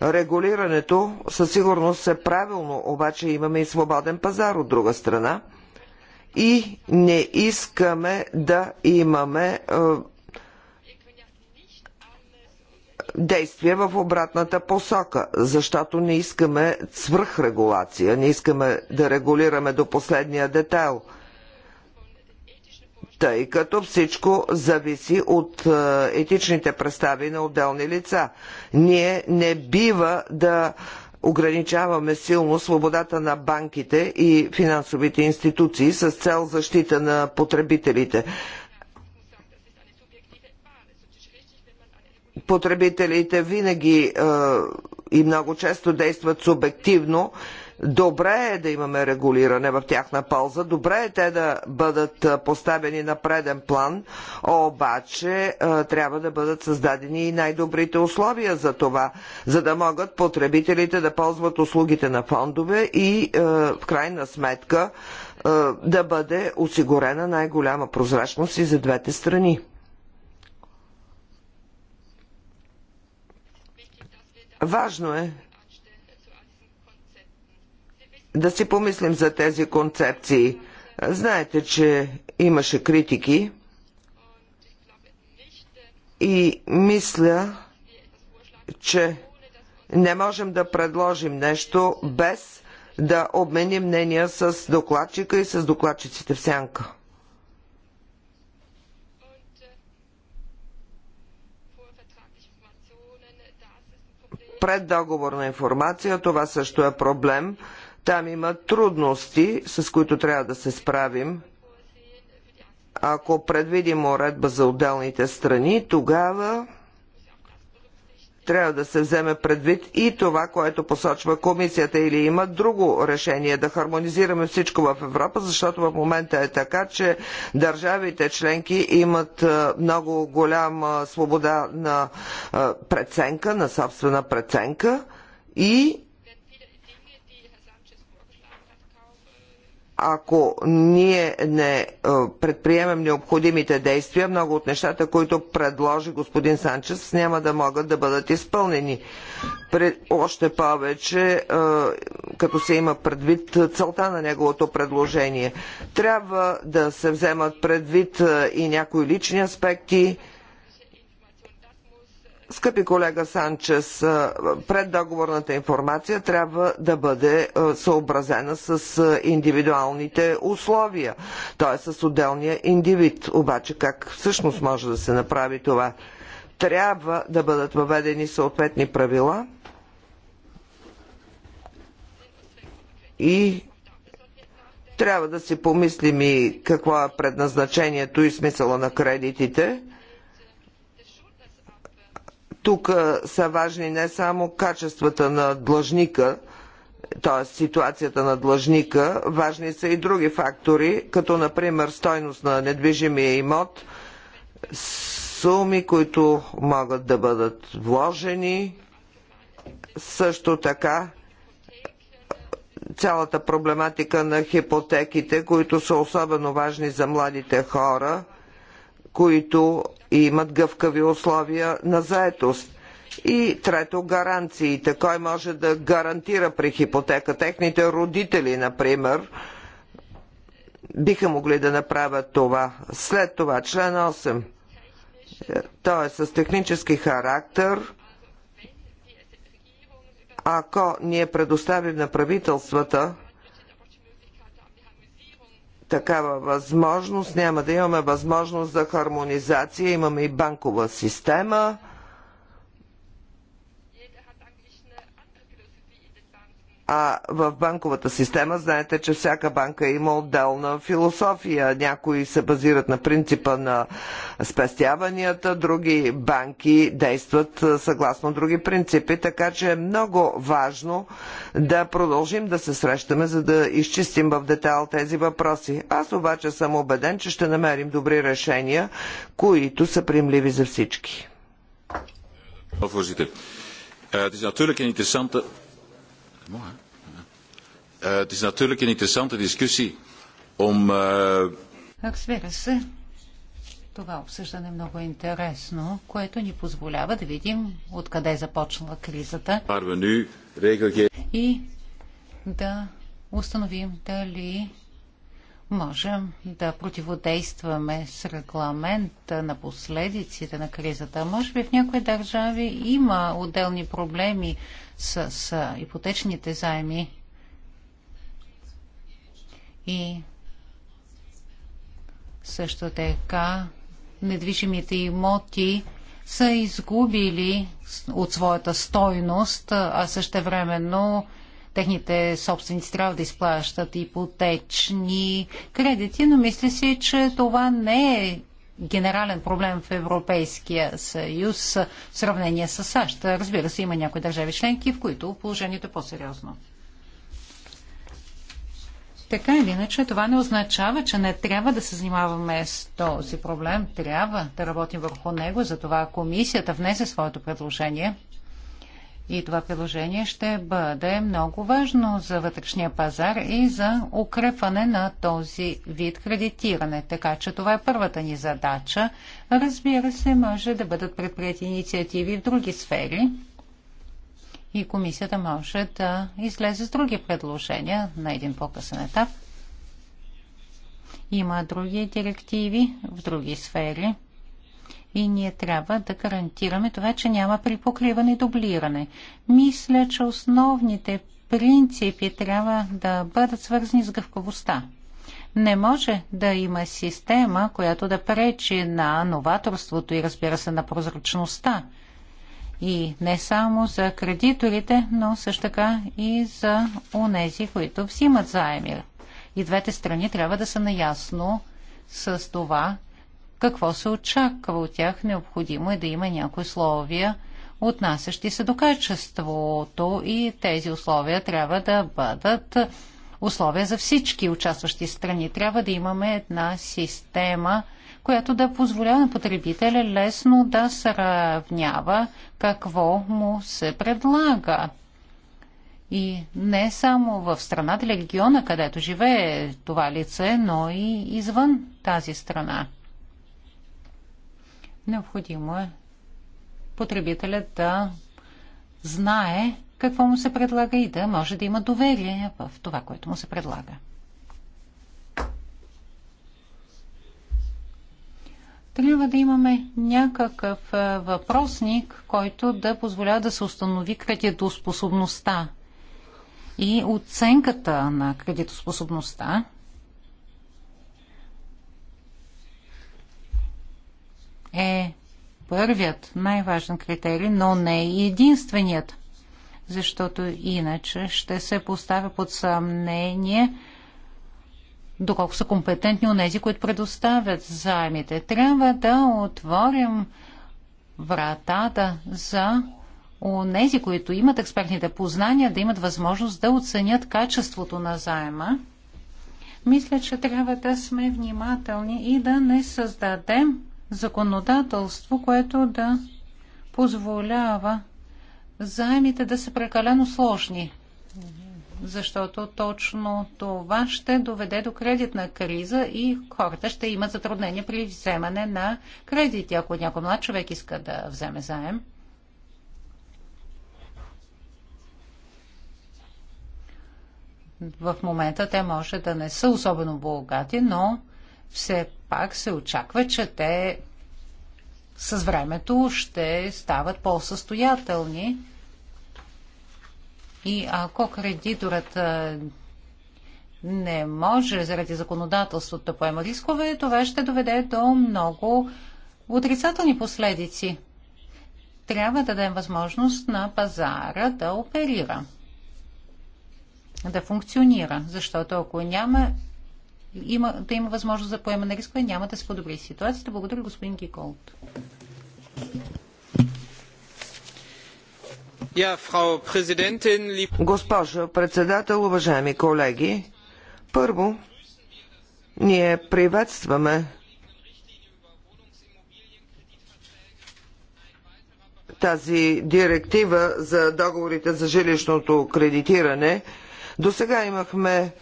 Регулирането със сигурност е правилно, обаче имаме и свободен пазар от друга страна и не искаме да имаме е, действия в обратната посока, защото не искаме свръхрегулация, не искаме да регулираме до последния детайл тъй като всичко зависи от е, етичните представи на отделни лица. Ние не бива да ограничаваме силно свободата на банките и финансовите институции с цел защита на потребителите. потребителите винаги е, и много често действат субективно, Добре е да имаме регулиране в тяхна полза, добре е те да бъдат е, поставени на преден план, обаче е, трябва да бъдат създадени и най-добрите условия за това, за да могат потребителите да ползват услугите на фондове и в крайна сметка да бъде осигурена най-голяма прозрачност и за двете страни. Важно е да си помислим за тези концепции. Знаете, че имаше критики и мисля, че не можем да предложим нещо без да обменим мнения с докладчика и с докладчиците в сянка. преддоговорна информация. Това също е проблем. Там има трудности, с които трябва да се справим. Ако предвидим уредба за отделните страни, тогава трябва да се вземе предвид и това, което посочва комисията или има друго решение да хармонизираме всичко в Европа, защото в момента е така, че държавите членки имат е, много голяма е, свобода на е, преценка, на собствена преценка и ако ние не е, предприемем необходимите действия, много от нещата, които предложи господин Санчес, няма да могат да бъдат изпълнени. Още повече, е, като се има предвид целта на неговото предложение. Трябва да се вземат предвид е, и някои лични аспекти, Скъпи колега Санчес, преддоговорната информация трябва да бъде съобразена с индивидуалните условия, т.е. с отделния индивид. Обаче как всъщност може да се направи това? Трябва да бъдат въведени съответни правила и трябва да си помислим и какво е предназначението и смисъла на кредитите – тук са важни не само качествата на длъжника, т.е. ситуацията на длъжника, важни са и други фактори, като например стойност на недвижимия имот, суми, които могат да бъдат вложени, също така цялата проблематика на хипотеките, които са особено важни за младите хора, които и имат гъвкави условия на заетост. И трето, гаранциите. Кой може да гарантира при хипотека? Техните родители, например, биха могли да направят това. След това, член 8. Той е с технически характер. Ако ние предоставим на правителствата такава възможност, няма да имаме възможност за хармонизация. Имаме и банкова система. А в банковата система знаете, че всяка банка има отделна философия. Някои се базират на принципа на спестяванията, други банки действат съгласно други принципи, така че е много важно да продължим да се срещаме, за да изчистим в детайл тези въпроси. Аз обаче съм убеден, че ще намерим добри решения, които са приемливи за всички. Е, het is natuurlijk een interessante Eh, het is natuurlijk een interessante discussie om. Разбира eh, се, това обсъждане е много интересно, което ни позволява да видим откъде е започнала кризата и да установим дали можем да противодействаме с регламента на последиците на кризата. Може би в някои държави има отделни проблеми с, с ипотечните заеми и също така недвижимите имоти са изгубили от своята стойност, а също времено техните собственици трябва да изплащат ипотечни кредити, но мисля си, че това не е генерален проблем в Европейския съюз в сравнение с САЩ. Разбира се, има някои държави членки, в които положението е по-сериозно. Така или иначе, това не означава, че не трябва да се занимаваме с този проблем. Трябва да работим върху него. Затова комисията внесе своето предложение – и това приложение ще бъде много важно за вътрешния пазар и за укрепване на този вид кредитиране. Така че това е първата ни задача. Разбира се, може да бъдат предприяти инициативи в други сфери. И комисията може да излезе с други предложения на един по-късен етап. Има други директиви в други сфери и ние трябва да гарантираме това, че няма припокриване и дублиране. Мисля, че основните принципи трябва да бъдат свързани с гъвкавостта. Не може да има система, която да пречи на новаторството и разбира се на прозрачността. И не само за кредиторите, но също така и за онези, които взимат заеми. И двете страни трябва да са наясно с това, какво се очаква от тях, необходимо е да има някои условия, отнасящи се до качеството и тези условия трябва да бъдат условия за всички участващи страни. Трябва да имаме една система, която да позволява на потребителя лесно да сравнява какво му се предлага. И не само в страната или региона, където живее това лице, но и извън тази страна. Необходимо е потребителят да знае какво му се предлага и да може да има доверие в това, което му се предлага. Трябва да имаме някакъв въпросник, който да позволява да се установи кредитоспособността и оценката на кредитоспособността е първият, най-важен критерий, но не и единственият, защото иначе ще се поставя под съмнение доколко са компетентни у нези, които предоставят заемите. Трябва да отворим вратата за нези, които имат експертните познания, да имат възможност да оценят качеството на заема. Мисля, че трябва да сме внимателни и да не създадем законодателство, което да позволява заемите да са прекалено сложни, защото точно това ще доведе до кредитна криза и хората ще имат затруднения при вземане на кредити. Ако някой млад човек иска да вземе заем, в момента те може да не са особено богати, но все пак се очаква, че те с времето ще стават по-състоятелни. И ако кредиторът не може заради законодателството да поема рискове, това ще доведе до много отрицателни последици. Трябва да дадем възможност на пазара да оперира, да функционира, защото ако няма има, да има възможност за поема на и няма да се подобри ситуацията. Благодаря, господин Гиколт. Госпожо председател, уважаеми колеги, първо, ние приветстваме тази директива за договорите за жилищното кредитиране. До сега имахме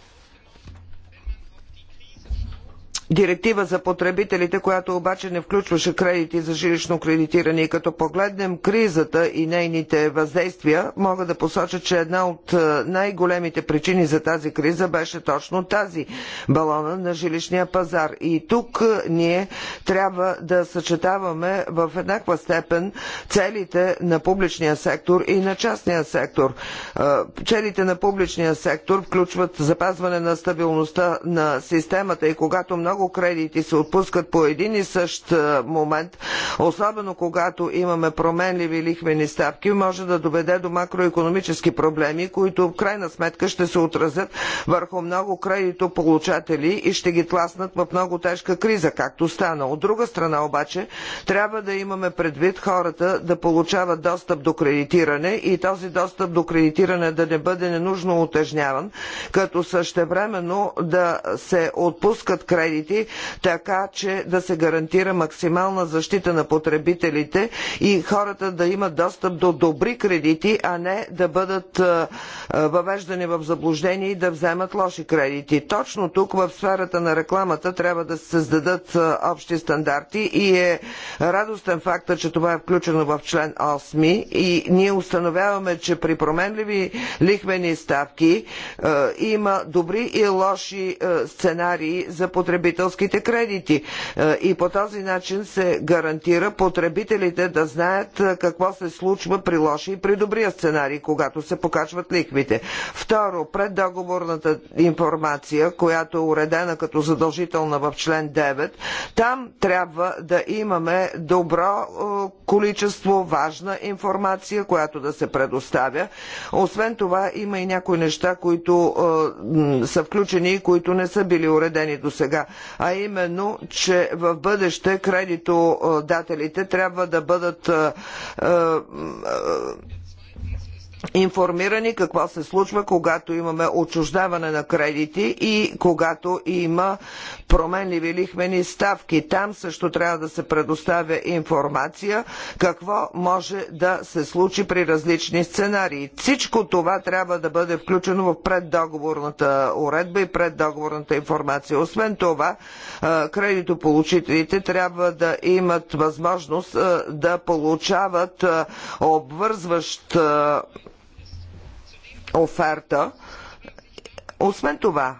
директива за потребителите, която обаче не включваше кредити за жилищно кредитиране. И като погледнем кризата и нейните въздействия, мога да посоча, че една от е, най-големите причини за тази криза беше точно тази балона на жилищния пазар. И тук е, ние трябва да съчетаваме в еднаква степен целите на публичния сектор и на частния сектор. Е, целите на публичния сектор включват запазване на стабилността на системата и когато много много кредити се отпускат по един и същ е, момент, особено когато имаме променливи лихвени ставки, може да доведе до макроекономически проблеми, които в крайна сметка ще се отразят върху много кредитополучатели и ще ги тласнат в много тежка криза, както стана. От друга страна обаче, трябва да имаме предвид хората да получават достъп до кредитиране и този достъп до кредитиране да не бъде ненужно утежняван, като същевременно да се отпускат кредити защити, така че да се гарантира максимална защита на потребителите и хората да имат достъп до добри кредити, а не да бъдат въвеждани в заблуждение и да вземат лоши кредити. Точно тук в сферата на рекламата трябва да се създадат общи стандарти и е радостен факта, че това е включено в член 8 и ние установяваме, че при променливи лихвени ставки има добри и лоши сценарии за потребителите потребителските кредити. Е, и по този начин се гарантира потребителите да знаят е, какво се случва при лоши и при добрия сценарий, когато се покачват ликвите. Второ, преддоговорната информация, която е уредена като задължителна в член 9, там трябва да имаме добро е, количество важна информация, която да се предоставя. Освен това, има и някои неща, които са включени и които не са били уредени до сега а именно, че в бъдеще кредитодателите трябва да бъдат е, е, информирани какво се случва, когато имаме отчуждаване на кредити и когато има променливи лихвени ставки. Там също трябва да се предоставя информация какво може да се случи при различни сценарии. Всичко това трябва да бъде включено в преддоговорната уредба и преддоговорната информация. Освен това, кредитополучителите трябва да имат възможност да получават обвързващ оферта. Освен това,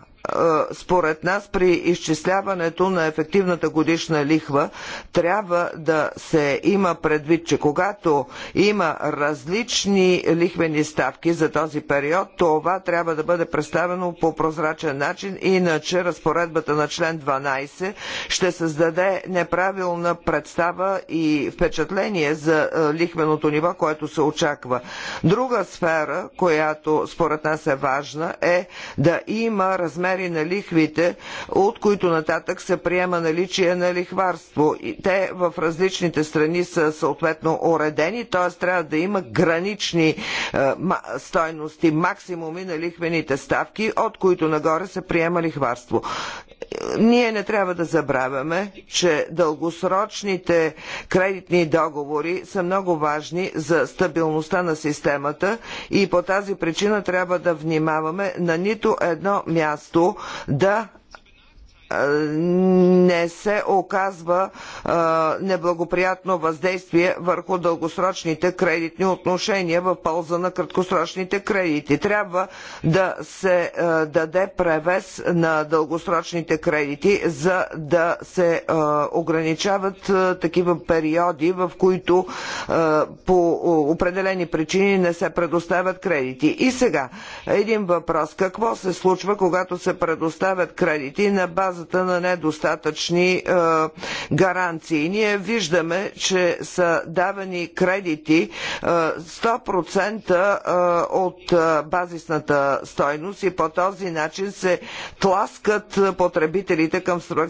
според нас при изчисляването на ефективната годишна лихва трябва да се има предвид, че когато има различни лихвени ставки за този период, това трябва да бъде представено по прозрачен начин, иначе разпоредбата на член 12 ще създаде неправилна представа и впечатление за лихвеното ниво, което се очаква. Друга сфера, която според нас е важна, е да има размери размери на лихвите, от които нататък се приема наличие на лихварство. И те в различните страни са съответно уредени, т.е. трябва да има гранични е, стойности, максимуми на лихвените ставки, от които нагоре се приема лихварство ние не трябва да забравяме, че дългосрочните кредитни договори са много важни за стабилността на системата и по тази причина трябва да внимаваме на нито едно място да не се оказва неблагоприятно въздействие върху дългосрочните кредитни отношения в полза на краткосрочните кредити. Трябва да се даде превес на дългосрочните кредити, за да се ограничават такива периоди, в които по определени причини не се предоставят кредити. И сега един въпрос. Какво се случва, когато се предоставят кредити на база базата на недостатъчни е, гаранции. Ние виждаме, че са давани кредити е, 100% е, от е, базисната стойност и по този начин се тласкат потребителите към срок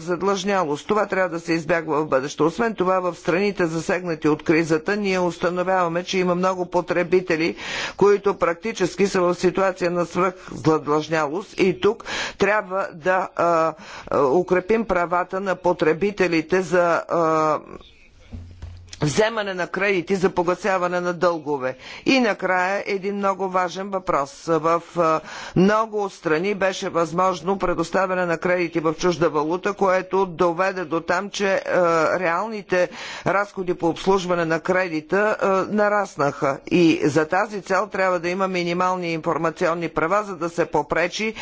Това трябва да се избягва в бъдеще. Освен това, в страните засегнати от кризата, ние установяваме, че има много потребители, които практически са в ситуация на свръхзадлъжнялост и тук трябва да а, е, а, укрепим правата на потребителите за вземане на кредити за погасяване на дългове. И накрая един много важен въпрос. В много страни беше възможно предоставяне на кредити в чужда валута, което доведе до там, че реалните разходи по обслужване на кредита нараснаха. И за тази цел трябва да има минимални информационни права, за да се попречи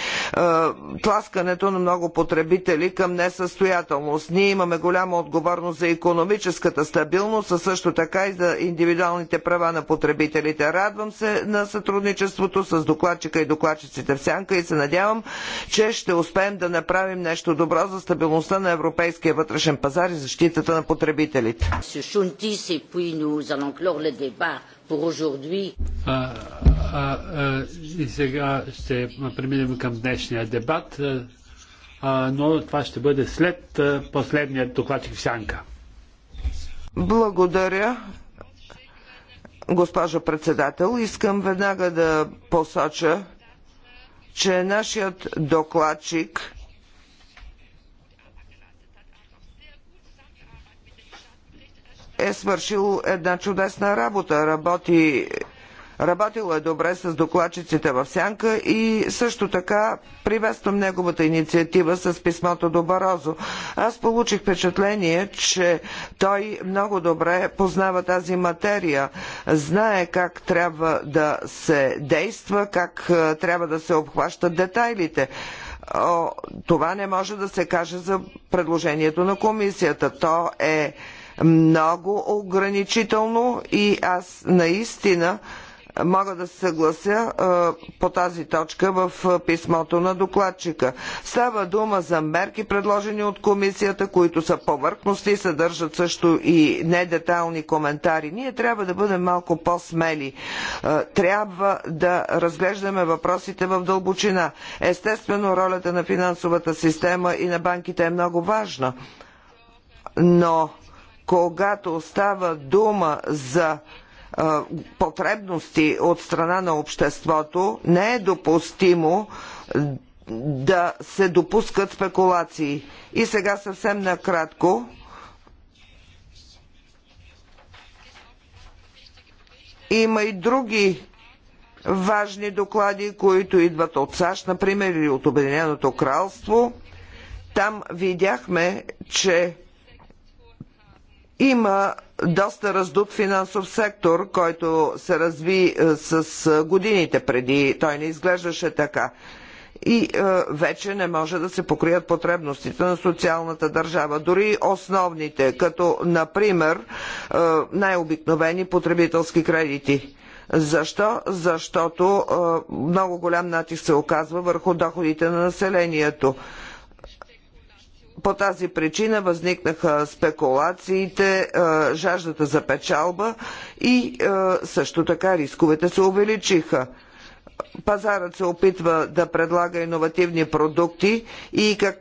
тласкането на много потребители към несъстоятелност. Ние имаме голяма отговорност за економическата стабилност, са също така и за индивидуалните права на потребителите. Радвам се на сътрудничеството с докладчика и докладчиците в Сянка и се надявам, че ще успеем да направим нещо добро за стабилността на европейския вътрешен пазар и защитата на потребителите. А, а, а, и сега ще преминем към днешния дебат, но това ще бъде след последният докладчик в Сянка. Благодаря. Госпожо председател, искам веднага да посоча, че нашият докладчик е свършил една чудесна работа. Работи Работила е добре с докладчиците в Сянка и също така приветствам неговата инициатива с писмото до Барозо. Аз получих впечатление, че той много добре познава тази материя, знае как трябва да се действа, как е, трябва да се обхващат детайлите това не може да се каже за предложението на комисията. То е много ограничително и аз наистина Мога да се съглася по тази точка в писмото на докладчика. Става дума за мерки, предложени от комисията, които са повърхности, съдържат също и недетални коментари. Ние трябва да бъдем малко по-смели. Трябва да разглеждаме въпросите в дълбочина. Естествено, ролята на финансовата система и на банките е много важна. Но когато става дума за потребности от страна на обществото, не е допустимо да се допускат спекулации. И сега съвсем накратко. Има и други важни доклади, които идват от САЩ, например, или от Обединеното кралство. Там видяхме, че има доста раздут финансов сектор, който се разви е, с е, годините преди. Той не изглеждаше така и е, вече не може да се покрият потребностите на социалната държава. Дори основните, като например е, най-обикновени потребителски кредити. Защо? Защото е, много голям натиск се оказва върху доходите на населението по тази причина възникнаха спекулациите, е, жаждата за печалба и е, също така рисковете се увеличиха. Пазарът се опитва да предлага иновативни продукти и как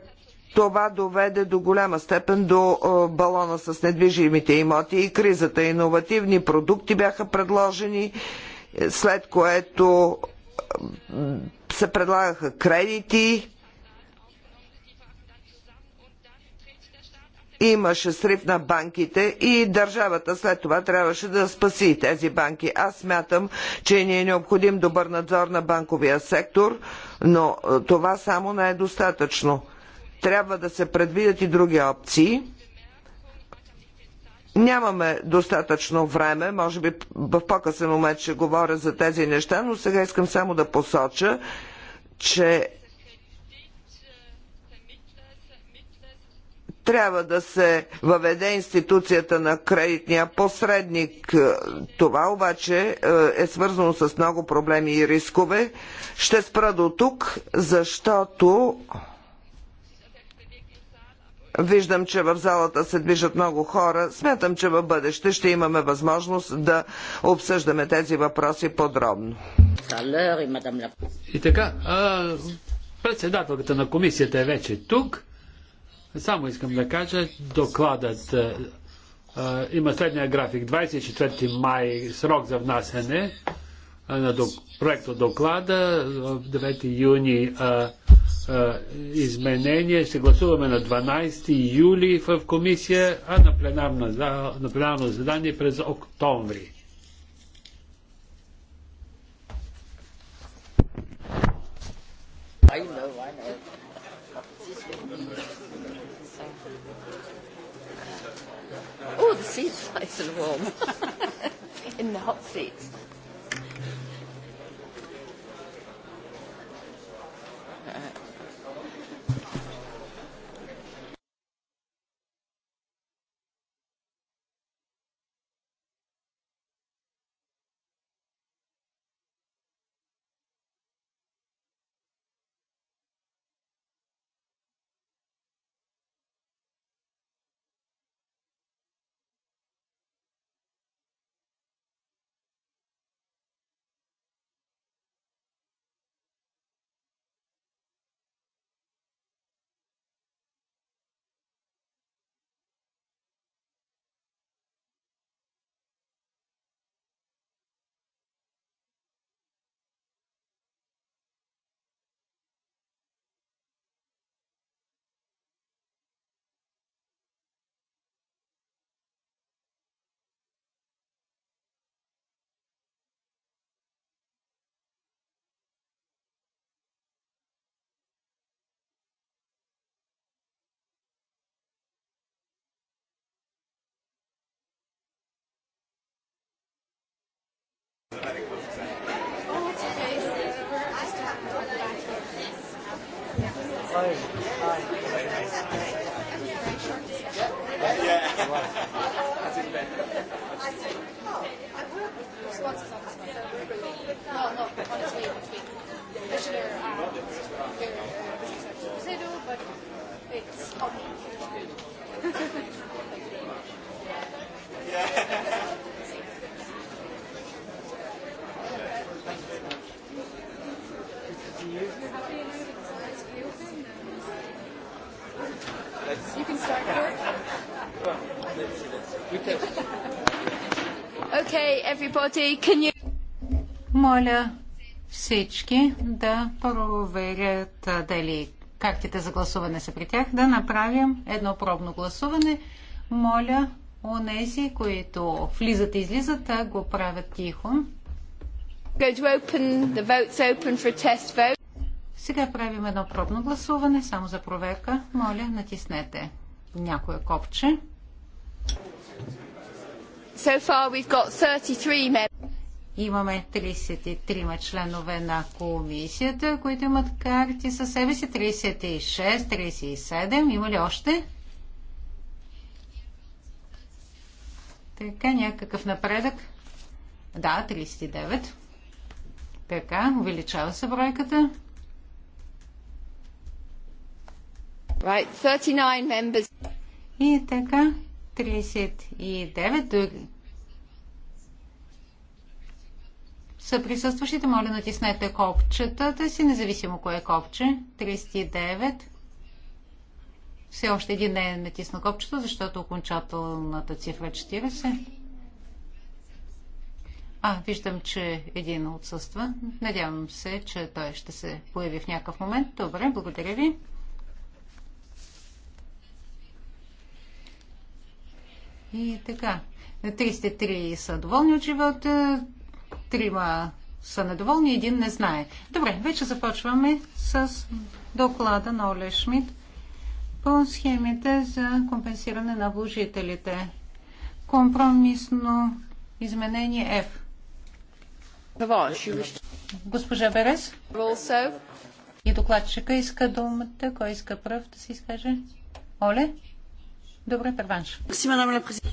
това доведе до голяма степен до е, балона с недвижимите имоти и кризата. Иновативни продукти бяха предложени, след което се предлагаха кредити, имаше срив на банките и държавата след това трябваше да спаси тези банки. Аз смятам, че ни е необходим добър надзор на банковия сектор, но е, това само не е достатъчно. Трябва да се предвидят и други опции. Нямаме достатъчно време, може би в по-късен момент ще говоря за тези неща, но сега искам само да посоча, че трябва да се въведе институцията на кредитния посредник. Това обаче е, е свързано с много проблеми и рискове. Ще спра до тук, защото Виждам, че в залата се движат много хора. Смятам, че в бъдеще ще имаме възможност да обсъждаме тези въпроси подробно. И така, председателката на комисията е вече тук. Само искам да кажа, докладът а, е, е, има следния график. 24 май срок за внасене е, на док, проекто доклада, 9 юни а, а, изменение. Ще гласуваме на 12 юли в комисия, а на пленарно, на пленарно задание през октомври. nice and warm in the hot seats. Моля всички да проверят дали картите за гласуване са при тях, да направим едно пробно гласуване. Моля онези, които влизат и излизат, да го правят тихо. Сега правим едно пробно гласуване, само за проверка. Моля, натиснете някое копче. So far we've got 33 members. Имаме 33 членове на комисията, които имат карти със себе си. 36, 37. Има ли още? Така, някакъв напредък. Да, 39. Така, увеличава се бройката. Right, 39 members. И така, 39 са присъстващите. Моля, натиснете копчетата си, независимо кое е копче. 39. Все още един не е натисна копчето, защото окончателната цифра е 40. А, виждам, че един отсъства. Надявам се, че той ще се появи в някакъв момент. Добре, благодаря ви. И така, 303 са доволни от живота, трима са недоволни, един не знае. Добре, вече започваме с доклада на Оле Шмидт по схемите за компенсиране на вложителите. Компромисно изменение F. Госпожа Берес? И докладчика иска думата. Кой иска пръв да се изкаже? Оле? Добре, Първанш.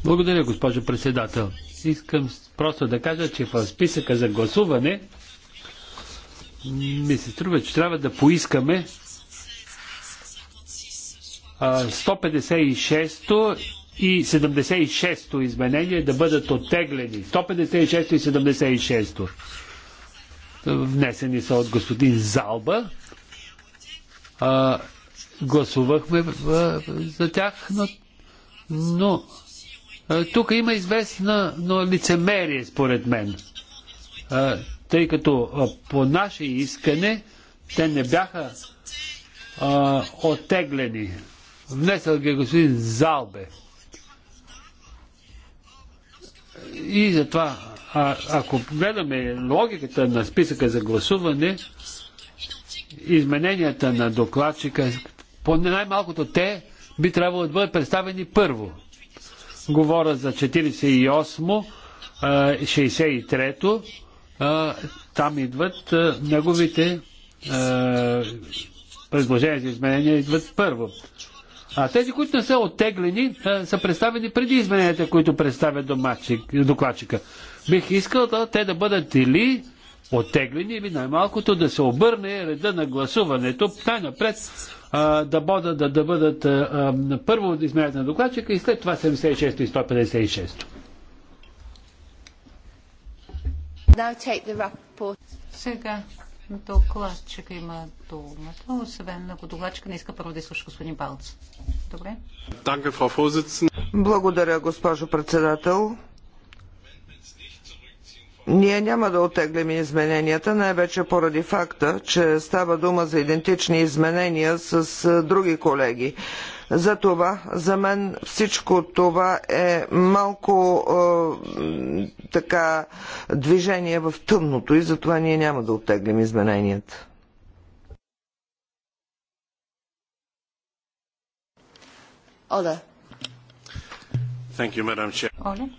Благодаря, госпожо председател. Искам просто да кажа, че в списъка за гласуване ми се струва, че трябва да поискаме 156-то и 76-то изменение да бъдат оттеглени. 156-то и 76-то. Внесени са от господин Залба. А, гласувахме за тях, но но тук има известно лицемерие, според мен. Тъй като по наше искане те не бяха а, оттеглени. Внесъл ги е господин Залбе. И затова, а, ако гледаме логиката на списъка за гласуване, измененията на докладчика, по най-малкото те би трябвало да бъдат представени първо. Говоря за 48 63-то, там идват неговите предложения за изменения, идват първо. А тези, които не са оттеглени, са представени преди измененията, които представят докладчика. Бих искал да, те да бъдат или оттеглени, или най-малкото да се обърне реда на гласуването най-напред да, бода, да, да бъдат а, първо измерят на докладчика и след това 76 и 156. Сега докладчика има думата, освен ако докладчика не иска първо да изслуша господин Балц. Добре. Благодаря, госпожо председател. Ние няма да отеглим измененията, най-вече поради факта, че става дума за идентични изменения с други колеги. За това, за мен всичко това е малко е, така движение в тъмното и затова ние няма да оттеглим измененията. Оле,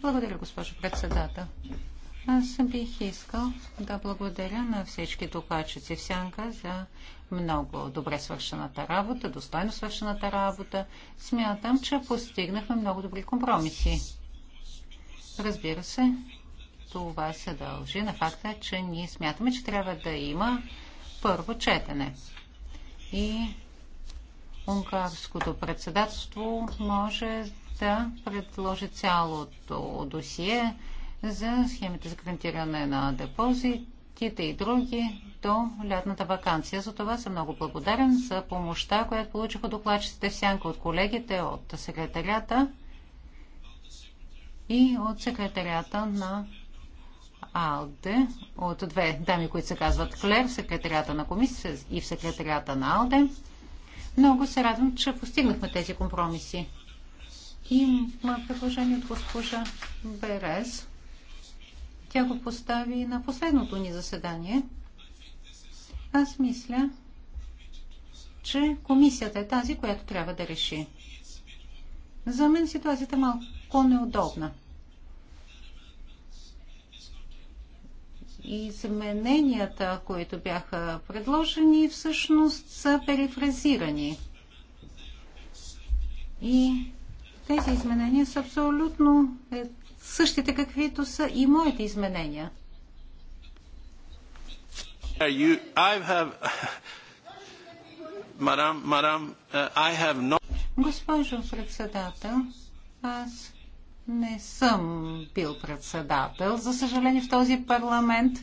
благодаря, госпожо председател. Аз бих искал да благодаря на всички докладчици в Сянка за много добре свършената работа, достойно свършената работа. Смятам, че постигнахме много добри компромиси. Разбира се, това се дължи на факта, че ние смятаме, че трябва да има първо четене. И унгарското председателство може да предложи цялото досие за схемите за гарантиране на депозитите и други до лятната вакансия. За това съм много благодарен за помощта, която получих от докладчиците сянка от колегите от секретарята и от секретарята на АЛДЕ, от две дами, които се казват Клер, в секретарията на комисия и в секретарията на АЛДЕ. Много се радвам, че постигнахме тези компромиси. Има предложение от госпожа Берез. Тя го постави на последното ни заседание. Аз мисля, че комисията е тази, която трябва да реши. За мен ситуацията е малко неудобна. Измененията, които бяха предложени, всъщност са перифразирани. И тези изменения са абсолютно същите каквито са и моите изменения. *laughs* Uh, Госпожо председател, аз не съм бил председател, за съжаление, в този парламент.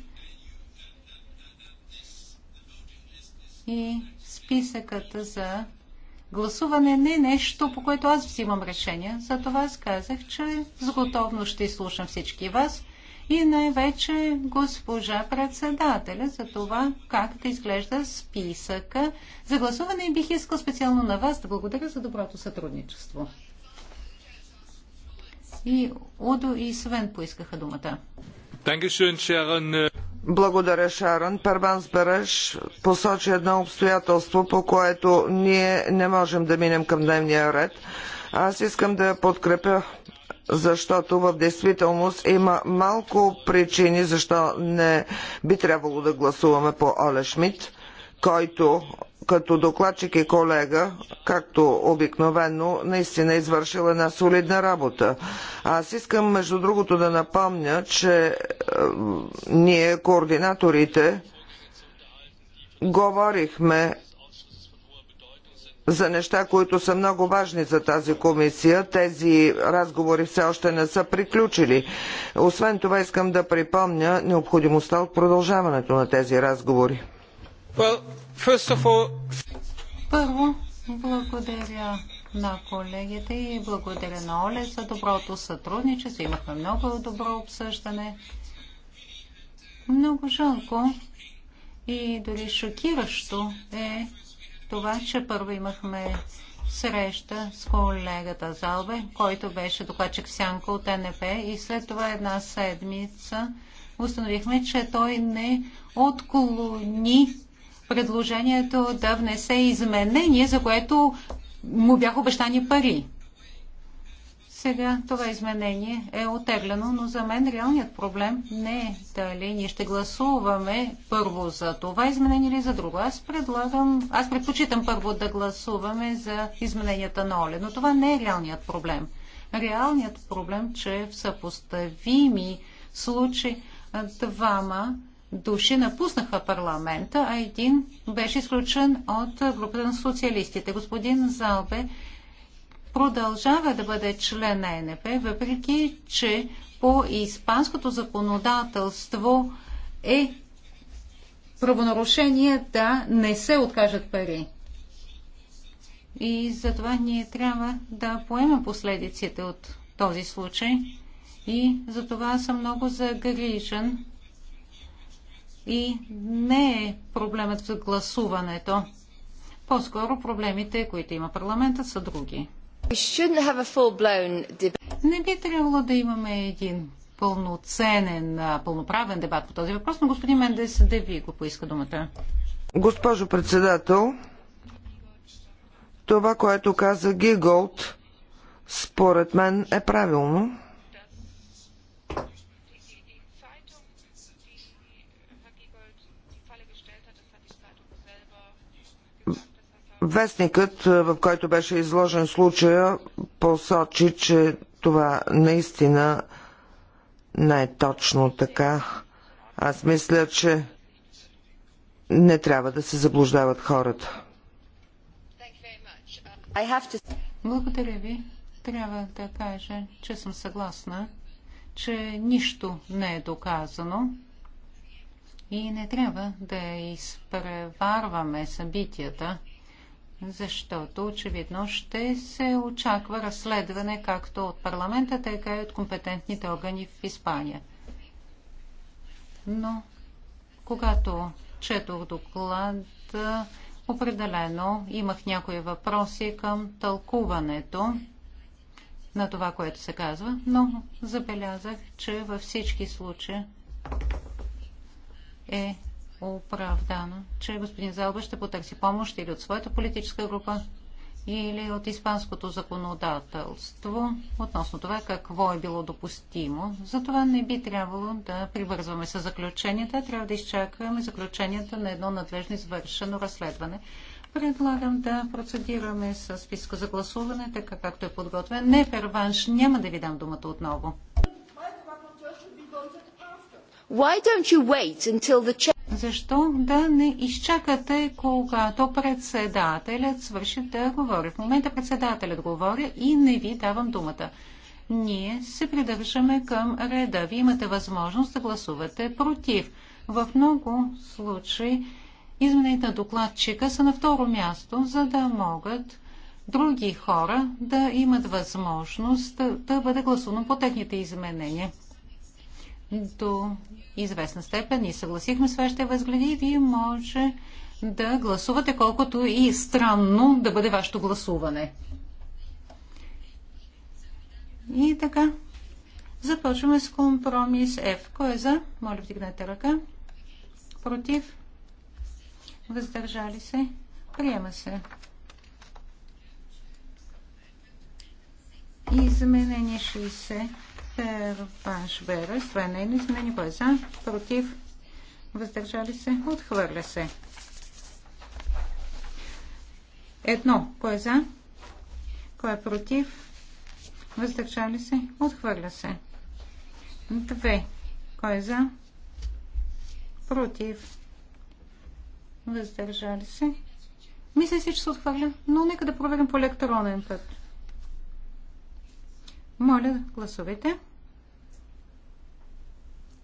И списъката за гласуване не е нещо, по което аз взимам решение. Затова аз казах, че с готовност ще изслушам всички вас и най-вече госпожа председателя за това как да изглежда списъка за гласуване и бих искал специално на вас да благодаря за доброто сътрудничество. И Удо и Свен поискаха думата. Благодаря, Шарон. Перванс Береш посочи едно обстоятелство, по което ние не можем да минем към дневния ред. Аз искам да я подкрепя защото в действителност има малко причини, защо не би трябвало да гласуваме по Оле Шмидт, който като докладчик и колега, както обикновено, наистина е извършил една солидна работа. Аз искам, между другото, да напомня, че е, ние, координаторите, говорихме за неща, които са много важни за тази комисия. Тези разговори все още не са приключили. Освен това искам да припомня необходимостта от продължаването на тези разговори. Well, първо, благодаря на колегите и благодаря на Оле за доброто сътрудничество. Имахме много добро обсъждане. Много жалко и дори шокиращо е това, че първо имахме среща с колегата Залбе, който беше докладчик Сянка от НП и след това една седмица установихме, че той не отклони предложението да внесе изменение, за което му бяха обещани пари. Сега това изменение е отеглено, но за мен реалният проблем не е дали ние ще гласуваме първо за това изменение или за друго. Аз предлагам, аз предпочитам първо да гласуваме за измененията на Оле, но това не е реалният проблем. Реалният проблем, че в съпоставими случаи двама души напуснаха парламента, а един беше изключен от групата на социалистите. Господин Залбе продължава да бъде член на НП, въпреки че по испанското законодателство е правонарушение да не се откажат пари. И затова ние трябва да поемем последиците от този случай. И затова съм много загрижен и не е проблемът в гласуването. По-скоро проблемите, които има парламента, са други. Не би трябвало да имаме един пълноценен, пълноправен дебат по този въпрос, но господин Мендес да ви го поиска думата. Госпожо председател, това, което каза Гиголд, според мен е правилно. Вестникът, е, в който беше изложен случая, посочи, че това наистина не е точно така. Аз мисля, че не трябва да се заблуждават хората. Благодаря ви. Трябва да кажа, че съм съгласна, че нищо не е доказано и не трябва да изпреварваме събитията защото очевидно ще се очаква разследване както от парламента, така и от компетентните органи в Испания. Но когато четох доклад, определено имах някои въпроси към тълкуването на това, което се казва, но забелязах, че във всички случаи е оправдано, че господин Залба ще потърси помощ или от своята политическа група, или от испанското законодателство относно това какво е било допустимо. Затова не би трябвало да привързваме с заключенията, трябва да изчакваме заключенията на едно надлежно извършено разследване. Предлагам да процедираме с списка за гласуване, така както е подготвен. Не, перванш, няма да ви дам думата отново. Why don't you wait until the защо да не изчакате, когато председателят свърши да говори? В момента председателят говори и не ви давам думата. Ние се придържаме към реда. Вие имате възможност да гласувате против. В много случаи изменените на докладчика са на второ място, за да могат други хора да имат възможност да бъде гласувано по техните изменения до известна степен и съгласихме с вашите възгледи и вие може да гласувате колкото и странно да бъде вашето гласуване. И така. Започваме с компромис F. Кой е за? Моля, вдигнете ръка. Против? Въздържали се? Приема се. Изменение 60. Перваш Бера, Това е нейно изменение. Кой е за? Против? Въздържали се? Отхвърля се. Едно. Кой е за? Кой е против? Въздържали се? Отхвърля се. Две. Кой е за? Против? Въздържали се? Мисля си, че се отхвърля, но нека да проверим по електронен път. Моля, гласувайте.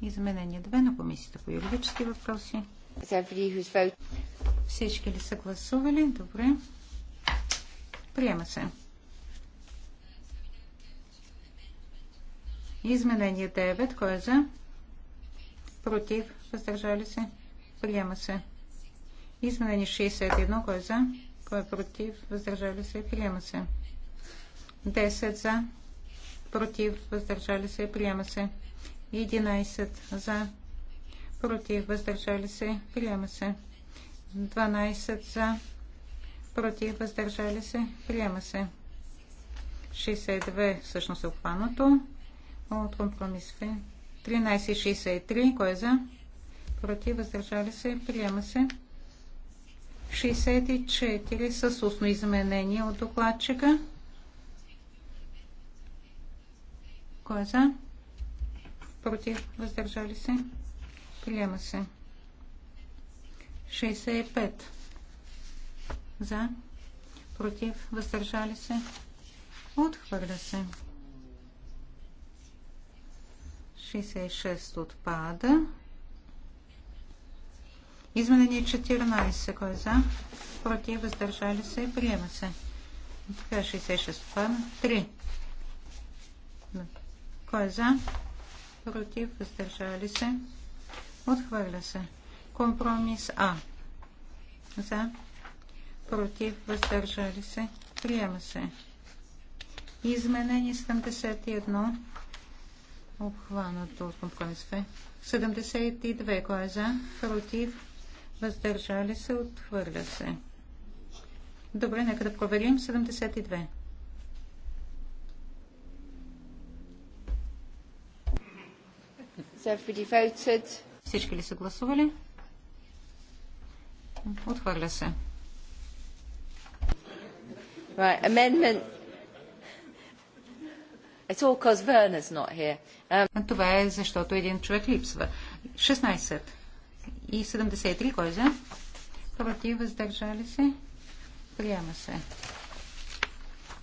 Изменение 2 на комисията по юридически въпроси. Всички ли са гласували? Добре. Приема се. Изменение 9. Кой е за? Против. Въздържали се. Приема се. Изменение 61. Кой е за? Кой е против? Въздържали се. Приема се. 10 за против, въздържали се, приема се. 11 за, против, въздържали се, приема се. 12 за, против, въздържали се, приема се. 62 всъщност е обхванато от компромис 13,63, кой е за? Против, въздържали се, приема се. 64 с устно изменение от докладчика. Кой е за? Против. Въздържали се. Приема се. 65. За. Против. Въздържали се. Отхвърля се. 66 отпада. Изменение 14. Кой е за? Против. Въздържали се. Приема се. Така 66 отпада. 3. Кой е за? Против. Въздържали се. Отхвърля се. Компромис А. За. Против. Въздържали се. Приема се. Изменение 71. Обхванато от компромис В. 72. Кой е за? Против. Въздържали се. Отхвърля се. Добре, нека да проверим. 72. Всички ли са гласували? Отхвърля се. Right, amendment. It's all because Werner's not here. Um... Това е защото един човек липсва. 16 и 73, кой е за? Против, въздържали се. Приема се.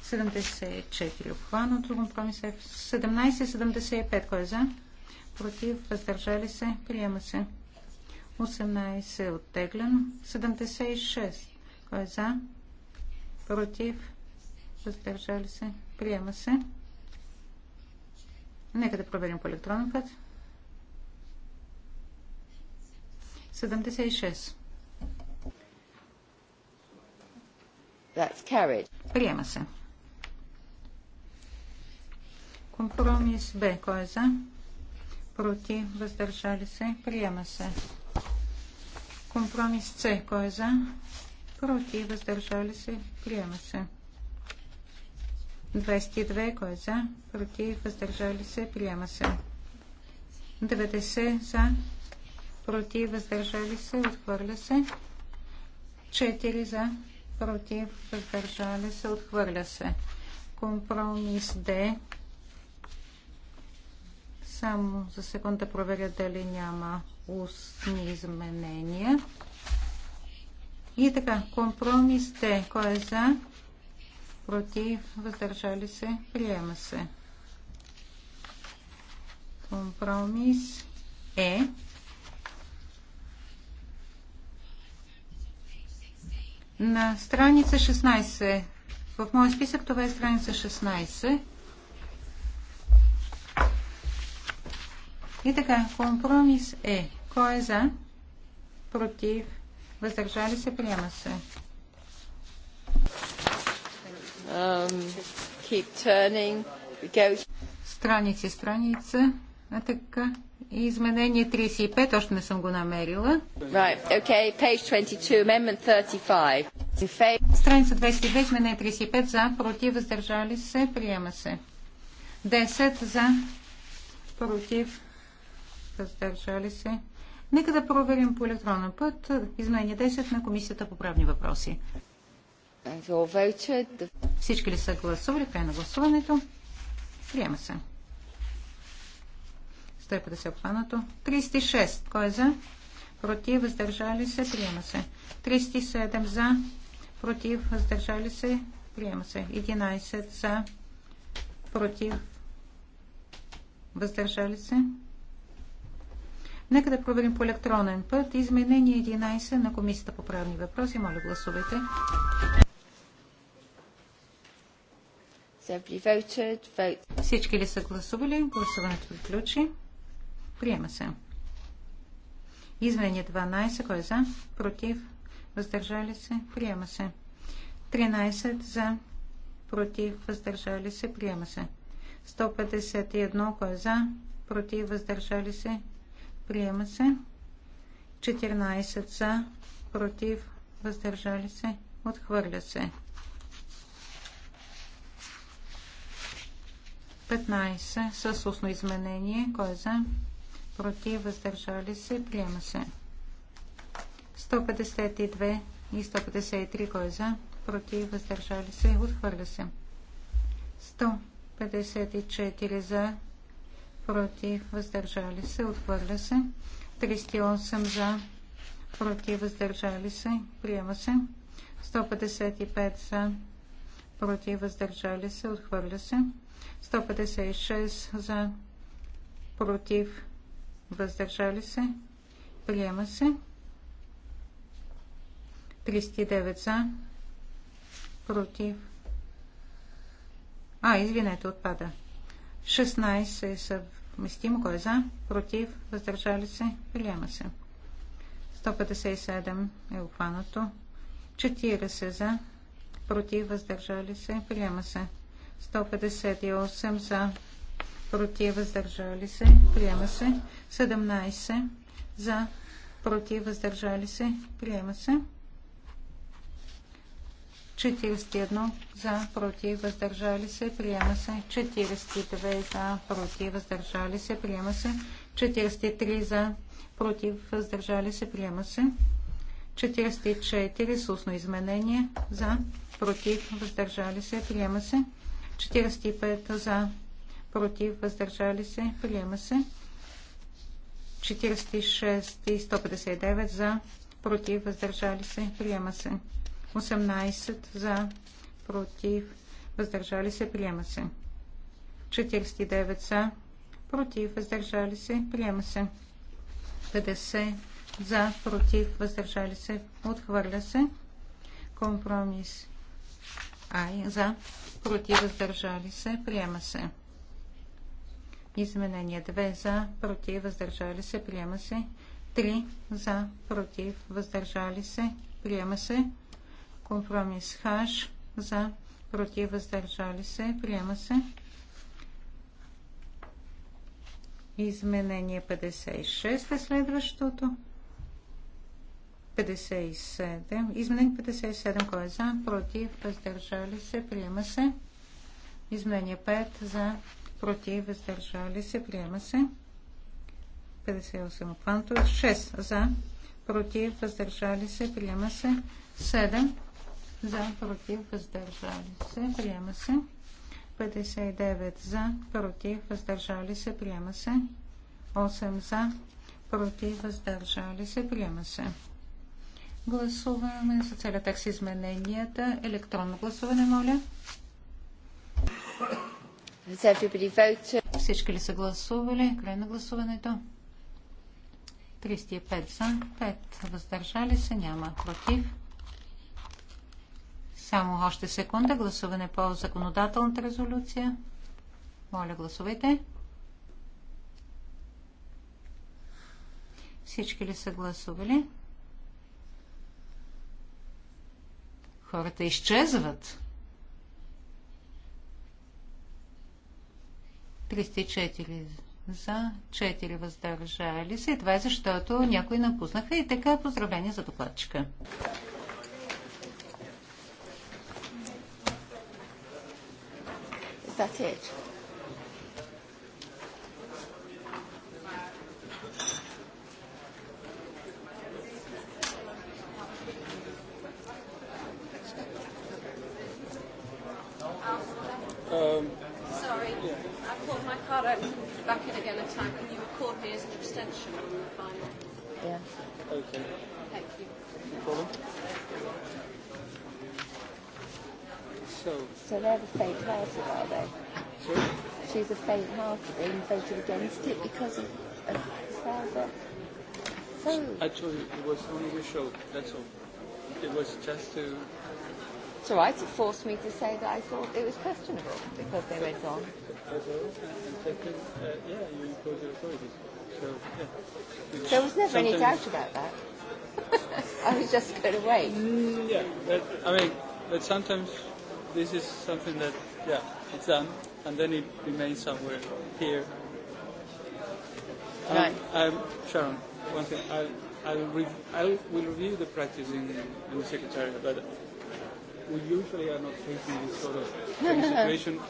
74 обхванато, другом промисъл. 17 75, кой е за? против, въздържали се, приема се. 18 е оттеглен. 76. Кой е за? Против? Въздържали се? Приема се. Нека да проверим по електронен път. 76. That's carried. Приема се. Компромис Б. Кой е за? против, въздържали се, приема се. Компромис С, кой е за, против, въздържали се, приема се. 22, кой е за, против, въздържали се, приема се. 90 за, против, въздържали се, отхвърля се. 4 за, против, въздържали се, отхвърля се. Компромис Д, само за секунда да проверя дали няма устни изменения. И така, компромис Т. Кой е за? Против? Въздържали се? Приема се. Компромис Е. На страница 16. В моя списък това е страница 16. И така, компромис е. Кой е за? Против? Въздържали се? Приема се. Um, Страници, страница. А така. изменение 35, още не съм го намерила. Right, okay, page 22, amendment 35. Страница 22, изменение 35, за, против, въздържали се, приема се. 10 за, против, въздържали се. Нека да проверим по електронен път изменение 10 на Комисията по правни въпроси. Всички ли са гласували? Край на гласуването. Приема се. 150 обхванато. 36. Кой е за? Против, въздържали се, приема се. 37 за, против, въздържали се, приема се. 11 за, против, въздържали се. Нека да проверим по електронен път. Изменение 11 на Комисията по правни въпроси. Моля, гласувайте. Всички ли са гласували? Гласуването приключи. Приема се. Изменение 12. Кой е за? Против? Въздържали се? Приема се. 13 за. Против? Въздържали се? Приема се. 151. Кой е за? Против? Въздържали се? Приема се. 14 за, против, въздържали се, отхвърля се. 15 с устно изменение. Кой е за? Против, въздържали се, приема се. 152 и 153. Кой е за? Против, въздържали се, отхвърля се. 154 за, против, въздържали се, отхвърля се. 308 за, против, въздържали се, приема се. 155 за, против, въздържали се, отхвърля се. 156 за, против, въздържали се, приема се. 309 за, против. А, извинете, отпада. 16 е съвместимо. Кой е за? Против? Въздържали се? Приема се. 157 е обхванато. 40 за. Против? Въздържали се? Приема се. 158 за. Против? Въздържали се? Приема се. 17 за. Против? Въздържали се? Приема се. 41 за, против, въздържали се, приема се. 42 за, против, въздържали се, приема се. 43 за, против, въздържали се, приема се. 44 с устно изменение за, против, въздържали се, приема се. 45 за, против, въздържали се, приема се. 46 и 159 за, против, въздържали се, приема се. 18 за, против, въздържали се, приема се. 49 за, против, въздържали се, приема се. 50 за, против, въздържали се, отхвърля се. Компромис Ай, за, против, въздържали се, приема се. Изменение 2 за, против, въздържали се, приема се. 3 за, против, въздържали се, приема се. Компромис хаш за против въздържали се. Приема се. Изменение 56 е следващото. 57. Изменение 57. Кой е за? Против. Въздържали се. Приема се. Изменение 5. За. Против. Въздържали се. Приема се. 58. Квантов. 6. За. Против. Въздържали се. Приема се. 7 за, против, въздържали се, приема се. 59 за, против, въздържали се, приема се. 8 за, против, въздържали се, приема се. Гласуваме за целият текст измененията. Електронно гласуване, моля. Всички ли са гласували? Край на гласуването. 35 за, 5 въздържали се, няма против. Само още секунда. Гласуване по законодателната резолюция. Моля, гласувайте. Всички ли са гласували? Хората изчезват. 304 за, 4 въздържали се. И това е защото някои напуснаха и така поздравление за докладчика. that it? Um, Sorry, yeah. I pulled my card out back in again in time. Can you record me as an extension on the final? Yeah. Okay. Thank you. No problem themselves. So they're the faint-hearted, are they? Sorry? She's a faint-hearted and voted against it because of, of father. So. Actually, it was only a show, that's all. It was just to... It's all right, it forced me to say that I thought it was questionable because they went on. There was never any doubt about that. I was just going to wait. Mm, yeah, but, I mean, but sometimes this is something that, yeah, it's done, and then it remains somewhere here. Um, right. I'm, Sharon, one thing. I'll, I'll, re- I'll will review the practice in, in the Secretariat, but we usually are not facing this sort of situation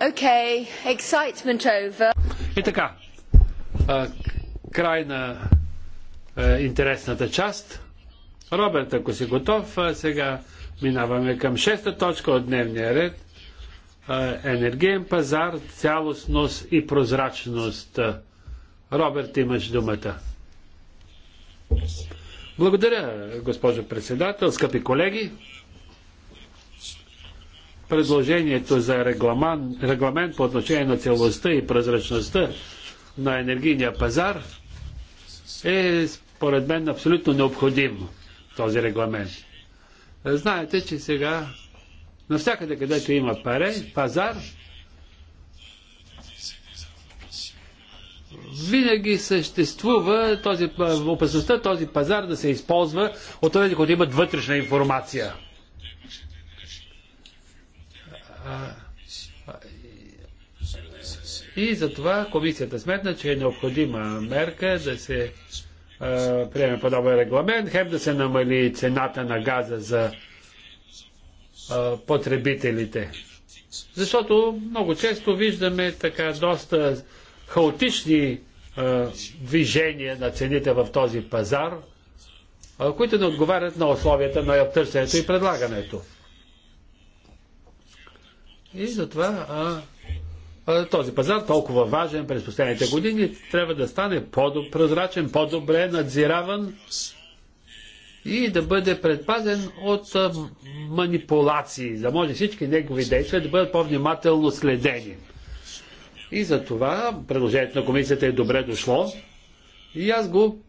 Okay, excitement over. И така, а, край на а, интересната част. Роберт, ако си готов, а, сега минаваме към шеста точка от дневния ред. А, енергиен пазар, цялостност и прозрачност. Роберт, имаш думата. Благодаря, госпожо председател, скъпи колеги предложението за регламент, регламент по отношение на целостта и прозрачността на енергийния пазар е според мен абсолютно необходим този регламент. Знаете, че сега навсякъде, където има паре, пазар, винаги съществува този, опасността този пазар да се използва от тези, които имат вътрешна информация. И затова комисията сметна, че е необходима мерка да се а, приеме подобен регламент, хем да се намали цената на газа за а, потребителите. Защото много често виждаме така доста хаотични а, движения на цените в този пазар, а, които не отговарят на условията на търсенето и предлагането. И затова а, а, този пазар, толкова важен през последните години, трябва да стане по-прозрачен, по-добре надзираван и да бъде предпазен от а, манипулации, за да може всички негови действия да бъдат по-внимателно следени. И за това предложението на комисията е добре дошло и аз го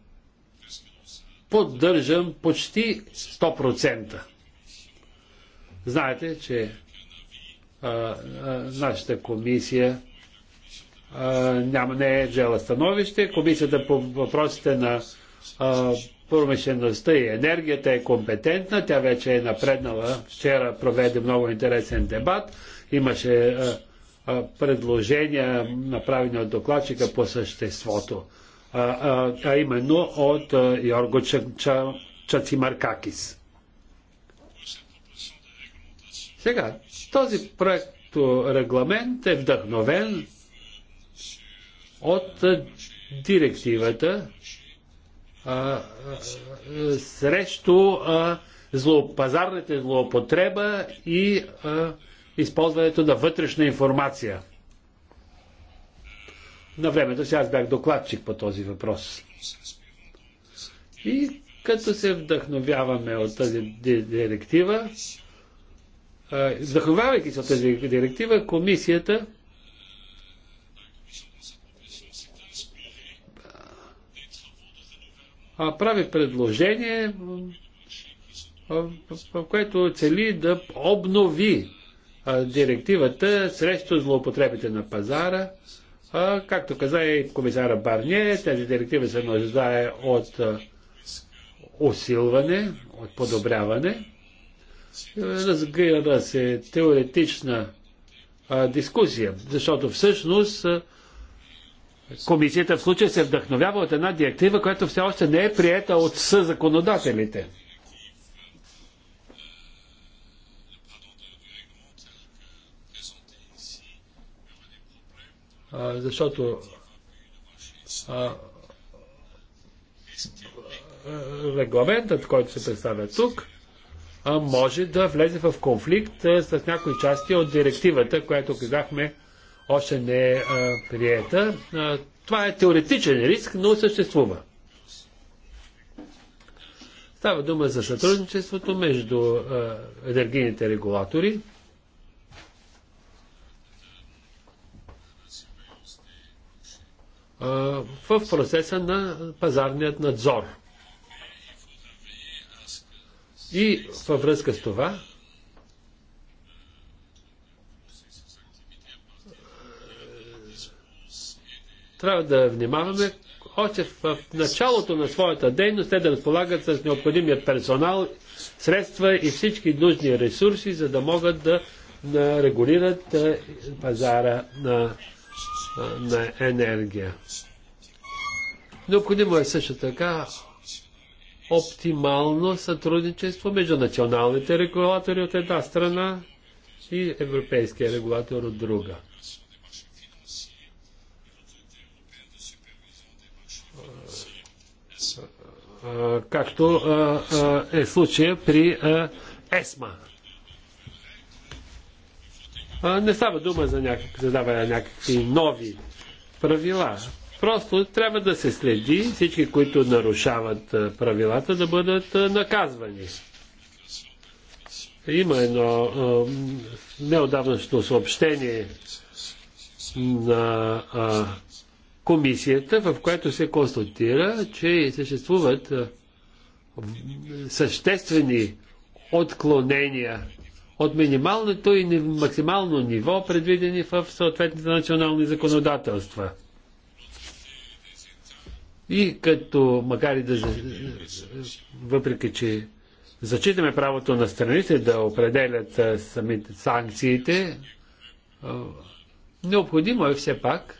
поддържам почти 100%. Знаете, че нашата комисия няма, не е взела становище. Комисията по въпросите на промишлеността и енергията е компетентна. Тя вече е напреднала. Вчера проведе много интересен дебат. Имаше а, а, предложения, направени от докладчика по съществото, а, а, а именно от а, Йорго Чацимаркакис. Сега, този проект регламент е вдъхновен от директивата а, а, а, срещу а, злоопазарната злоупотреба и а, използването на вътрешна информация. На времето си аз бях докладчик по този въпрос. И като се вдъхновяваме от тази директива, Захвавайки се от тази директива, комисията прави предложение, в което цели да обнови директивата срещу злоупотребите на пазара. Както каза и комисара Барне, тази директива се нуждае от усилване, от подобряване разгъна се теоретична а, дискусия, защото всъщност а, комисията в случая се вдъхновява от една директива, която все още не е приета от съзаконодателите. А, защото а, регламентът, който се представя тук, може да влезе в конфликт с някои части от директивата, която казахме още не е приета. Това е теоретичен риск, но съществува. Става дума за сътрудничеството между енергийните регулатори. в процеса на пазарният надзор – и във връзка с това, трябва да внимаваме още в началото на своята дейност те да разполагат с необходимия персонал, средства и всички нужни ресурси, за да могат да регулират пазара на, на енергия. Необходимо е също така оптимално сътрудничество между националните регулатори от една страна и европейския регулатор от друга. както е случая при ЕСМА. Не става дума за, някак, на някакви нови правила. Просто трябва да се следи всички, които нарушават правилата, да бъдат наказвани. Има едно неодавнашно съобщение на а, комисията, в което се констатира, че съществуват съществени отклонения от минималното и максимално ниво, предвидени в съответните национални законодателства. И като, макар и да, въпреки че зачитаме правото на страните да определят самите санкциите, необходимо е все пак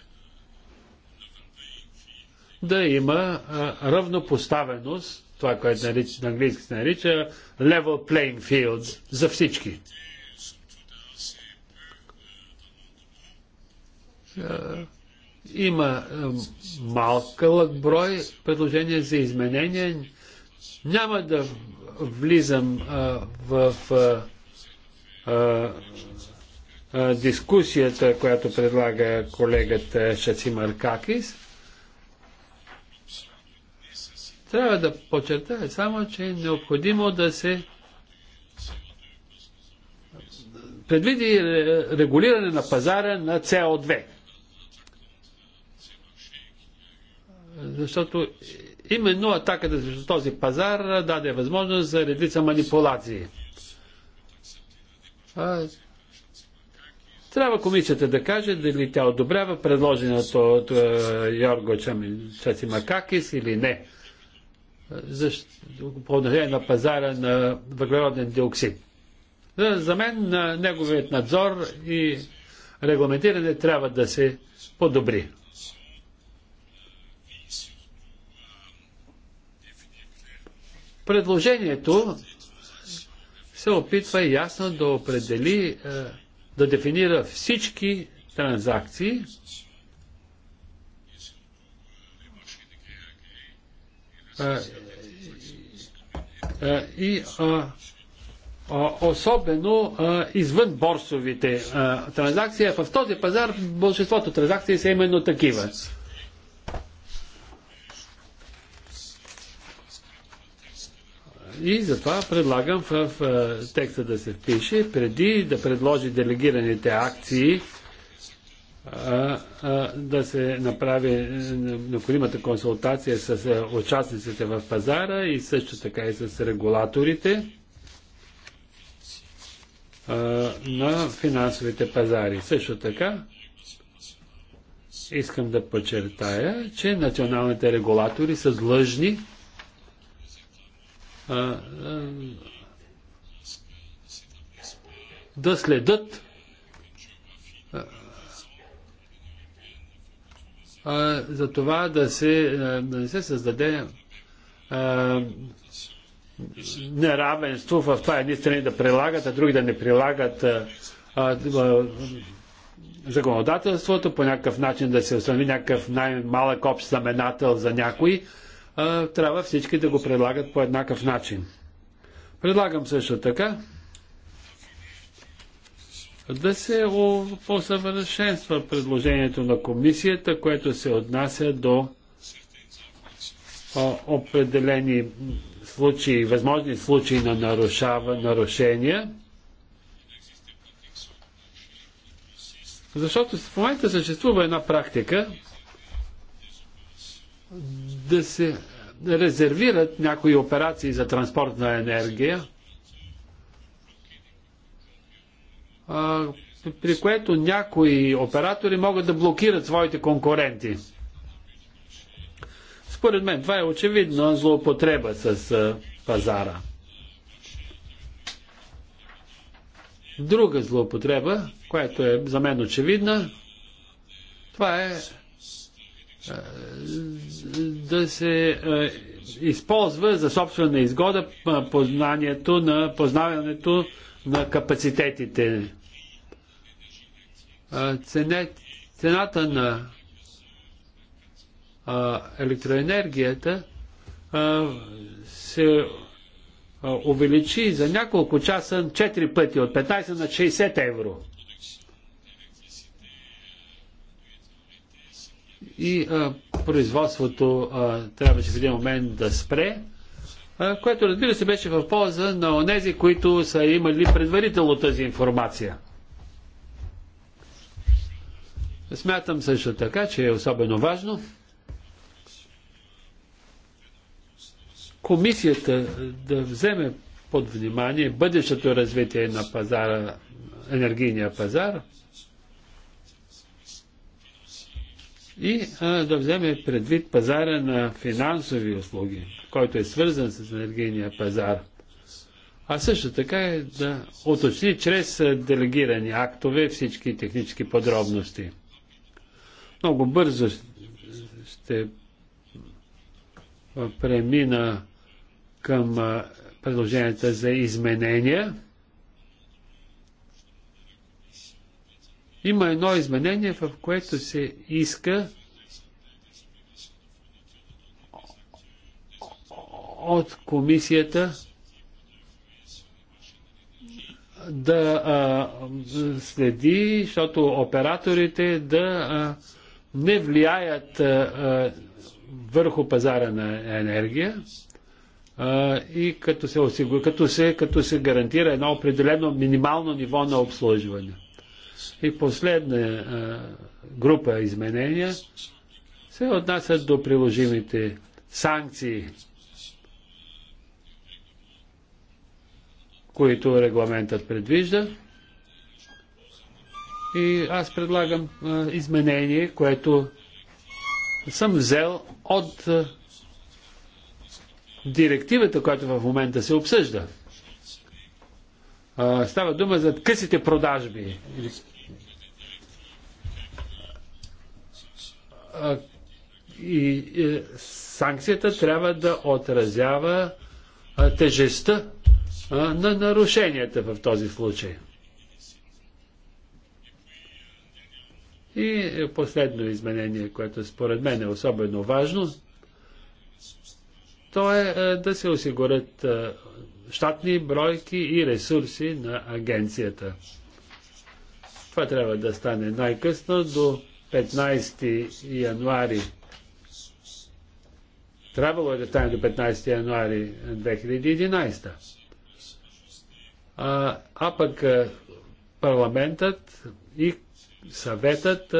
да има равнопоставеност, това, което нарича, на английски се нарича level playing field за всички. Има е, малък брой предложения за изменения. Няма да влизам а, е, в а, е, а, дискусията, която предлага колегата Маркакис. Трябва да подчертая само, че е необходимо да се предвиди регулиране на пазара на CO2. защото именно атаката срещу този пазар даде възможност за редица манипулации. Трябва комисията да каже дали тя одобрява предложението от Йорго Чацимакакис или не. Защо, по отношение на пазара на въглероден диоксид. За мен неговият надзор и регламентиране трябва да се подобри. Предложението се опитва ясно да определи, е, да дефинира всички транзакции, е, е, и особено извън борсовите транзакции. В този пазар большинството транзакции са именно такива. И затова предлагам в текста да се впише, преди да предложи делегираните акции, да се направи е, необходимата консултация с е, участниците в пазара и също така и с регулаторите на финансовите пазари. Също така искам да подчертая, че националните регулатори са длъжни да следят за това да, се, да не се създаде а, неравенство в това едни страни да прилагат, а други да не прилагат а, а, законодателството, по някакъв начин да се установи някакъв най-малък общ знаменател за някои, трябва всички да го предлагат по еднакъв начин. Предлагам също така да се усъвършенства предложението на комисията, което се отнася до определени случаи, възможни случаи на нарушава, нарушения. Защото в момента съществува една практика да се резервират някои операции за транспортна енергия, при което някои оператори могат да блокират своите конкуренти. Според мен това е очевидно злоупотреба с пазара. Друга злоупотреба, която е за мен очевидна, това е да се е, използва за собствена изгода познанието на познаването на капацитетите. Цената на електроенергията се увеличи за няколко часа 4 пъти от 15 на 60 евро. и а, производството а, трябваше в един момент да спре, а, което разбира се беше в полза на онези, които са имали предварително тази информация. Смятам също така, че е особено важно комисията да вземе под внимание бъдещото развитие на пазара, енергийния пазар – и а, да вземе предвид пазара на финансови услуги, който е свързан с енергийния пазар. А също така е да уточни чрез делегирани актове всички технически подробности. Много бързо ще премина към предложенията за изменения. Има едно изменение, в което се иска от комисията да а, следи, защото операторите да а, не влияят а, върху пазара на енергия и като се, осигури, като, се, като се гарантира едно определено минимално ниво на обслужване. И последна група изменения се отнасят до приложимите санкции, които регламентът предвижда. И аз предлагам изменение, което съм взел от директивата, която в момента се обсъжда. става дума за късите продажби или и е, санкцията трябва да отразява тежестта на нарушенията в този случай. И е последно изменение, което според мен е особено важно, то е, е да се осигурят щатни бройки и ресурси на агенцията. Това трябва да стане най-късно до 15 януари. Трябвало е да стане до 15 януари 2011. А, а пък парламентът и съветът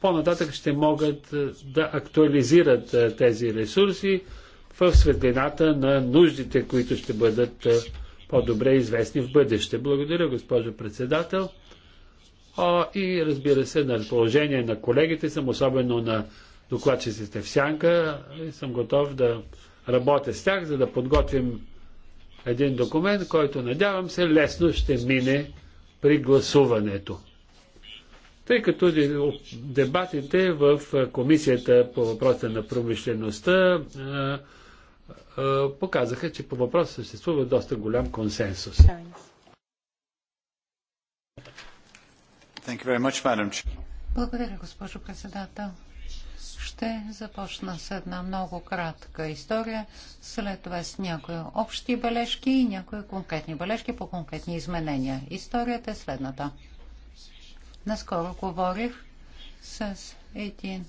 по-нататък ще могат да актуализират тези ресурси в светлината на нуждите, които ще бъдат по-добре известни в бъдеще. Благодаря, госпожо председател а, и разбира се на разположение на колегите съм, особено на докладчиците в Сянка и съм готов да работя с тях, за да подготвим един документ, който надявам се лесно ще мине при гласуването. Тъй като дебатите в Комисията по въпроса на промишлеността показаха, че по въпроса съществува доста голям консенсус. Благодаря, госпожо председател. Ще започна с една много кратка история, след това с някои общи бележки и някои конкретни бележки по конкретни изменения. Историята е следната. Наскоро говорих с един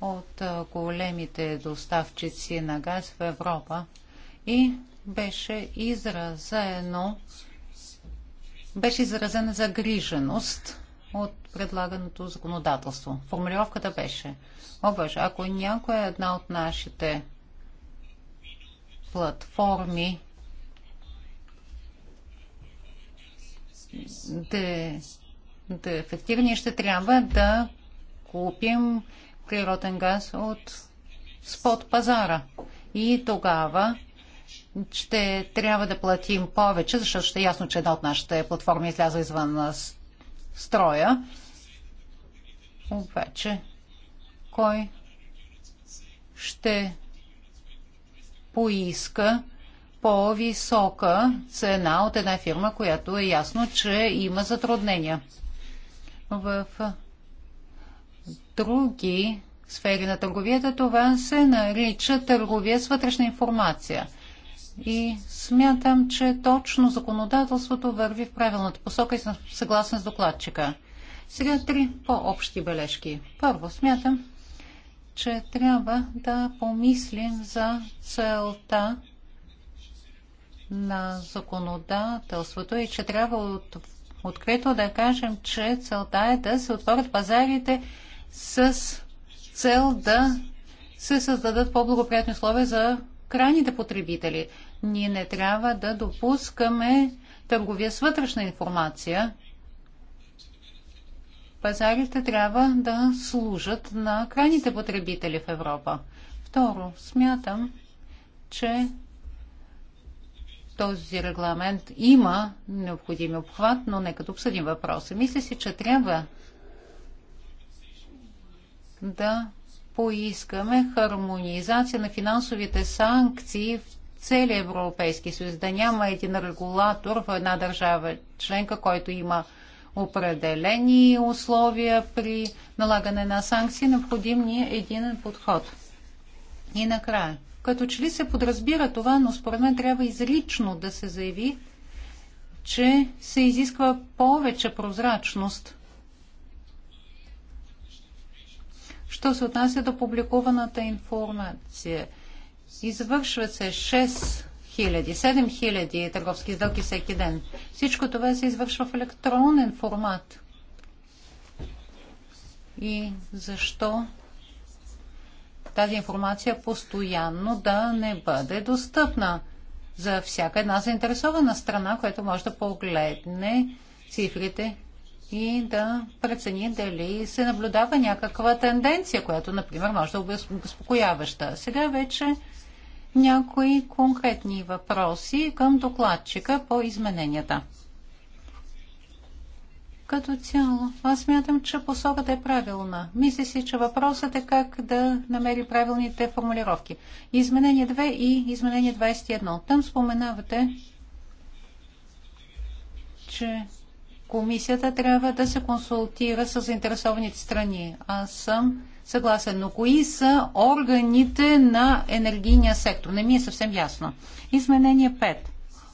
от големите доставчици на газ в Европа и беше изразено беше изразена загриженост от предлаганото законодателство. Формулировката беше, обаче, ако някоя една от нашите платформи де, ефективни, ще трябва да купим природен газ от спот пазара. И тогава ще трябва да платим повече, защото ще е ясно, че една от нашите платформи изляза извън строя. Обаче, кой ще поиска по-висока цена от една фирма, която е ясно, че има затруднения. В други сфери на търговията това се нарича търговия с вътрешна информация – и смятам, че точно законодателството върви в правилната посока и съм съгласен с докладчика. Сега три по-общи бележки. Първо, смятам, че трябва да помислим за целта на законодателството и че трябва от, открито да кажем, че целта е да се отворят пазарите с цел да се създадат по-благоприятни условия за крайните потребители. Ние не трябва да допускаме търговия с вътрешна информация. Пазарите трябва да служат на крайните потребители в Европа. Второ, смятам, че този регламент има необходим обхват, но нека да обсъдим въпроса. Мисля си, че трябва да поискаме хармонизация на финансовите санкции в целия Европейски съюз, да няма един регулатор в една държава членка, който има определени условия при налагане на санкции, необходим ни е един подход. И накрая, като че ли се подразбира това, но според мен трябва изрично да се заяви, че се изисква повече прозрачност Що се отнася до публикуваната информация, извършват се 6000 7000 7 търговски сделки всеки ден. Всичко това се извършва в електронен формат. И защо тази информация постоянно да не бъде достъпна за всяка една заинтересована страна, която може да погледне цифрите и да прецени дали се наблюдава някаква тенденция, която, например, може да е обезпокояваща. Сега вече някои конкретни въпроси към докладчика по измененията. Като цяло, аз мятам, че посоката е правилна. Мисля си, че въпросът е как да намери правилните формулировки. Изменение 2 и изменение 21. Там споменавате, че комисията трябва да се консултира с заинтересованите страни. Аз съм съгласен, но кои са органите на енергийния сектор? Не ми е съвсем ясно. Изменение 5.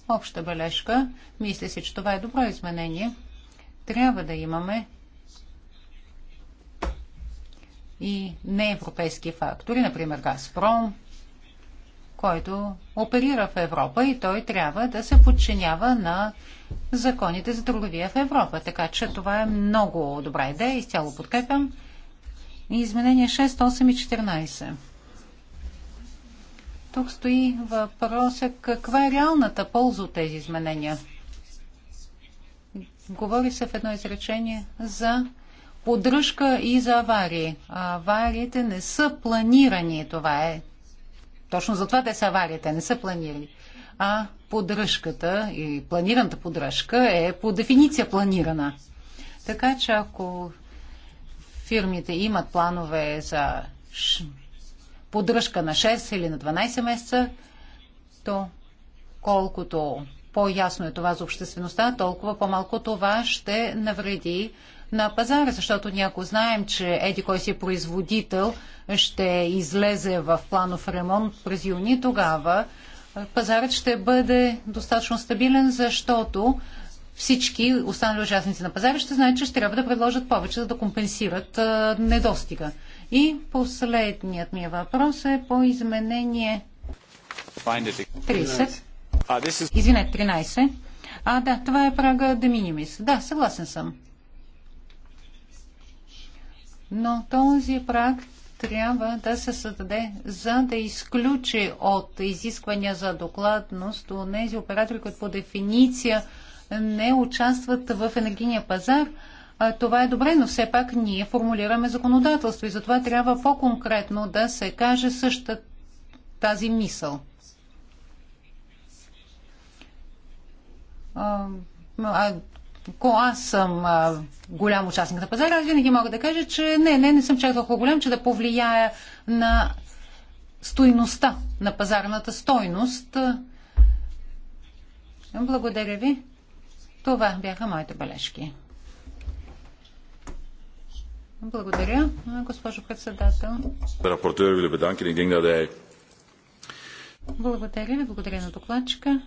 Обща бележка. Мисля си, че това е добро изменение. Трябва да имаме и неевропейски фактори, например Газпром, който оперира в Европа и той трябва да се подчинява на законите за търговия в Европа. Така че това е много добра идея, изцяло подкрепям. Изменение 6, 8 и 14. Тук стои въпроса каква е реалната полза от тези изменения. Говори се в едно изречение за поддръжка и за аварии. авариите не са планирани. Това е точно затова те са аварии, те не са планирани. А поддръжката и планираната поддръжка е по дефиниция планирана. Така че ако фирмите имат планове за поддръжка на 6 или на 12 месеца, то колкото по-ясно е това за обществеността, толкова по-малко това ще навреди на пазара, защото ако знаем, че еди кой си производител ще излезе в планов ремонт през юни, тогава пазарът ще бъде достатъчно стабилен, защото всички останали участници на пазара ще знаят, че ще трябва да предложат повече, за да компенсират а, недостига. И последният ми въпрос е по изменение 30. Извинете, 13. А, да, това е прага Деминимис. Да, съгласен съм но този праг трябва да се създаде, за да изключи от изисквания за докладност у нези оператори, които по дефиниция не участват в енергийния пазар. Това е добре, но все пак ние формулираме законодателство и затова трябва по-конкретно да се каже същата тази мисъл. А, ако аз съм а, голям участник на пазара, аз винаги мога да кажа, че не, не, не съм чак толкова голям, че да повлияя на стойността, на пазарната стойност. Благодаря ви. Това бяха моите бележки. Благодаря, госпожо председател. Благодаря ви, благодаря на докладчика.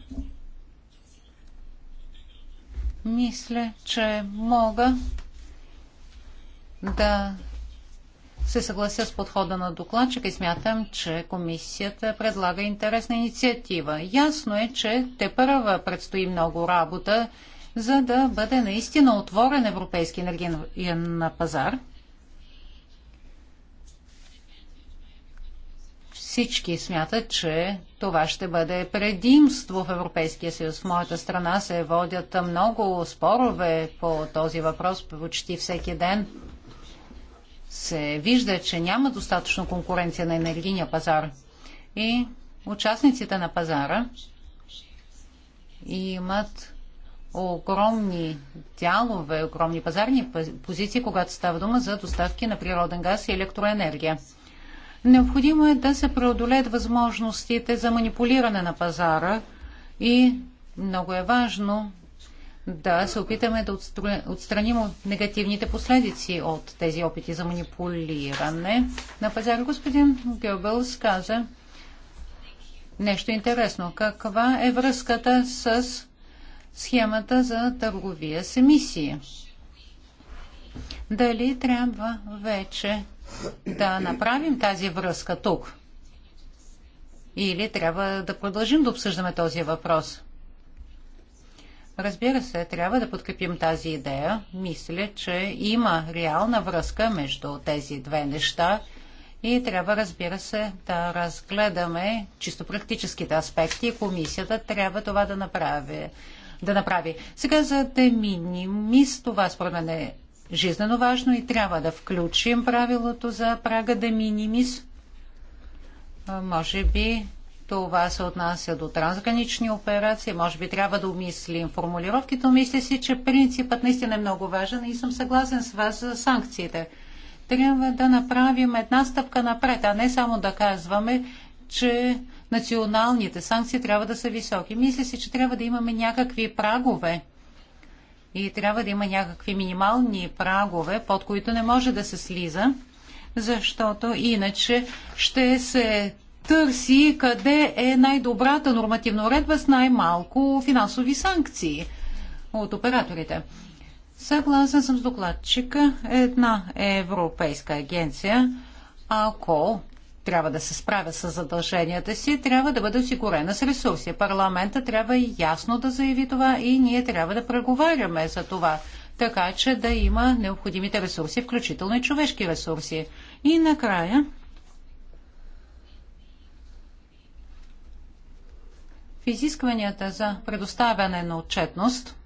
Мисля, че мога да се съглася с подхода на докладчика и смятам, че комисията предлага интересна инициатива. Ясно е, че те първа предстои много работа, за да бъде наистина отворен европейски енергиен пазар – Всички смятат, че това ще бъде предимство в Европейския съюз. В моята страна се водят много спорове по този въпрос почти всеки ден. Се вижда, че няма достатъчно конкуренция на енергийния пазар. И участниците на пазара имат огромни дялове, огромни пазарни позиции, когато става дума за доставки на природен газ и електроенергия. Необходимо е да се преодолеят възможностите за манипулиране на пазара и много е важно да се опитаме да отстраним от негативните последици от тези опити за манипулиране на пазара. Господин Гебелс каза нещо интересно. Каква е връзката с схемата за търговия с емисии? Дали трябва вече да направим тази връзка тук? Или трябва да продължим да обсъждаме този въпрос? Разбира се, трябва да подкрепим тази идея. Мисля, че има реална връзка между тези две неща и трябва, разбира се, да разгледаме чисто практическите аспекти и комисията трябва това да направи. Да направи. Сега за деминимис това според мен е жизнено важно и трябва да включим правилото за прага да минимис. Може би това се отнася до трансгранични операции. Може би трябва да умислим формулировките. Мисля си, че принципът наистина е много важен и съм съгласен с вас за санкциите. Трябва да направим една стъпка напред, а не само да казваме, че националните санкции трябва да са високи. Мисля си, че трябва да имаме някакви прагове и трябва да има някакви минимални прагове, под които не може да се слиза, защото иначе ще се търси къде е най-добрата нормативна уредба с най-малко финансови санкции от операторите. Съгласен съм с докладчика. Една европейска агенция, ако трябва да се справя с задълженията си, трябва да бъде осигурена с ресурси. Парламента трябва и ясно да заяви това и ние трябва да преговаряме за това, така че да има необходимите ресурси, включително и човешки ресурси. И накрая, в изискванията за предоставяне на отчетност –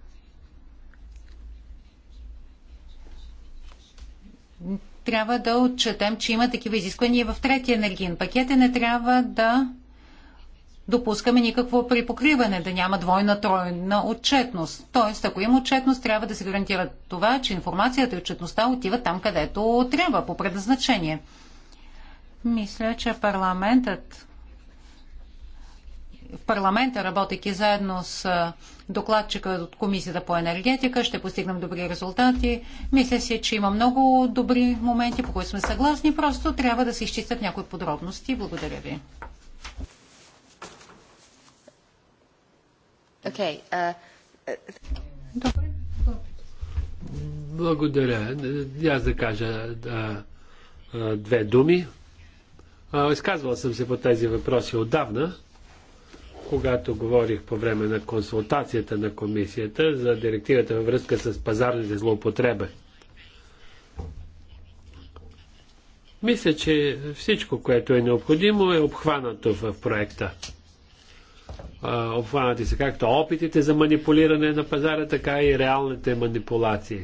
трябва да отчетем, че има такива изисквания в третия енергиен пакет и не трябва да допускаме никакво припокриване, да няма двойна, тройна отчетност. Тоест, ако има отчетност, трябва да се гарантира това, че информацията и отчетността отиват там, където трябва, по предназначение. Мисля, че парламентът в парламента, работейки заедно с докладчика от Комисията по енергетика, ще постигнем добри резултати. Мисля си, че има много добри моменти, по които сме съгласни. Просто трябва да се изчистят някои подробности. Благодаря ви. Okay, uh... uh Добре. Благодаря. Аз да кажа да, две думи. Изказвал съм се по тези въпроси отдавна когато говорих по време на консултацията на комисията за директивата във връзка с пазарните злоупотреби. Мисля, че всичко, което е необходимо, е обхванато в проекта. Обхванати са както опитите за манипулиране на пазара, така и реалните манипулации.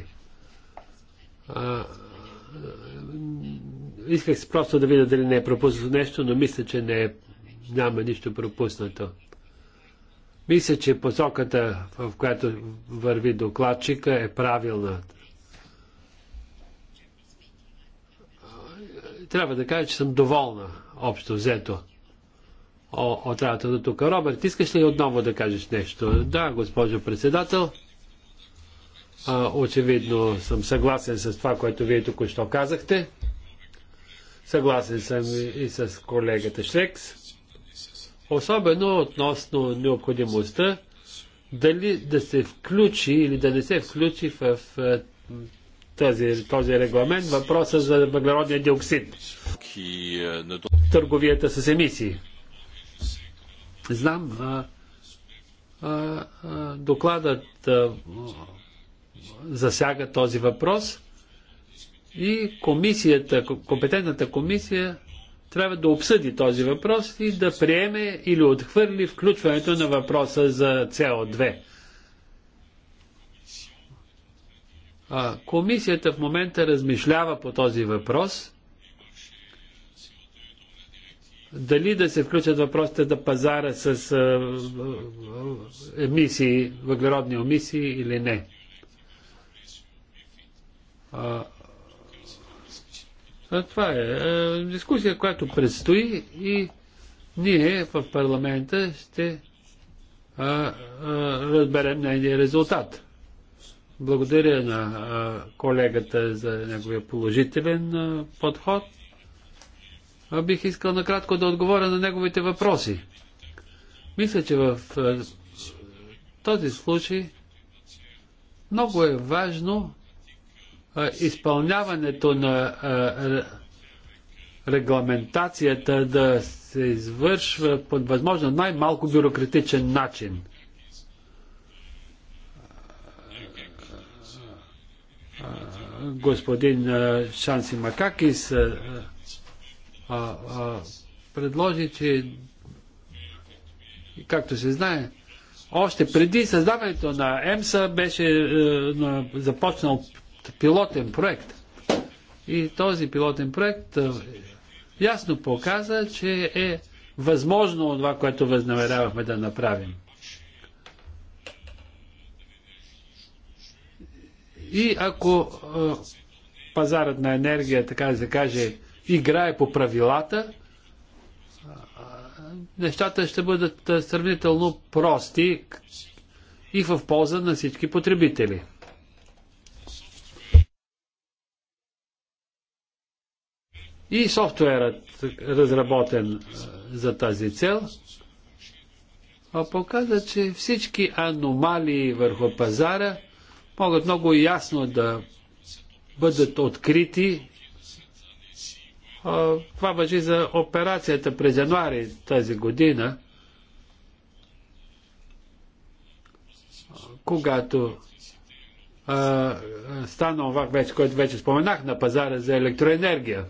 Исках просто да видя дали не е пропуснато нещо, но мисля, че не е, няма нищо пропуснато. Мисля, че посоката, в която върви докладчика, е правилна. Трябва да кажа, че съм доволна, общо взето, от работата до тук. Роберт, искаш ли отново да кажеш нещо? Да, госпожо председател. Очевидно съм съгласен с това, което вие току-що казахте. Съгласен съм и с колегата Шрекс особено относно необходимостта дали да се включи или да не се включи в тази, този регламент въпроса за въглеродния диоксид. Търговията с емисии. Знам, а, а, а, докладът а, засяга този въпрос и комисията, компетентната комисия трябва да обсъди този въпрос и да приеме или отхвърли включването на въпроса за CO2. комисията в момента размишлява по този въпрос. Дали да се включат въпросите да пазара с емисии, въглеродни емисии или не. Това е дискусия, която предстои и ние в парламента ще а, а, разберем нейния резултат. Благодаря на а, колегата за неговия положителен а, подход. А, бих искал накратко да отговоря на неговите въпроси. Мисля, че в а, този случай много е важно изпълняването на регламентацията да се извършва по възможно най-малко бюрократичен начин. Господин Шанси Макакис предложи, че както се знае, още преди създаването на ЕМСА беше започнал пилотен проект. И този пилотен проект е, ясно показа, че е възможно това, което възнамерявахме да направим. И ако е, пазарът на енергия, така да се каже, играе по правилата, е, нещата ще бъдат сравнително прости и в полза на всички потребители. и софтуерът, разработен за тази цел, показа, че всички аномалии върху пазара могат много ясно да бъдат открити. Това въжи за операцията през януари тази година, когато а, стана това, което вече споменах, на пазара за електроенергия.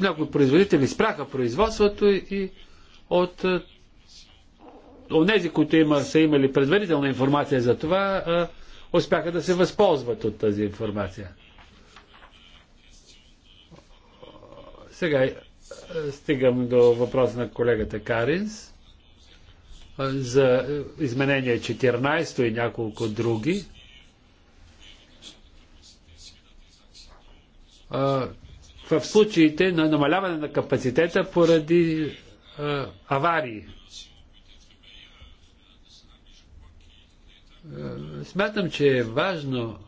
някои производители спряха производството и е, от тези, които има, са имали предварителна информация за това, а, е, успяха да се възползват от тази информация. Сега е, стигам до въпрос на колегата Каринс за изменение 14 и няколко други в случаите на намаляване на капацитета поради а, аварии. Смятам, че е важно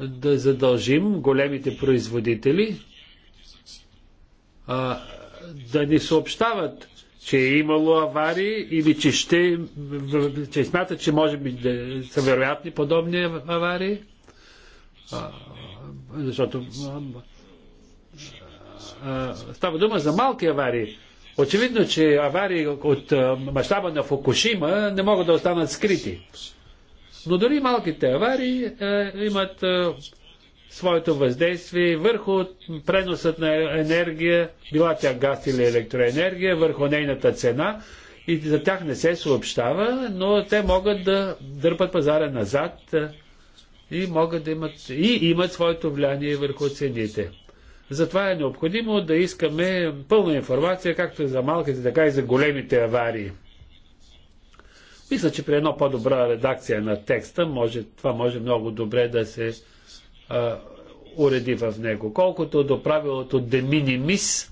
да задължим големите производители а, да ни съобщават, че е имало аварии или че, ще, че смятат, че може би да са вероятни подобни аварии. А, защото става дума за малки аварии. Очевидно, че аварии от мащаба на Фукушима не могат да останат скрити. Но дори малките аварии е, имат е, своето въздействие върху преносът на енергия, била тя газ или електроенергия, върху нейната цена и за тях не се съобщава, но те могат да дърпат пазара назад е, и могат да имат и имат своето влияние върху цените. Затова е необходимо да искаме пълна информация, както и за малките, така и за големите аварии. Мисля, че при едно по-добра редакция на текста може, това може много добре да се а, уреди в него. Колкото до правилото de minimis,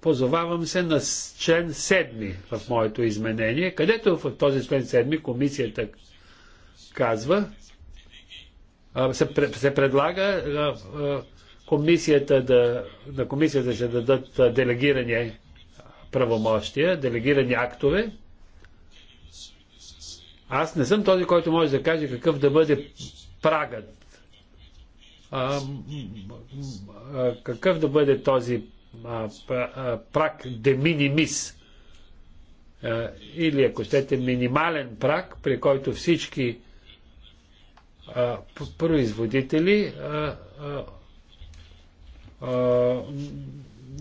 позовавам се на член 7 в моето изменение, където в този член 7 комисията казва, се, се предлага комисията да, на комисията ще дадат делегирани правомощия, делегирани актове. Аз не съм този, който може да каже какъв да бъде прагът. А, какъв да бъде този а, праг де минимис? Или ако щете минимален праг, при който всички производители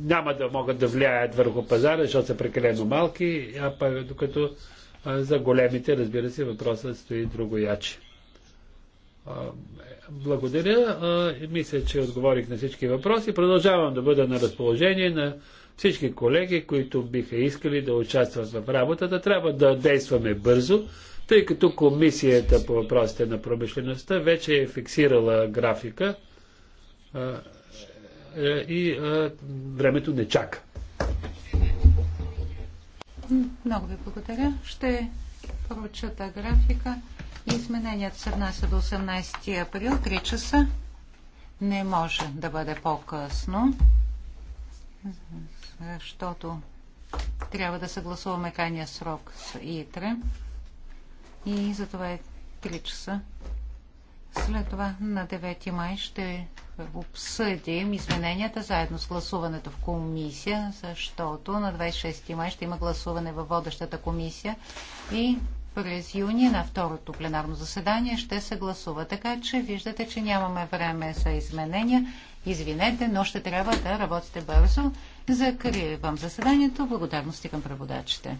няма да могат да влияят върху пазара, защото са прекалено малки, а пък, докато за големите, разбира се, въпросът стои друго яче. Благодаря. Мисля, че отговорих на всички въпроси. Продължавам да бъда на разположение на всички колеги, които биха искали да участват в работата. Трябва да действаме бързо, тъй като комисията по въпросите на промишлеността вече е фиксирала графика а, е, и а, времето не чака. Много ви благодаря. Ще прочета графика. Измененията се внася до 18 април, 3 часа. Не може да бъде по-късно, защото трябва да съгласуваме крайния срок с ИТРЕ и затова е 3 часа. След това на 9 май ще обсъдим измененията заедно с гласуването в комисия, защото на 26 май ще има гласуване във водещата комисия и през юни на второто пленарно заседание ще се гласува. Така че виждате, че нямаме време за изменения. Извинете, но ще трябва да работите бързо. Закривам заседанието. Благодарности към преводачите.